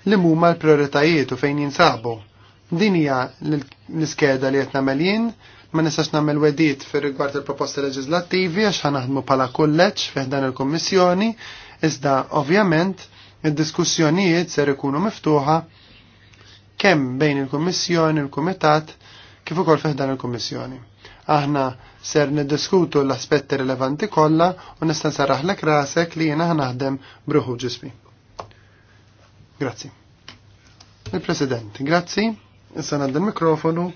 li huma l-prioritajiet u fejn jinsabu. Din hija l-iskeda li qed nagħmel jien ma nistax nagħmel wedit fir rigward il-proposti leġislattivi għax ħanaħdmu bħala kulleġġ fih dan il-Kummissjoni, iżda ovvjament id-diskussjonijiet ser ikunu miftuħa kemm bejn il-Kummissjoni, il-Kumitat, kif ukoll fih dan il-Kummissjoni. Aħna ser niddiskutu l-aspetti rilevanti kollha u nista' nsarraħlek rasek li jiena naħdem bruħu ġisbi. Grazzi. Il-President, grazzi. Issa għandha il-mikrofonu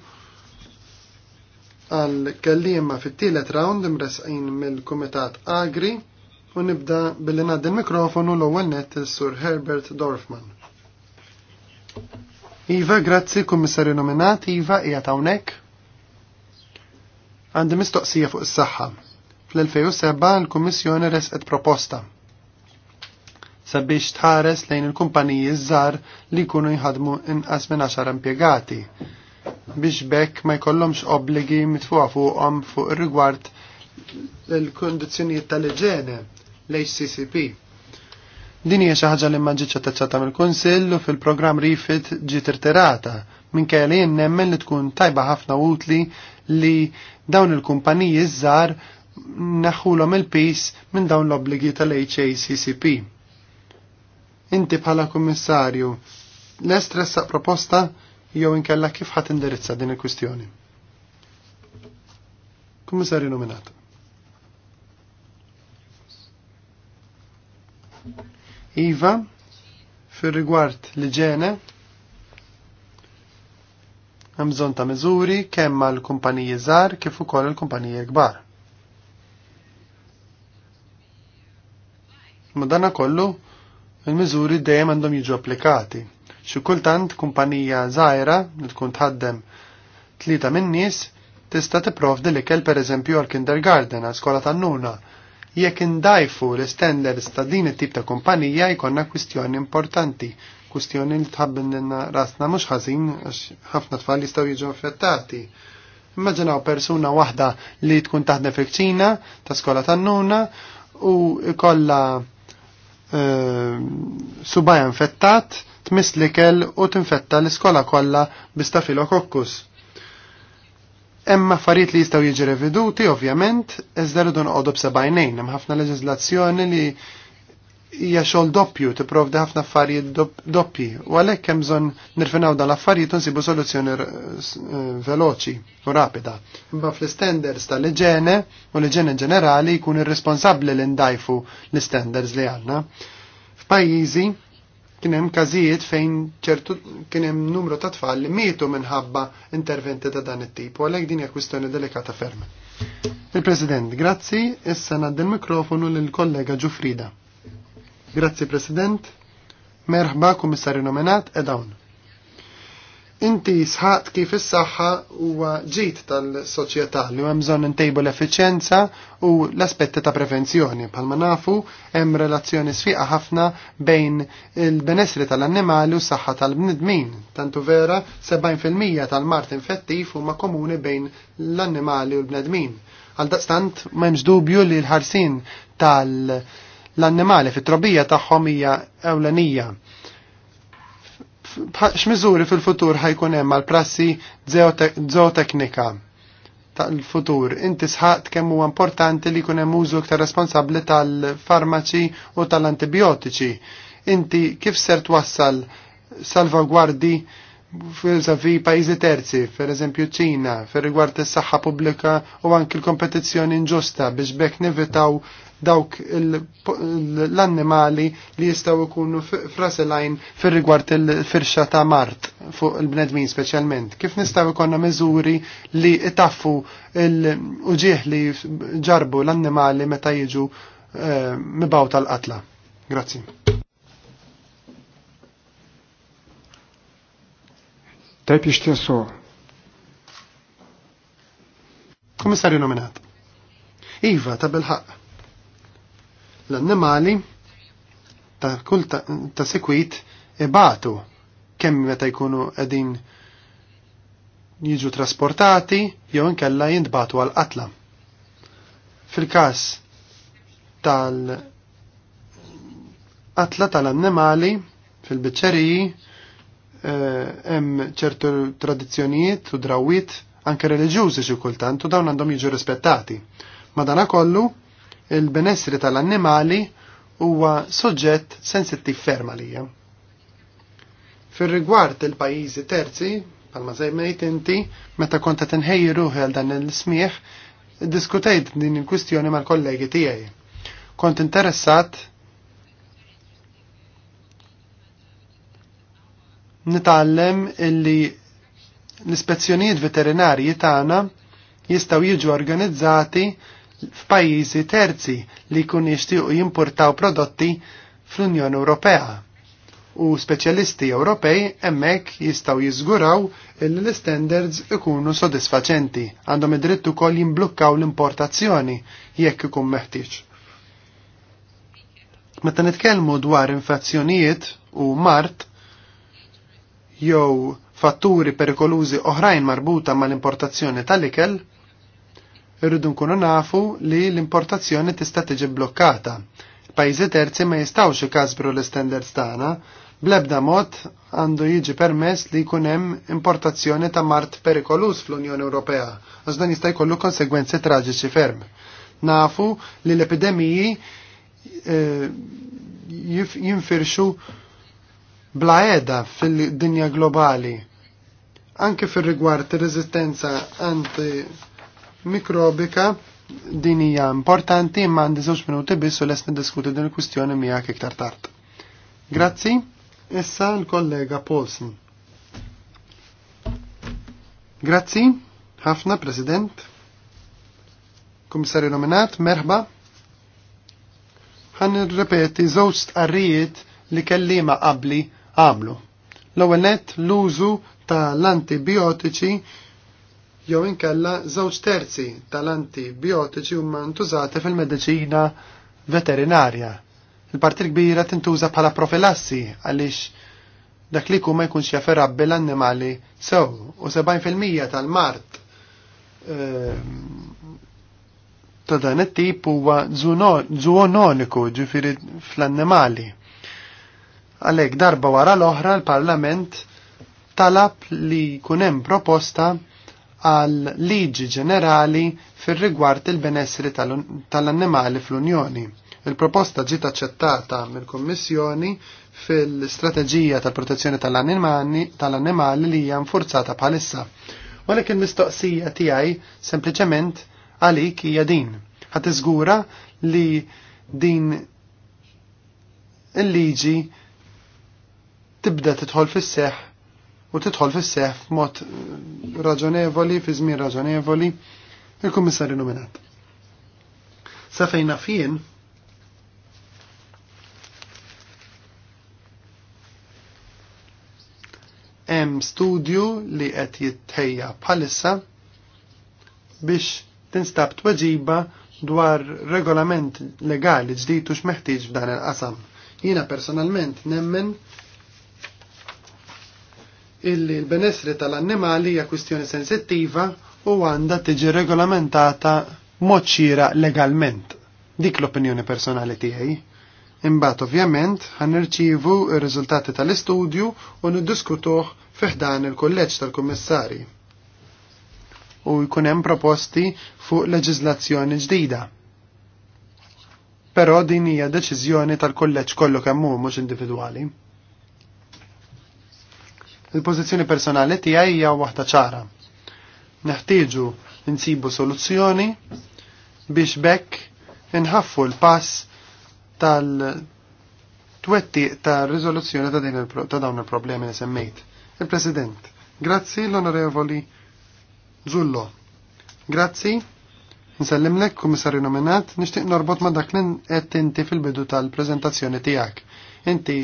għal kellima fit-tielet round imresqin mill-Kumitat Agri u nibda billi ngħaddi l-mikrofonu l-ewwel net sur Herbert Dorfman. Iva, grazzi kummissarju nominat, Iva, hija hawnhekk. Għandi mistoqsija fuq is-saħħa. Fl-2007 l-Kummissjoni resqet proposta sabiex tħares lejn il-kumpaniji żgħar li jkunu jħadmu inqas minn 10 impjegati biex bekk ma jkollhomx obbligi mitfuqa fuqhom fuq rigward il-kondizzjonijiet tal-iġene l-HCCP. Din hija xi ħaġa li ma ġietx attaċċata mill-Kunsill u fil-programm Rifit ġiet irterata minkejja li nemmen li tkun tajba ħafna utli li dawn il-kumpaniji żgħar naħulhom il-pis minn dawn l-obbligi tal-HACCP. Inti bħala kummissarju, l-estressa proposta jew inkella kif ħadd indirizza din il-kwistjoni. Kummissarju nominat. Iva, fir rigward li ġene, hemm bżonn ta' miżuri kemm mal-kumpaniji żgħar kif ukoll il-kumpaniji kbar. Ma dana kollu il-miżuri dejjem għandhom jiġu applikati Xi kultant kumpanija żgħira li tkun tħaddem tlieta min-nies tista' tipprovdi l-ikel pereżempju għal kindergarten għal skola tan-nuna. Jekk indajfu l-standards ta' din it-tip ta' kumpanija jkollna kwistjoni importanti, kwistjoni li tħabbinna rasna mhux ħażin għax ħafna tfal jistgħu jiġu affettati. Immaġinaw persuna waħda li tkun taħdem fil-kċina ta' skola tan-nuna u ikolla Uh, subaj infettat tmiss l-ikel u tinfetta l-iskola kollha bistafilokokkus. Emma affarijiet li jistgħu jiġi reveduti ovvjament, iżda rridu nqogħdu b'sebajnejn, hemm ħafna leġiżlazzjoni li hija xogħol doppju tipprovdi ħafna affarijiet doppji u għalhekk hemm bżonn nirfinaw dan l-affarijiet u nsibu soluzzjoni eh, veloċi u rapida. Imma fl-standards tal-iġene u l-iġene ġenerali jkun irresponsabbli li ndajfu l-standards li għandna. F'pajjiżi kien hemm każijiet fejn ċertu kien hemm numru ta' tfal li mietu minħabba interventi ta' dan it-tip u għalhekk din hija kwistjoni delikata ferm. Il-President, grazzi, issa nad l-mikrofonu lill-kollega Ġufrida. Grazzi President, merħba kummissarju nominat edawn. Inti sħat kif is-saħħa huwa ġid tal-soċjetà li hemm bżonn intejbu l-effiċjenza u l-aspetti ta' prevenzjoni. Bħalma nafu hemm relazzjoni sfiqa ħafna bejn il-benessri tal-annimali u s-saħħa tal-bnidmin. Tantu vera 70% tal-mart infettiv huma komuni bejn l-annimali u l-bnedmin. Għal daqstant m'hemmx dubju li l-ħarsin tal-annimali fit-trobija tagħhom hija ewlenija x'miżuri fil-futur ħajkun hemm għal prassi zooteknika tal-futur. Inti sħat kemm huwa importanti li jkun hemm użu iktar responsabbli tal-farmaċi u tal-antibiotiċi. Inti kif ser twassal salvaguardi? fi pajjiżi terzi, per eżempju ċina, fir rigward is-saħħa pubblika u anki l-kompetizzjoni inġusta biex bekk nevitaw dawk l-annimali li jistgħu jkunu fraselajn fir rigward il-firxa ta' mart fuq il-bnedmin speċjalment. Kif nistgħu jkollna miżuri li itaffu l-uġieħ li ġarbu l-annimali meta jiġu eh, mibaw tal-qatla? Grazzi. Taip iš tiesų. nominat. Iva, ta' bilħaq. L-annimali ta' kull ta' sekwit ibatu kemm meta jkunu qegħdin jiġu trasportati jew inkella jintbatu għal qatla. Fil-każ tal-qatla tal-annimali fil-biċċeriji Eh, hemm ċertu tradizzjonijiet u drawiet anke reliġjużi xi kultant u dawn għandhom jiġu rispettati. Madanakollu, il-benessri tal-annimali huwa soġġett sensittiv ferm għalija. Fir-rigward il-pajjiżi terzi, palma sejmejt inti, meta kont qed inħejji ruħi għal dan il-smieħ, diskutejt din il-kwistjoni mal-kollegi tiegħi. Kont interessat nitgħallem illi l-ispezzjonijiet veterinarji tagħna jistgħu jiġu organizzati f'pajjiżi terzi li jkun jixtiequ jimportaw prodotti fl-Unjoni Ewropea. U speċjalisti Ewropej hemmhekk jistgħu jiżguraw li l-standards ikunu sodisfaċenti għandhom id-dritt ukoll jimblukkaw l-importazzjoni jekk ikun meħtieġ. Meta nitkellmu dwar infezzjonijiet u mart, jew fatturi perikolużi oħrajn marbuta mal-importazzjoni tal-ikel, irridu nkunu nafu li l-importazzjoni tista' tiġi blokkata. Pajjiżi terzi ma jistgħux ikasbru l-standards tagħna, bl-ebda mod għandu jiġi permess li jkun hemm importazzjoni ta' mart perikoluż fl-Unjoni Ewropea, għax dan jista' jkollu konsegwenzi traġiċi ferm. Nafu li l-epidemiji eh, jinfirxu bla eda fil-dinja globali, anke fil-rigward ir-reżistenza antimikrobika din hija importanti imma għandi żewġ minuti biss u lesni diskuti din il-kwistjoni miegħek iktar tard. Grazzi, issa l-kollega Paulsen. Grazzi, ħafna President, Kummissarju nominat, merħba. Ħan nirrepeti żewġ tqarrijiet li kellima qabli għamlu. L-ewwel nett l-użu tal-antibiotiċi jew inkella żewġ terzi tal-antibiotiċi huma ntużati fil-mediċina veterinarja. Il-parti kbira tintuża bħala profilassi għaliex dak li ma jkunx jaferrabbi l-annimali sew u 70% tal-mart ehm, ta' dan it-tip huwa zoononiku ġifieri fl-annimali. Għalek darba wara l-oħra l-Parlament talab li kunem proposta għal liġi ġenerali fir rigward il-benessri tal-annimali fl-Unjoni. Il-proposta ġiet aċċettata mill-Kommissjoni fil-strateġija tal-protezzjoni tal-annimali li hija nfurzata bħalissa. Walek il-mistoqsija tiegħi sempliċement għalik hija din. Ħadd li din il-liġi tibda titħol fis-seħ u titħol fis-seħ f'mod raġonevoli, fi żmien raġonevoli, il-kummissarju nominat. Sa fejna fien, hemm studju li qed jittejja bħalissa biex tinstab tweġiba dwar regolament legali ġdid u x'meħtieġ f'dan il-qasam. Jiena personalment nemmen illi l-benessri tal-annimali hija kwistjoni sensittiva u għandha tiġi regolamentata mod xira legalment. Dik l-opinjoni personali tiegħi. Imbagħad ovvjament ħanirċievu r-riżultati tal-istudju u niddiskutuh fiħdan il-kulleġġ tal kummissarji U jkun hemm proposti fuq leġiżlazzjoni ġdida. Però din hija deċiżjoni tal-kulleġġ kollu kemm hu mhux individwali. Il-pożizzjoni personali tiegħi hija waħda ċara. Neħtieġu insibu soluzzjoni biex bekk inħaffu l-pass tal-twetti tal-riżoluzzjoni ta' dawn il-problemi li semmejt. Il-President, grazzi l-Onorevoli Zullo. Grazzi. Nsellimlek, komissarju nominat, nixtieq norbot ma dak li qed inti fil-bidu tal prezentazzjoni tiegħek. Inti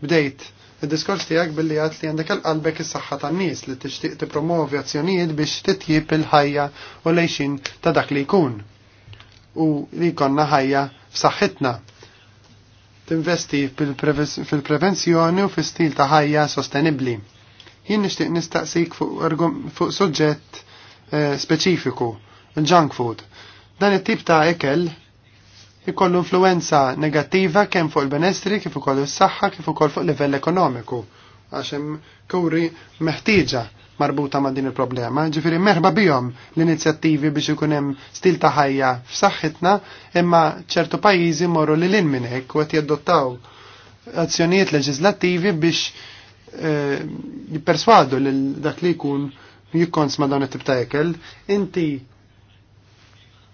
bdejt Id-diskors tiegħek billi għad li għandek qalbek is-saħħa tan-nies li tixtieq tippromovi azzjonijiet biex titjib il-ħajja u lejxin ta' dak li jkun. U li jkollna ħajja f'saħħitna. Tinvesti fil-prevenzjoni u fil-stil ta' ħajja sostenibbli. Jien nixtieq nistaqsik fuq suġġett eh, speċifiku, il-junk food. Dan it-tip ta' ekel ikollu influenza negattiva kemm fuq il-benestri kif ukoll is-saħħa kif ukoll fuq livell ekonomiku għax hemm kuri meħtieġa marbuta ma' din il-problema. Ġifieri merħba bihom l-inizjattivi biex ikun hemm stil ta' ħajja f'saħħitna, imma ċertu pajjiżi morru lil hinn minn hekk u qed jadottaw azzjonijiet leġislattivi biex e, jipperswadu lil dak li jkun jikkons ma' dawn it-tip ta' ekel. Inti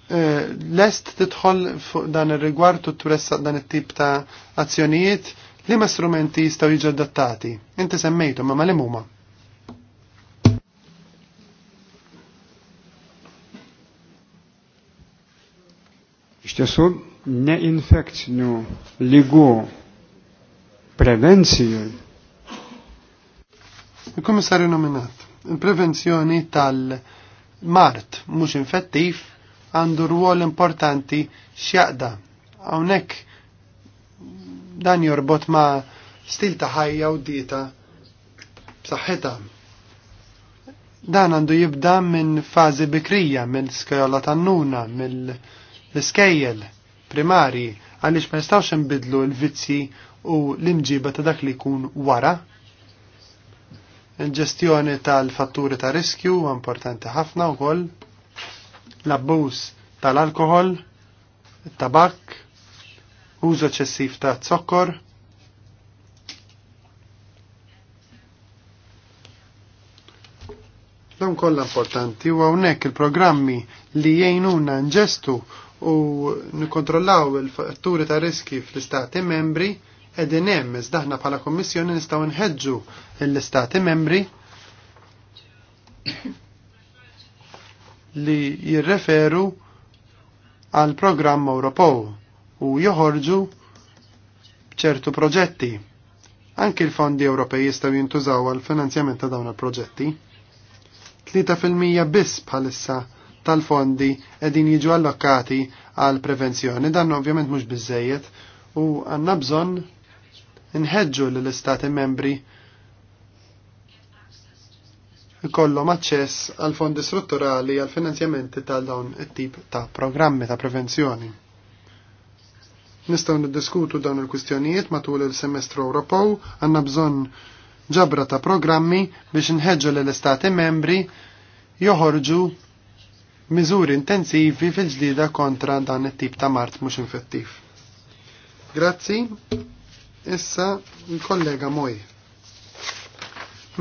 Eh, lest titħol fuq dan ir-rigward u dan it-tip ta' azzjonijiet li ma strumenti jistgħu jiġu adattati. Inti semmejtu ma ma li huma. Ixtesub ne infektnu ligu prevenzju? Il-Komissarju nominat, il-prevenzjoni tal-mart mhux infettif għandu rwol importanti x'jaqda. Hawnhekk dan jorbot ma' stil ta' ħajja u dieta b'saħħitha. Dan għandu jibda minn fażi bikrija, mill skajola tan-nuna, mill-iskejjel primari, għaliex ma jistgħux inbidlu l-vizzi u l-imġiba ta' dak li jkun wara. Il-ġestjoni tal-fatturi ta' riskju importanti ħafna koll l-abbuż tal-alkohol, tabak, użu eċessiv ta' zokkor, Dawn kollha importanti u hawnhekk il-programmi li jgħinuna nġestu u nikkontrollaw il-fatturi ta' riski fl-istati membri qegħdin hemm iżda aħna bħala Kommissjoni nistgħu nħeġġu l-istati membri li jirreferu għal programm Ewropew u joħorġu ċertu proġetti. Anki l-fondi Ewropej jistgħu jintużaw għal finanzjament ta' dawn il-proġetti. 3% biss bħalissa tal-fondi qegħdin jiġu allokati għal prevenzjoni, dan ovvjament mhux biżejjed u għandna bżonn inħeġġu lill istati membri kollom aċċess għal fondi strutturali għal finanzjamenti tal dawn it-tip ta' programmi ta' prevenzjoni. Nistgħu niddiskutu dawn il-kwistjonijiet matul il-semestru Ewropew għandna bżonn ġabra ta' programmi biex nħeġġu l istati membri joħorġu miżuri intensivi fil-ġdida kontra dan it-tip ta' mart mhux infettiv. Grazzi. Issa il-kollega Moj.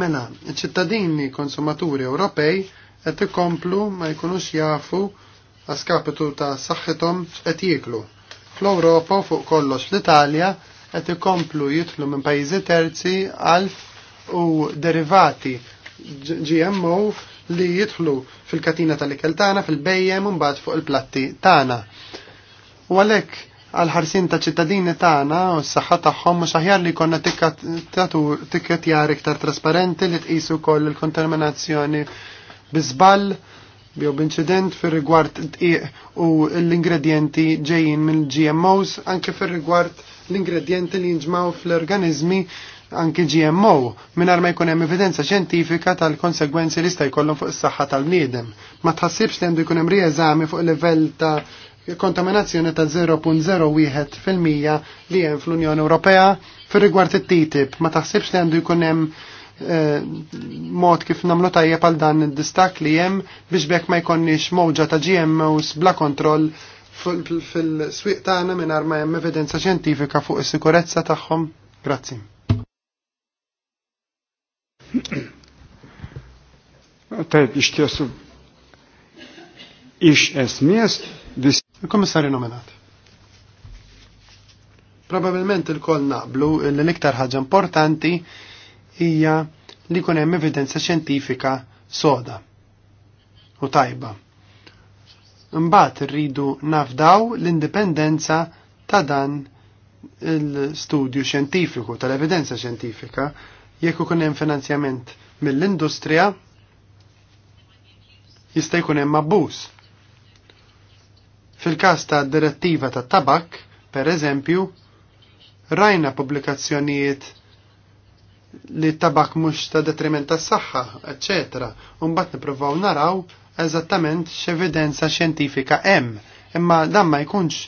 Mela, ċittadini konsumaturi Ewropej qed ikomplu ma jkunux jafu għaskapitu ta' saħħithom qed jieklu. Fl-Ewropa fuq kollox l-Italja qed ikomplu jitlu minn pajjiżi terzi għalf u derivati GMO li jidħlu fil-katina tal-ikel tagħna fil-bejjem u mbagħad fuq il-platti tagħna. U għalhekk għal-ħarsin ta' ċittadini tagħna u s-saħħa tagħhom mhux aħjar li jkollna tikket jar iktar trasparenti li tqisu wkoll il-kontaminazzjoni bi żball jew b'inċident fir rigward tqiq u l-ingredjenti ġejjin mill-GMOs anke fir rigward l-ingredjenti li jinġmaw fl-organizmi anke GMO mingħajr ma jkun hemm evidenza xjentifika tal-konsegwenzi li sta jkollhom fuq is-saħħa tal-bniedem. Ma tħassibx li għandu jkun hemm rieżami fuq livell ta' kontaminazzjoni ta' 0.01% li hemm fl-Unjoni Ewropea fir-rigward it-TTIP. Ma taħsibx li għandu jkun hemm eh, mod kif namlu tajjeb għal dan id-distak li hemm biex bekk ma jkonniex mowġa ta' GMOs bla kontroll fil-swieq tagħna mingħajr ma hemm evidenza xjentifika fuq is-sikurezza tagħhom. Grazzi. Tajt, ixtiesu, ix esmies, Il-Kommissarju nominat. Probabilment il-koll naqblu l-iktar ħaġa importanti hija li kun hemm evidenza xjentifika soda u tajba. Imbagħad irridu nafdaw l-indipendenza ta' dan il-studju xjentifiku tal-evidenza xjentifika jekk ikun hemm finanzjament mill-industrija jista' jkun hemm abbuż Fil-kas ta' direttiva ta' tabak, per eżempju, rajna pubblikazzjonijiet li tabak mux ta' detriment tas saħħa etc. Umbat niprofaw naraw eżattament x'evidenza xjentifika hemm, imma dan ma jkunx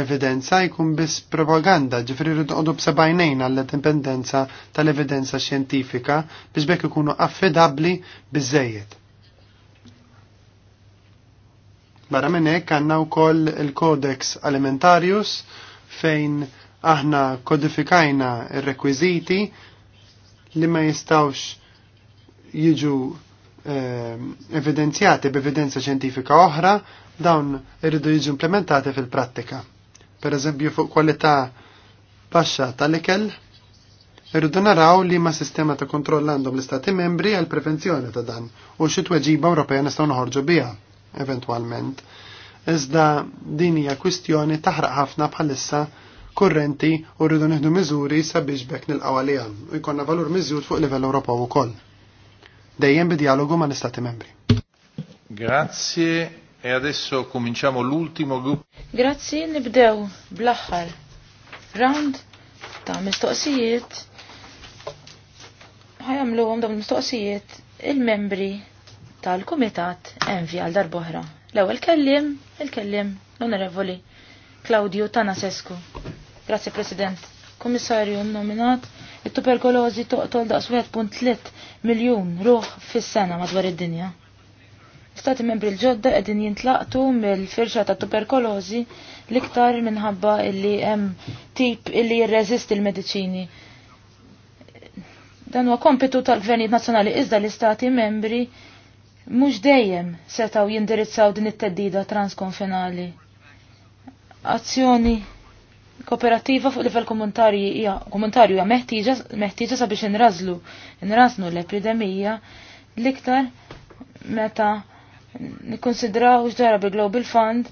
evidenza jkun biss propaganda, ġifri rridu b'sebajnejn għall dependenza tal-evidenza xjentifika biex bekk ikunu affidabbli biżejjed. Barra minn hekk għandna wkoll il-Codex Alimentarius fejn aħna kodifikajna il rekwiżiti li ma jistawx jiġu eh, evidenzjati b'evidenza ċentifika oħra dawn irridu jiġu implementati fil-prattika. Per eżempju fuq kwalità baxxa tal-ikel irridu naraw li ma sistema ta' kontroll għandhom l-istati membri għal prevenzjoni ta' dan u xi tweġiba Ewropea nistgħu noħorġu biha eventwalment. Iżda din hija kwistjoni taħraq ħafna bħalissa kurrenti u rridu nieħdu miżuri sabiex bekk nilqgħu għalija u jkollna valur miżjud fuq livell Ewropew ukoll. Dejjem bidjalogu dialogu ma' l-Istati membri. Grazie e adesso cominciamo l'ultimo gruppo. Grazie, nibdew bl-aħħar round ta' mistoqsijiet ħajamlu għom dawn mistoqsijiet il-membri tal-Kumitat Envi għal darboħra. L-ewwel kellim, il-kellim l-Onorevoli Claudio Tanasescu. Grazzi President. Komissarju nominat, it tuberkulozi toqtol daqs 1.3 miljun ruħ fis-sena madwar id-dinja. Stati membri l-ġodda qegħdin jintlaqtu mill-firxa ta' tuberkulozi l-iktar minħabba illi hemm tip illi jirreżisti l-mediċini dan huwa kompitu tal-gvernijiet nazzjonali iżda l-istati membri mhux dejjem setaw jindirizzaw din it-teddida transkonfinali. Azzjoni kooperativa fuq livell komunitarji hija komunitarju hija meħtieġa sabiex inrażlu inrażnu l-epidemija l-iktar meta nikkonsidraw x'ġara bi Global Fund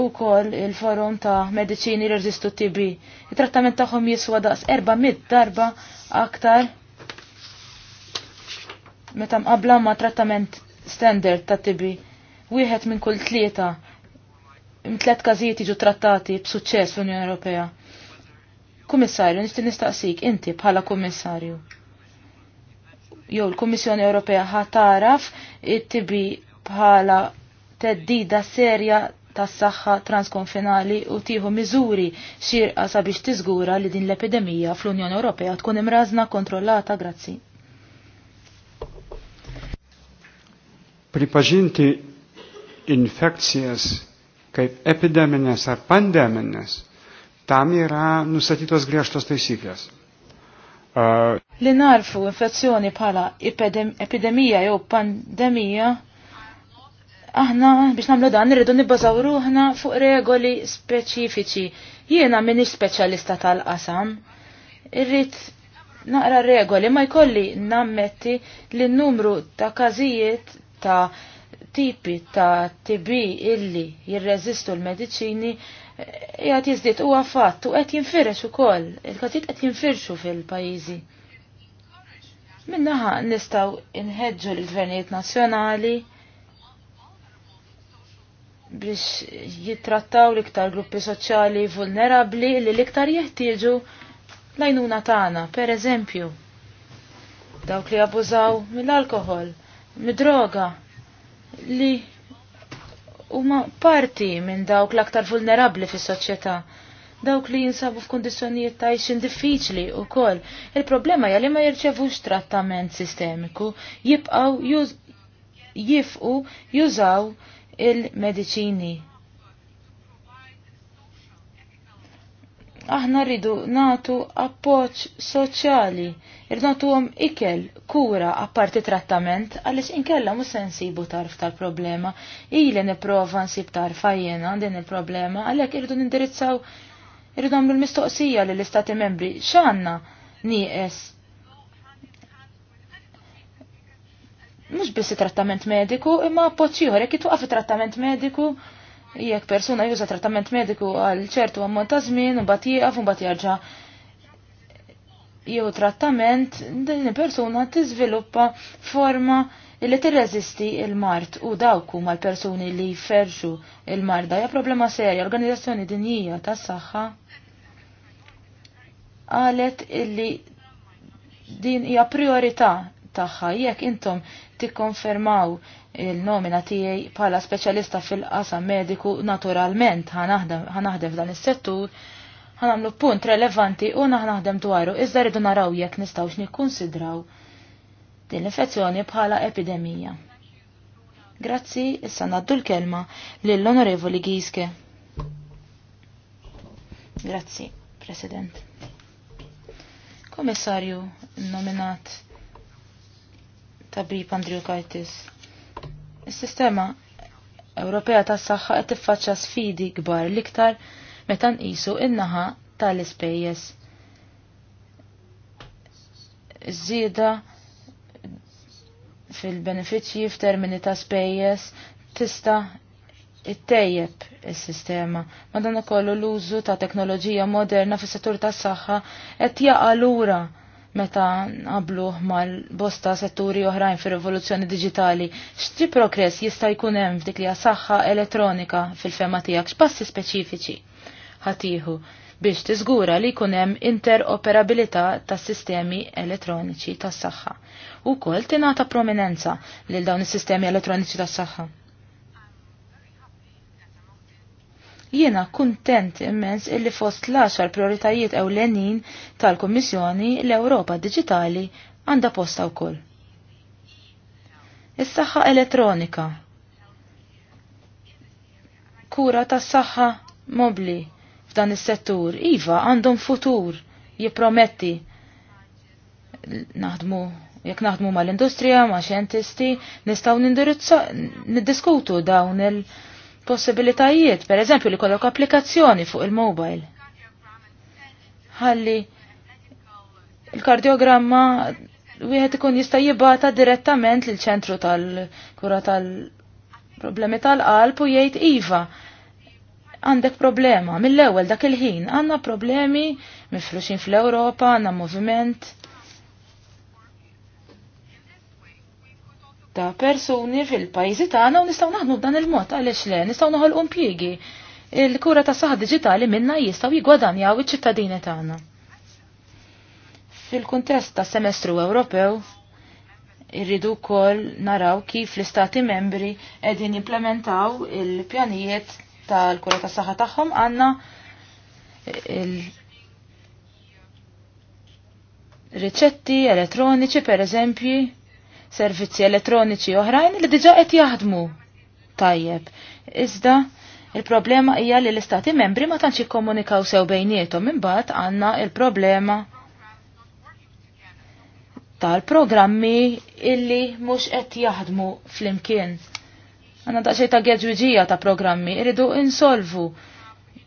u kol il-forum ta' mediċini l TB. Il-trattament tagħhom jiswa daqs 400 darba aktar meta mqabla ma' trattament standard ta' tibi. Wieħed minn kull tlieta tliet każijiet jiġu trattati b'suċċess fl-Unjoni Ewropea. Kummissarju, nixti nistaqsik inti bħala kummissarju. Jew l-Kummissjoni Ewropea ħataraf it-tibi bħala teddida serja tas saħħa transkonfinali u tieħu miżuri xirqa sabiex tiżgura li din l-epidemija fl-Unjoni Ewropea tkun imrażna kontrollata grazzi. pripažinti infekcijas kaip epideminės ar pandeminės, tam yra nusatytos griežtos taisyklės. Uh, Li narfu infezzjoni pala epidemija jew pandemija, aħna biex namlu dan nirridu nibbażaw aħna fuq regoli speċifiċi. Jiena minix speċjalista tal-qasam, irrid naqra regoli ma jkolli nammetti li n-numru ta' każijiet ta' tipi ta' tibi illi jirreżistu l-mediċini eh, jgħat jizdiet u għafat u għet jinfirex u koll, il-katit għet jinfirxu fil-pajizi. Minnaħa nistaw inħedġu l-gvernijiet nazjonali biex jittrattaw l-iktar gruppi soċjali vulnerabli li l-iktar jeħtieġu lajnuna tagħna, per eżempju, dawk li abużaw mill-alkohol Midroga li huma parti minn dawk l-aktar vulnerabli fis soċjetà dawk li jinsabu f'kundizzjonijiet ta' ixin diffiċli u koll. Il-problema jgħalli ma jirċevux trattament sistemiku, jibqaw jifqu jużaw il-medicini aħna rridu natu appoġġ soċjali, rridu natu għom ikel, kura, apparti trattament, għalix inkella mu sensibu tarf tal-problema, ili niprofa nsib tarf għajjena din il-problema, għalek irridu nindirizzaw, irridu għamlu l-mistoqsija l-istati membri, xanna nieqes. Mux biss trattament mediku, imma appoċ jħorek jitu trattament mediku jekk persuna juża trattament mediku għal ċertu ammont ta' żmien u bad jieqaf u mbagħad jarġa' jew trattament din persuna tiżviluppa forma li tirreżisti il-mart u dawk huma l-persuni li jferxu il mart hija problema serja organizzazzjoni dinjija tas-saħħa qalet illi din hija priorità tagħha jekk intom tikkonfermaw il-nomina tiegħi bħala speċjalista fil-qasam mediku naturalment ħanaħdem f'dan is-settur ħanamlu punt relevanti u naħdem dwaru iżda rridu naraw jekk nistgħux nikkunsidraw din l-infezzjoni bħala epidemija. Grazzi, issa naddu l-kelma lill-Onorevoli Giske. Grazzi, President. Komissarju nominat ta' Andrew Pandriukaitis. Is-sistema Ewropea tas-saħħa qed tiffaċċa sfidi kbar l-iktar meta nqisu in-naħa tal-ispejjeż. Iż-żieda fil-benefiċċji f'termini ta' spejjeż tista' ittejjeb is-sistema. Madonna kollu l-użu ta' teknoloġija moderna fis-settur tas-saħħa qed jaqa' lura meta nqablu mal-bosta setturi oħrajn fir rivoluzzjoni digitali, x'ti progress jista' jkun hemm f'dik li saħħa elettronika fil-fema tiegħek x'passi speċifiċi ħatiħu biex tiżgura li jkun hemm interoperabilità tas-sistemi elettroniċi tas-saħħa. Ukoll tingħata prominenza lil dawn is-sistemi elettroniċi tas-saħħa. Jiena kuntent immens illi fost l-10 prioritajiet ewlenin tal-Kummissjoni l-Ewropa Digitali għandha posta wkoll. Is-saħħa elettronika. Kura tas-saħħa mobli f'dan is-settur iva għandhom futur jipprometti naħdmu jekk naħdmu mal-industrija, ma' xjentisti, nistgħu nindirizza niddiskutu dawn il- possibilitajiet, per eżempju li kollok applikazzjoni fuq il-mobile. Ħalli il-kardiogramma wieħed ikun jista' jibata direttament lil ċentru tal-kura tal-problemi tal-qalb u jgħid iva għandek problema mill-ewwel dak il-ħin għandna problemi mifruxin fl-Ewropa, għandna moviment ta' persuni fil-pajjiżi tagħna u nistgħu naħdmu b'dan il-mod għaliex le nistgħu noħolqu impjiegi. Il-kura ta' saħħa diġitali minna jistgħu jigwadanjaw iċ-ċittadini tagħna. Fil-kuntest ta' semestru Ewropew, irridu wkoll naraw kif l-istati membri qegħdin jimplementaw il-pjanijiet tal-kura ta' saħħa tagħhom għandna il- riċetti elettroniċi per eżempji servizzi elettroniċi oħrajn li diġa qed jaħdmu tajjeb. Iżda il-problema hija li l-istati membri ma tantx jikkomunikaw sew bejniethom imbagħad għandna il-problema tal-programmi illi mhux qed jaħdmu flimkien. Għanna daqsej ta' gedwiġija ta' programmi, irridu insolvu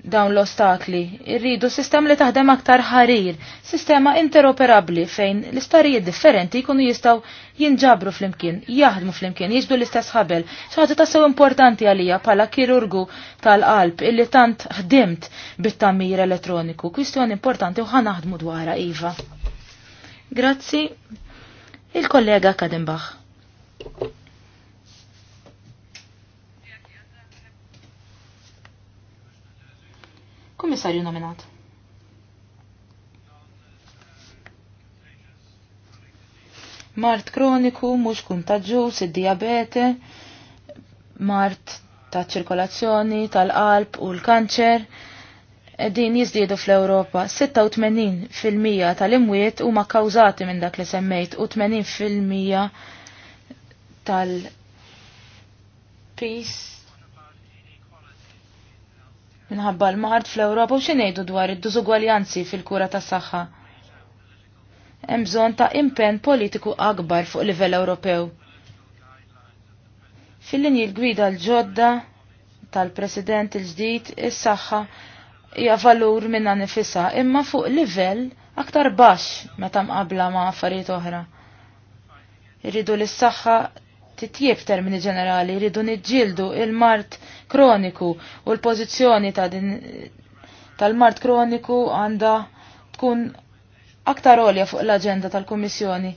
dawn l-ostakli. Irridu sistem li taħdem aktar ħarir, sistema interoperabli fejn l-istarijiet differenti jkunu jistaw jinġabru fl-imkien, jaħdmu fl-imkien, jiġdu l-istess ħabel. ċaħġa tassew importanti għalija pala kirurgu tal-qalb illi tant ħdimt bit-tammir elettroniku. Kwistjoni importanti u ħanaħdmu dwarha Iva. Grazzi, il-kollega Kadenbach. Kummissarju nominat. Mart kroniku, mhux kuntaġġuż, id-diabete, mart ta' ċirkolazzjoni, tal-qalb u l-kanċer din jizdiedu fl-Europa. 86% tal-imwiet huma kkawżati minn dak li semmejt u 80% tal- peace minħabba l-mard fl-Ewropa u xinejdu dwar id-dużugwaljanzi fil-kura tas saħħa. Hemm bżonn ta' impenn politiku akbar fuq livell Ewropew. Fil-linji l-gwida l-ġodda tal-President il-ġdid is-saħħa hija valur minna nifisa imma fuq livell aktar baxx meta mqabla ma' affarijiet oħra. Irridu l-saħħa titjib termini ġenerali rridu niġġieldu il-mart kroniku u l-pożizzjoni ta' din tal-mart kroniku għandha tkun aktar olja fuq l-aġenda tal-Kummissjoni.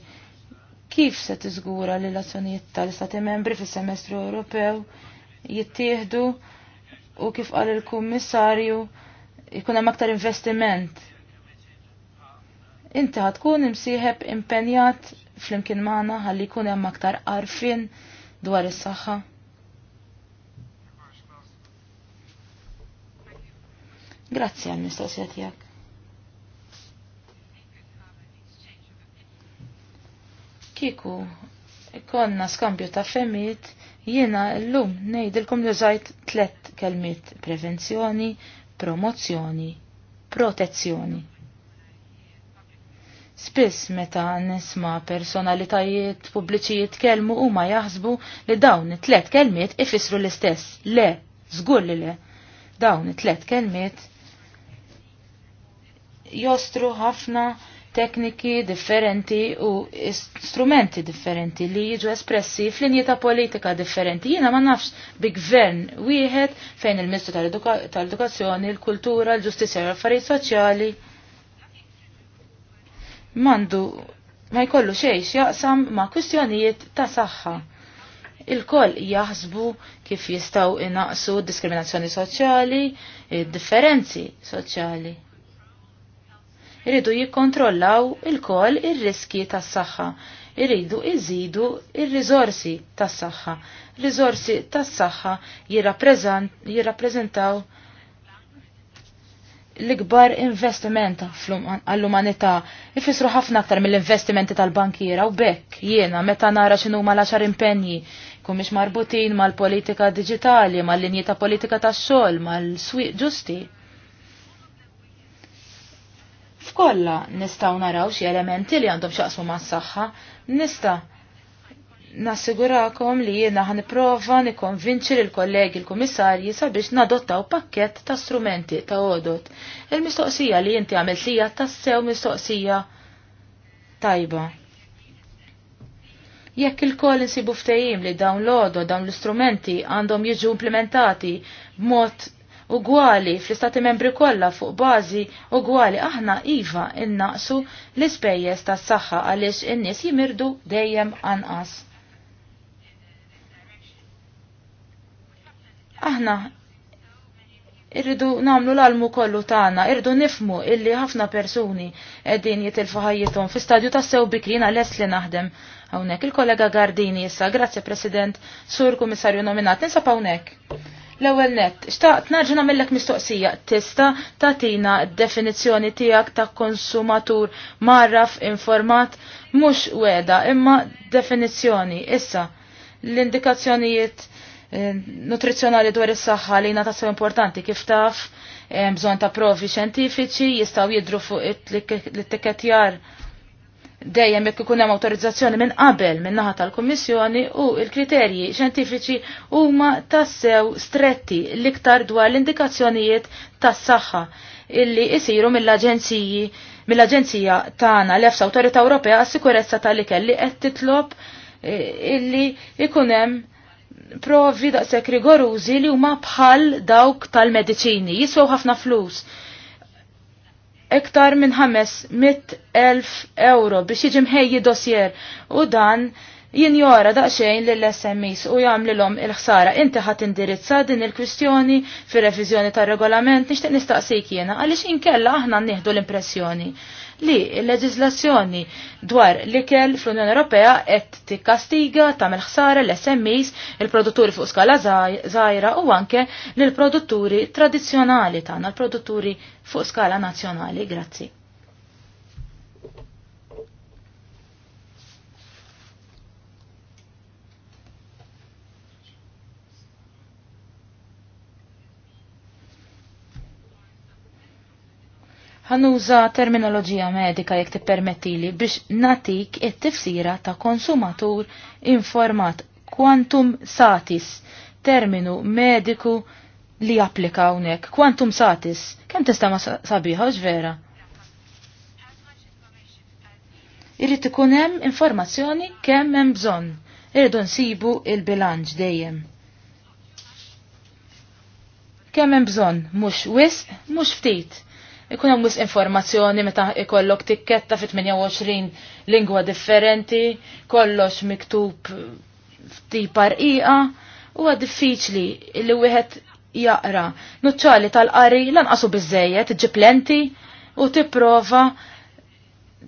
Kif se tiżgura li l-azzjonijiet tal-Istati membri fis-semestru Ewropew jittieħdu u kif qal il-Kummissarju jkun hemm aktar investiment. Inti ħatkun imsieħeb impenjat flimkien maħna ħalli jkun hemm aktar arfin dwar is-saħħa. Grazzi għal mistoqsija tiegħek. Kiku, konna skambju ta' femmit, jiena l-lum nejdilkom li użajt tlet kelmiet prevenzjoni, promozzjoni, protezzjoni. Spiss meta nisma personalitajiet pubbliċi jitkellmu huma jaħsbu li dawn it-tlet kelmiet ifissru l-istess. Le, żgur li le. Dawn it-tlet kelmiet jostru ħafna tekniki differenti u strumenti differenti li jiġu espressi f'linji ta' politika differenti. Jiena ma nafx bi gvern wieħed fejn il-Ministru tal-Edukazzjoni, il-Kultura, l-Ġustizzja u l-Affarijiet Soċjali mandu ma jkollu xejx jaqsam ma' kwistjonijiet ta' saħħa. Il-koll jaħsbu kif jistaw inaqsu diskriminazzjoni soċjali, differenzi soċjali. Iridu jikkontrollaw il-koll ir-riski tas saħħa Iridu iżidu ir rizorsi tas saħħa Rizorsi tas saħħa jirrappreżentaw l-ikbar investiment għall-umanità jifisru ħafna aktar mill-investimenti tal-bankiera u bekk jiena meta nara xinu ma l-għaxar impenji kumiex marbutin mal-politika digitali, mal-linji ta' politika tax-xogħol, mal-swieq ġusti. F'kolla nistgħu naraw xi elementi li għandhom x'aqsmu mas-saħħa, nista' nassigurakom li jiena ħan prova nikonvinċi lil kollegi l-komissarji sabiex nadottaw pakket ta' strumenti ta' odot. Il-mistoqsija li jinti sija ta' tassew mistoqsija tajba. Jekk il-koll insibu ftejim li dawn l odot dawn l-istrumenti għandhom jiġu implementati b'mod ugwali fl-istati membri kollha fuq bażi ugwali aħna iva innaqsu l-ispejjeż tas-saħħa għaliex in-nies jimirdu dejjem anqas. Aħna irridu namlu l-almu kollu tagħna, irridu nifmu illi ħafna persuni qegħdin jitilfu ħajjithom fi stadju ta' sew bikrina lest li naħdem. Hawnhekk il-kollega Gardini issa, grazzi President, sur kummissarju nominat, ninsab hawnhekk. L-ewwel nett, xtaqt narġa' nagħmellek mistoqsija, tista' tagħtina d-definizzjoni tiegħek ta' konsumatur marraf informat mhux weda imma definizzjoni issa l-indikazzjonijiet Eh, nutrizzjonali dwar is-saħħa li jingħata sew importanti kif taf bżonn ta' provi xjentifiċi jistgħu jidru fuq it tikketjar dejjem jekk ikun hemm awtorizzazzjoni minn qabel min naħa tal-Kummissjoni u l-kriterji xjentifiċi huma tassew stretti l-iktar dwar l-indikazzjonijiet tas-saħħa illi jsiru mill-aġenziji mill-Aġenzija tagħna l-EFSA Awtorità Ewropea għas-Sikurezza tal-ikel li qed titlob eh, illi ikun hemm provi daqshekk rigorużi li huma bħal dawk tal-mediċini jiswew ħafna flus. Iktar minn ħames mit elf euro biex jiġi mħejji dossier u dan jinjora daqsxejn lill smis u jagħmlilhom il-ħsara. Inti ħadd indirizza din il-kwistjoni fir-reviżjoni tar-regolament nixtieq nistaqsik jiena għaliex inkella aħna nieħdu l-impressjoni li l leġislazzjoni dwar l-ikel fl-Unjoni Ewropea qed tikkastiga tagħmel ħsara l-SMEs, il-produtturi fuq skala żgħira u anke lill-produtturi tradizzjonali tagħna, l-produtturi fuq skala nazzjonali. Grazzi. Ħanuża terminoloġija medika jekk tippermettili biex natik it-tifsira ta' konsumatur informat quantum satis, terminu mediku li applika hawnhekk. Quantum satis, kemm tista' ma sabiħa vera? Irrit ikun hemm informazzjoni kemm hemm bżonn. Irridu nsibu il-bilanċ dejjem. Kemm hemm bżonn, mhux wisq, mhux ftit ikun hemm informazzjoni meta ikollok tikketta fi 28 lingwa differenti, kollox miktub f'tip arqija, huwa diffiċli li wieħed jaqra. Nuċċali tal-qari lanqasu biżejjed, iġib lenti u tipprova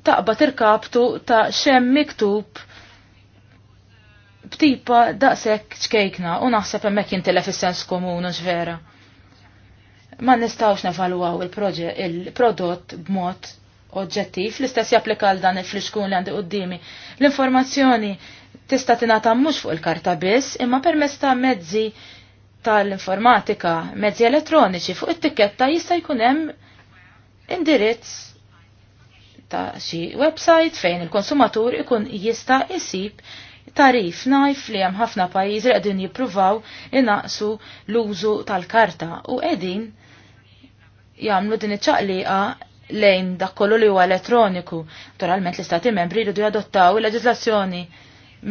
taqbad irkaptu ta' xem miktub b'tipa daqshekk ċkejkna u naħseb hemmhekk jintilef is-sens komun vera ma nistawx nevaluaw il-prodott il b'mod oġġettiv, l-istess japplika dan il-fliskun li għandi qoddimi. L-informazzjoni tista' tingħata mhux fuq il-karta biss, imma permezz ta' mezzi tal-informatika, mezzi elettroniċi fuq it-tikketta jista' jkun hemm indirizz ta' xi website fejn il-konsumatur ikun jista' isib tarif najf li hemm ħafna pajjiżi qegħdin jippruvaw inaqsu l-użu tal-karta u qegħdin jagħmlu din iċ-ċaqliqa lejn dak kollu li huwa elettroniku. Naturalment l-istati membri jridu jadottaw il-leġislazzjoni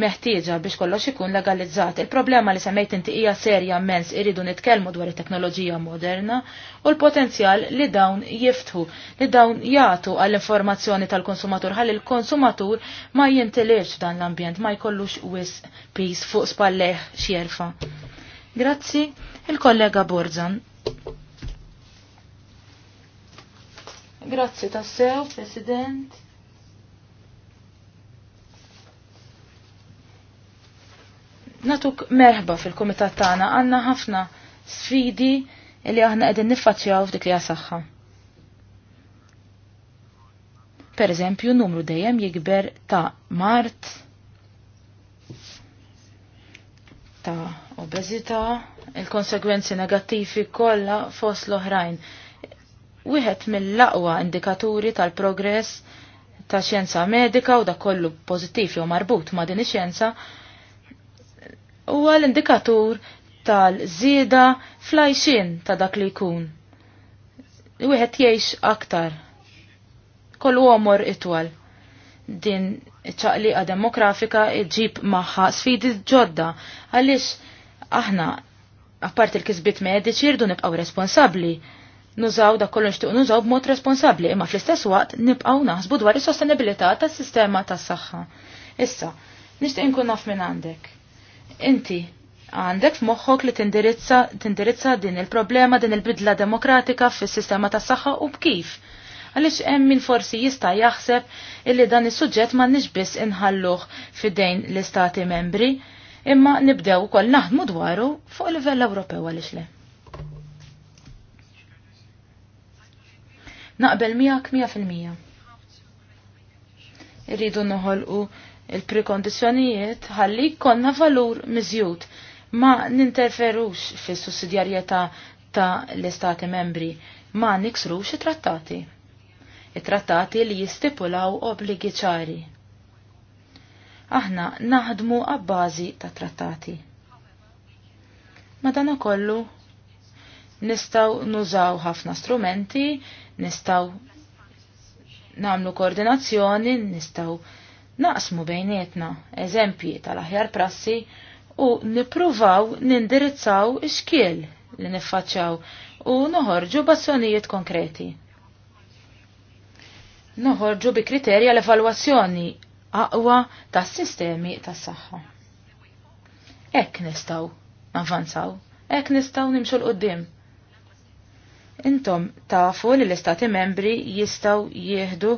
meħtieġa biex kollox ikun legalizzat. Il-problema li semmejt inti hija serja mens iridu nitkellmu dwar it-teknoloġija moderna u l-potenzjal li dawn jiftħu, li dawn jagħtu għall-informazzjoni tal-konsumatur ħalli l-konsumatur ma jintilirx dan l-ambjent, ma jkollux wis pis fuq spalleħ xjerfa. Grazzi, il-kollega Borzan. Grazzi tassew, President. Natuk merħba fil-komitat tagħna għandna ħafna sfidi li aħna qegħdin niffaċċjaw f'dik li saħħa. Per eżempju, numru dejjem jikber ta' mart, ta' obeżità, il-konsegwenzi negattivi kollha fost l-oħrajn wieħed mill-aqwa indikaturi tal-progress ta' xjenza medika u da' kollu pozittiv jew marbut ma' din ix-xjenza huwa l-indikatur tal-żieda flajxin ta' dak li jkun. Wieħed jgħix aktar. Kollu omor itwal. Din ċaqliqa demografika ġib magħha sfidi ġodda għaliex aħna apparti l-kisbit mediċi rdu nibqgħu responsabbli nużaw da kollu nxtiq nużaw b'mod responsabbli imma fl-istess waqt nibqgħu naħsbu dwar is-sostenibilità tas-sistema tas-saħħa. Issa, nixtieq inkun naf minn għandek. Inti għandek f'moħħok li tindirizza tindirizza din il-problema din il-bidla demokratika fis-sistema tas-saħħa u bkif. Għaliex hemm min forsi jista' jaħseb illi dan is-suġġett m'għandniex biss inħalluh fidejn l-istati membri, imma nibdew ukoll naħdmu dwaru fuq livell Ewropew għaliex le. Naqbel miegħek mija fil-mija. Irridu noħolqu il-prekondizzjonijiet ħalli konna valur miżjud ma ninterferux fis sussidjarjetà ta' l-Istati membri ma niksrux it-trattati. It-trattati li jistipulaw obligi ċari. Aħna naħdmu għabbażi ta' trattati. Madana kollu nistaw nużaw ħafna strumenti nistaw namlu koordinazzjoni, nistaw naqsmu bejnietna eżempji tal-aħjar prassi u nipruvaw nindirizzaw iskiel xkiel li niffaċċaw u noħorġu bazzjonijiet konkreti. Noħorġu bi kriterja l-evalwazzjoni aqwa tas-sistemi tas-saħħa. Ek nistaw navanzaw, ek nistaw nimxu l-qoddim. Intom tafu li l-istati membri jistaw jieħdu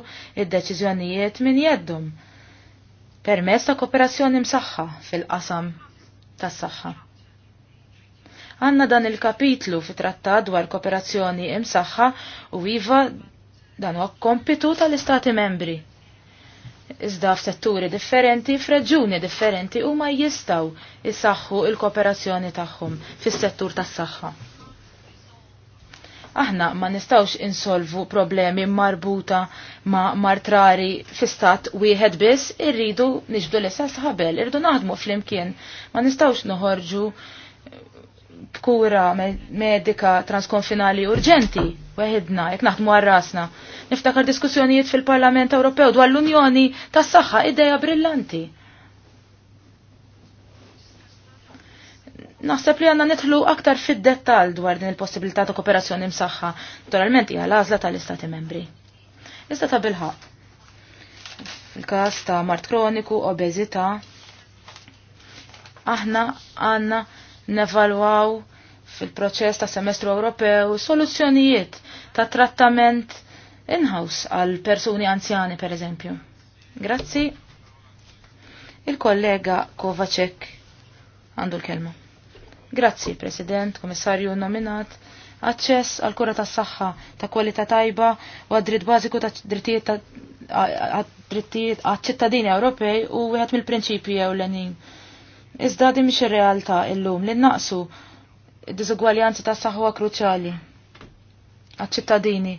id-deċiżjonijiet minn jeddum permess ta' kooperazzjoni msaħħa fil-qasam tas saħħa Għanna dan il-kapitlu fi trattat dwar kooperazzjoni msaħħa, u iva dan huwa kompitu tal-istati membri. Iżda f'setturi differenti, f'reġuni differenti u ma jistaw isaħħu il-kooperazzjoni tagħhom fis-settur tas-saħħa. Aħna ma nistawx insolvu problemi marbuta ma martrari fistat wieħed biss, irridu niġbdu l-istess ħabel, irridu naħdmu fl-imkien. Ma nistawx noħorġu b'kura medika transkonfinali urġenti weħidna, jek naħdmu għarrasna. Niftakar diskussjonijiet fil-Parlament Ewropew dwar l-Unjoni tas-saħħa ideja brillanti Naħseb li għanna nitħlu aktar fid-dettal dwar din il-possibilità ta' kooperazzjoni msaħħa, naturalment hija l-għażla tal-Istati membri. Issa ta' bilħaq. Fil-każ ta' mart kroniku, obeżità, aħna għanna nevalwaw fil-proċess ta' semestru Ewropew soluzzjonijiet ta' trattament in-house għal persuni anzjani per eżempju. Grazzi. Il-kollega Kovacek għandu l-kelma. Grazzi, President, Komissarju nominat, aċċess għal kura tas saħħa ta' kwalità tajba u għad-dritt bażiku ta' drittijiet għad-ċittadini Ewropej u wieħed mill-prinċipji ewlenin. Iżda din mhix ir-realtà llum li naqsu d-diżugwaljanzi ta' saħħa kruċjali għad-ċittadini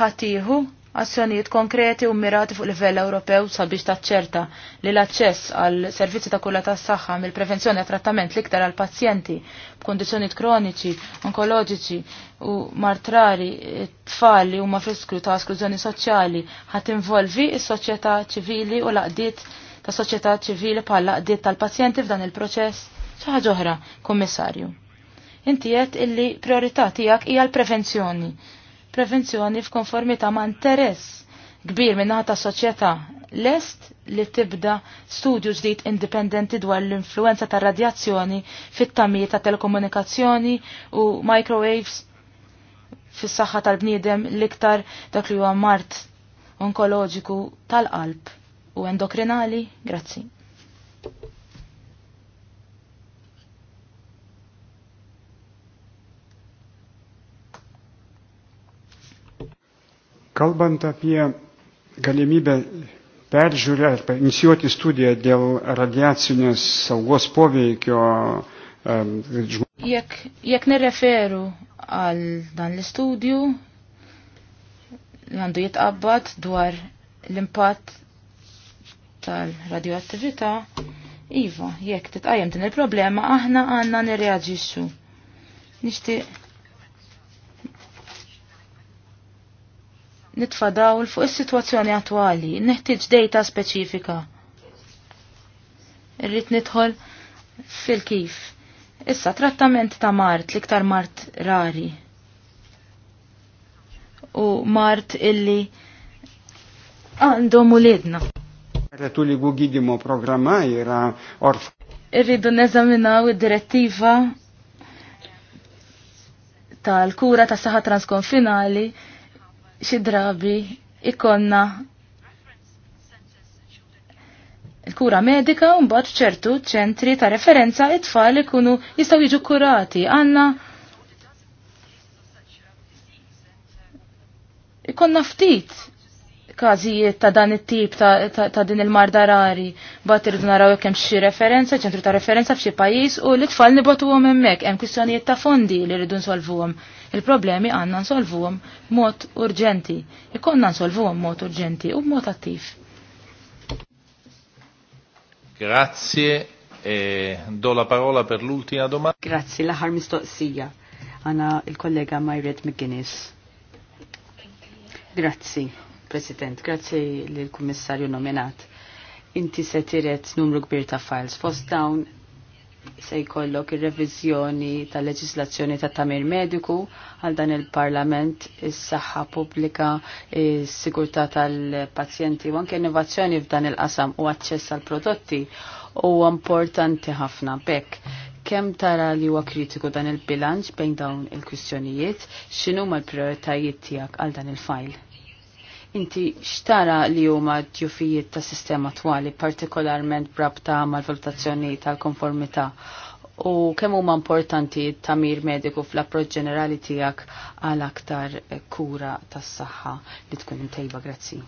ħatiħu azzjonijiet konkreti u mirati fuq livell Ewropew sabiex taċċerta li l-aċċess għal servizzi ta' kulla tas saħħa mill-prevenzjoni ta' trattament l-iktar għal pazjenti b'kondizjonijiet kroniċi, onkoloġiċi u martrari tfal li huma friskru ta' esklużjoni soċjali ħat involvi s-soċjetà ċivili u l-qdiet ta' soċjetà ċivili bħala l-aqdiet tal-pazjenti f'dan il-proċess xi ħaġa oħra, Kummissarju. Inti qed illi priorità tiegħek hija l-prevenzjoni prevenzjoni f'konformità ma' interess kbir minnaħa ta' soċjetà lest li tibda studju ġdid indipendenti dwar l-influenza ta' radjazzjoni fit-tamijiet ta' telekomunikazzjoni u microwaves fis-saħħa tal-bniedem l-iktar dak li huwa mart onkoloġiku tal-qalb u endokrinali. Grazzi. Kalbant apie galimybę peržiūrėti, inicijuoti studiją dėl radiacinės saugos poveikio žmonėms. Jek, jek nereferu għal dan l-istudju, għandu jitqabbad dwar l-impatt tal-radioattività, iva, jekk titqajem din il-problema, aħna għanna nirreagġixxu. Nixtieq nitfa' dawl fuq is-sitwazzjoni attwali, neħtieġ data speċifika. Irrid nidħol fil-kif. Issa trattament ta' mart, l-iktar mart rari. U mart illi għandhom u lidna. programma jira orf. Irridu neżaminaw id-direttiva tal-kura tas saħħa transkonfinali xi drabi ikonna il-kura medika u mbagħad ċertu ċentri ta' referenza it-tfal ikunu jistgħu jiġu kurati. Għandna ikonna ftit każijiet ta' dan it-tip ta', ta, ta din il-marda rari. Bat irridu naraw jekk hemm xi referenza, ċentru ta' referenza f'xi pajjiż u li tfal nibotuhom hemmhekk hemm kwistjonijiet ta' fondi li rridu nsolvuhom. Il-problemi għandna nsolvuhom mod urġenti. Ikonna nsolvuhom mod urġenti u b'mod attiv. Grazie. E do la parola per l'ultima domanda. Grazie, l-aħħar mistoqsija. Għana il-kollega Majred McGuinness. Grazzi. President, grazzi lill kummissarju nominat. Inti se tiret numru kbir ta' files fost dawn se jkollok ir-reviżjoni tal-leġislazzjoni ta' tamir mediku għal dan il-Parlament, is-saħħa pubblika, is-sigurtà tal-pazjenti u anke innovazzjoni f'dan il-qasam u aċċess għal prodotti huwa importanti ħafna bekk. Kemm tara li huwa kritiku dan il-bilanċ bejn dawn il-kwistjonijiet, x'inhuma l-prijoritajiet tiegħek għal dan il file Inti xtara li huma ġufijiet ta' sistema twali, partikolarment brabta mal-valutazzjoni tal-konformità u kemm huma importanti tamir mediku fl-approċċ ġenerali tiegħek għal aktar kura tas-saħħa li tkun imtejba grazzi.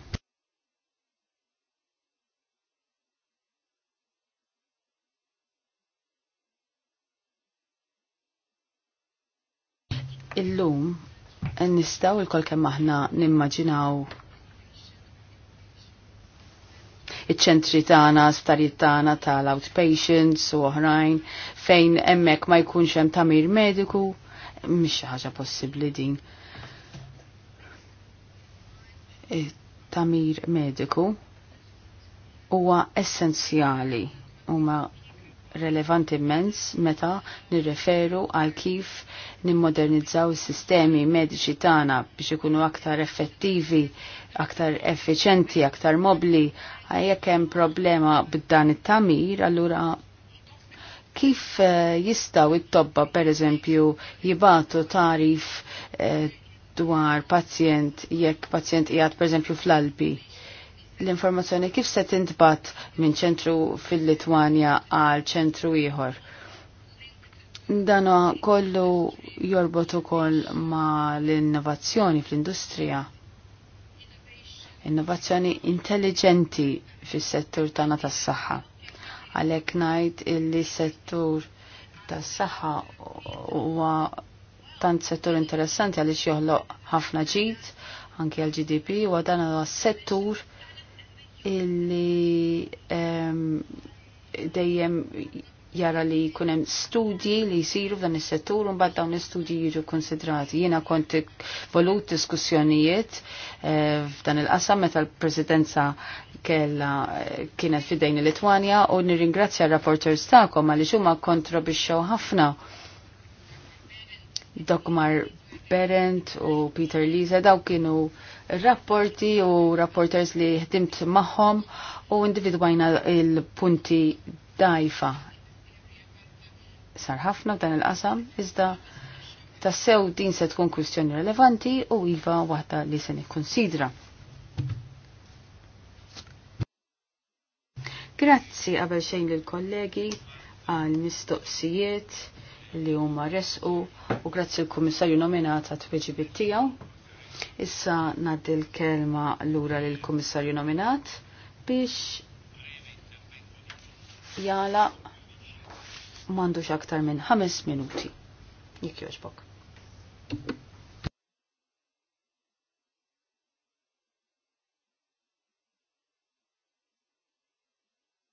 Illum nistgħu il-kol kemm aħna nimmaġinaw iċ-ċentri tagħna, starijiet tagħna tal-outpatients u oħrajn fejn hemmhekk ma jkunx hemm tamir mediku, mhix xi ħaġa possibbli din. E, tamir mediku huwa essenzjali huma relevanti immens meta nirreferu għal kif nimmodernizzaw is-sistemi mediċi tagħna biex ikunu aktar effettivi aktar effiċenti, aktar mobli, għajek hemm problema b'dan it-tamir, allura kif eh, jistaw it-tobba per eżempju jibatu tarif eh, dwar pazjent jekk pazjent jgħat per eżempju fl-albi? L-informazzjoni kif se tintbat minn ċentru fil-Litwanja għal ċentru ieħor? Dano kollu jorbot ukoll ma l-innovazzjoni fl-industrija innovazzjoni intelligenti fis-settur tagħna tas-saħħa. Għalhekk ngħid illi settur tas-saħħa huwa tant settur interessanti għaliex joħloq ħafna ġid anke għal GDP u dan huwa settur illi ehm, dejjem jara li kunem studji li jisiru f'dan is-settur u mbagħad dawn l-istudji jiġu konsidrati. Jiena kont volut diskussjonijiet eh, f'dan il-qasam meta l-Presidenza kella eh, kienet fidejn il-Litwanja u nirringrazzja r-rapporters tagħkom għaliex huma bixxew ħafna. Dokmar Berent u Peter Lisa daw kienu rapporti u rapporters li ħdimt magħhom u individwajna il-punti dajfa sar ħafna f'dan il-qasam, iżda tassew din se tkun kwistjoni relevanti u iva waħda li se nikkonsidra. Grazzi qabel xejn lill kollegi għal mistoqsijiet li huma resqu u grazzi l-Kummissarju nominata tweġibit tiegħu. Issa naddi l-kelma lura lill-Kummissarju nominat biex jala mandux aktar minn 5 minuti. Jekk joġbok.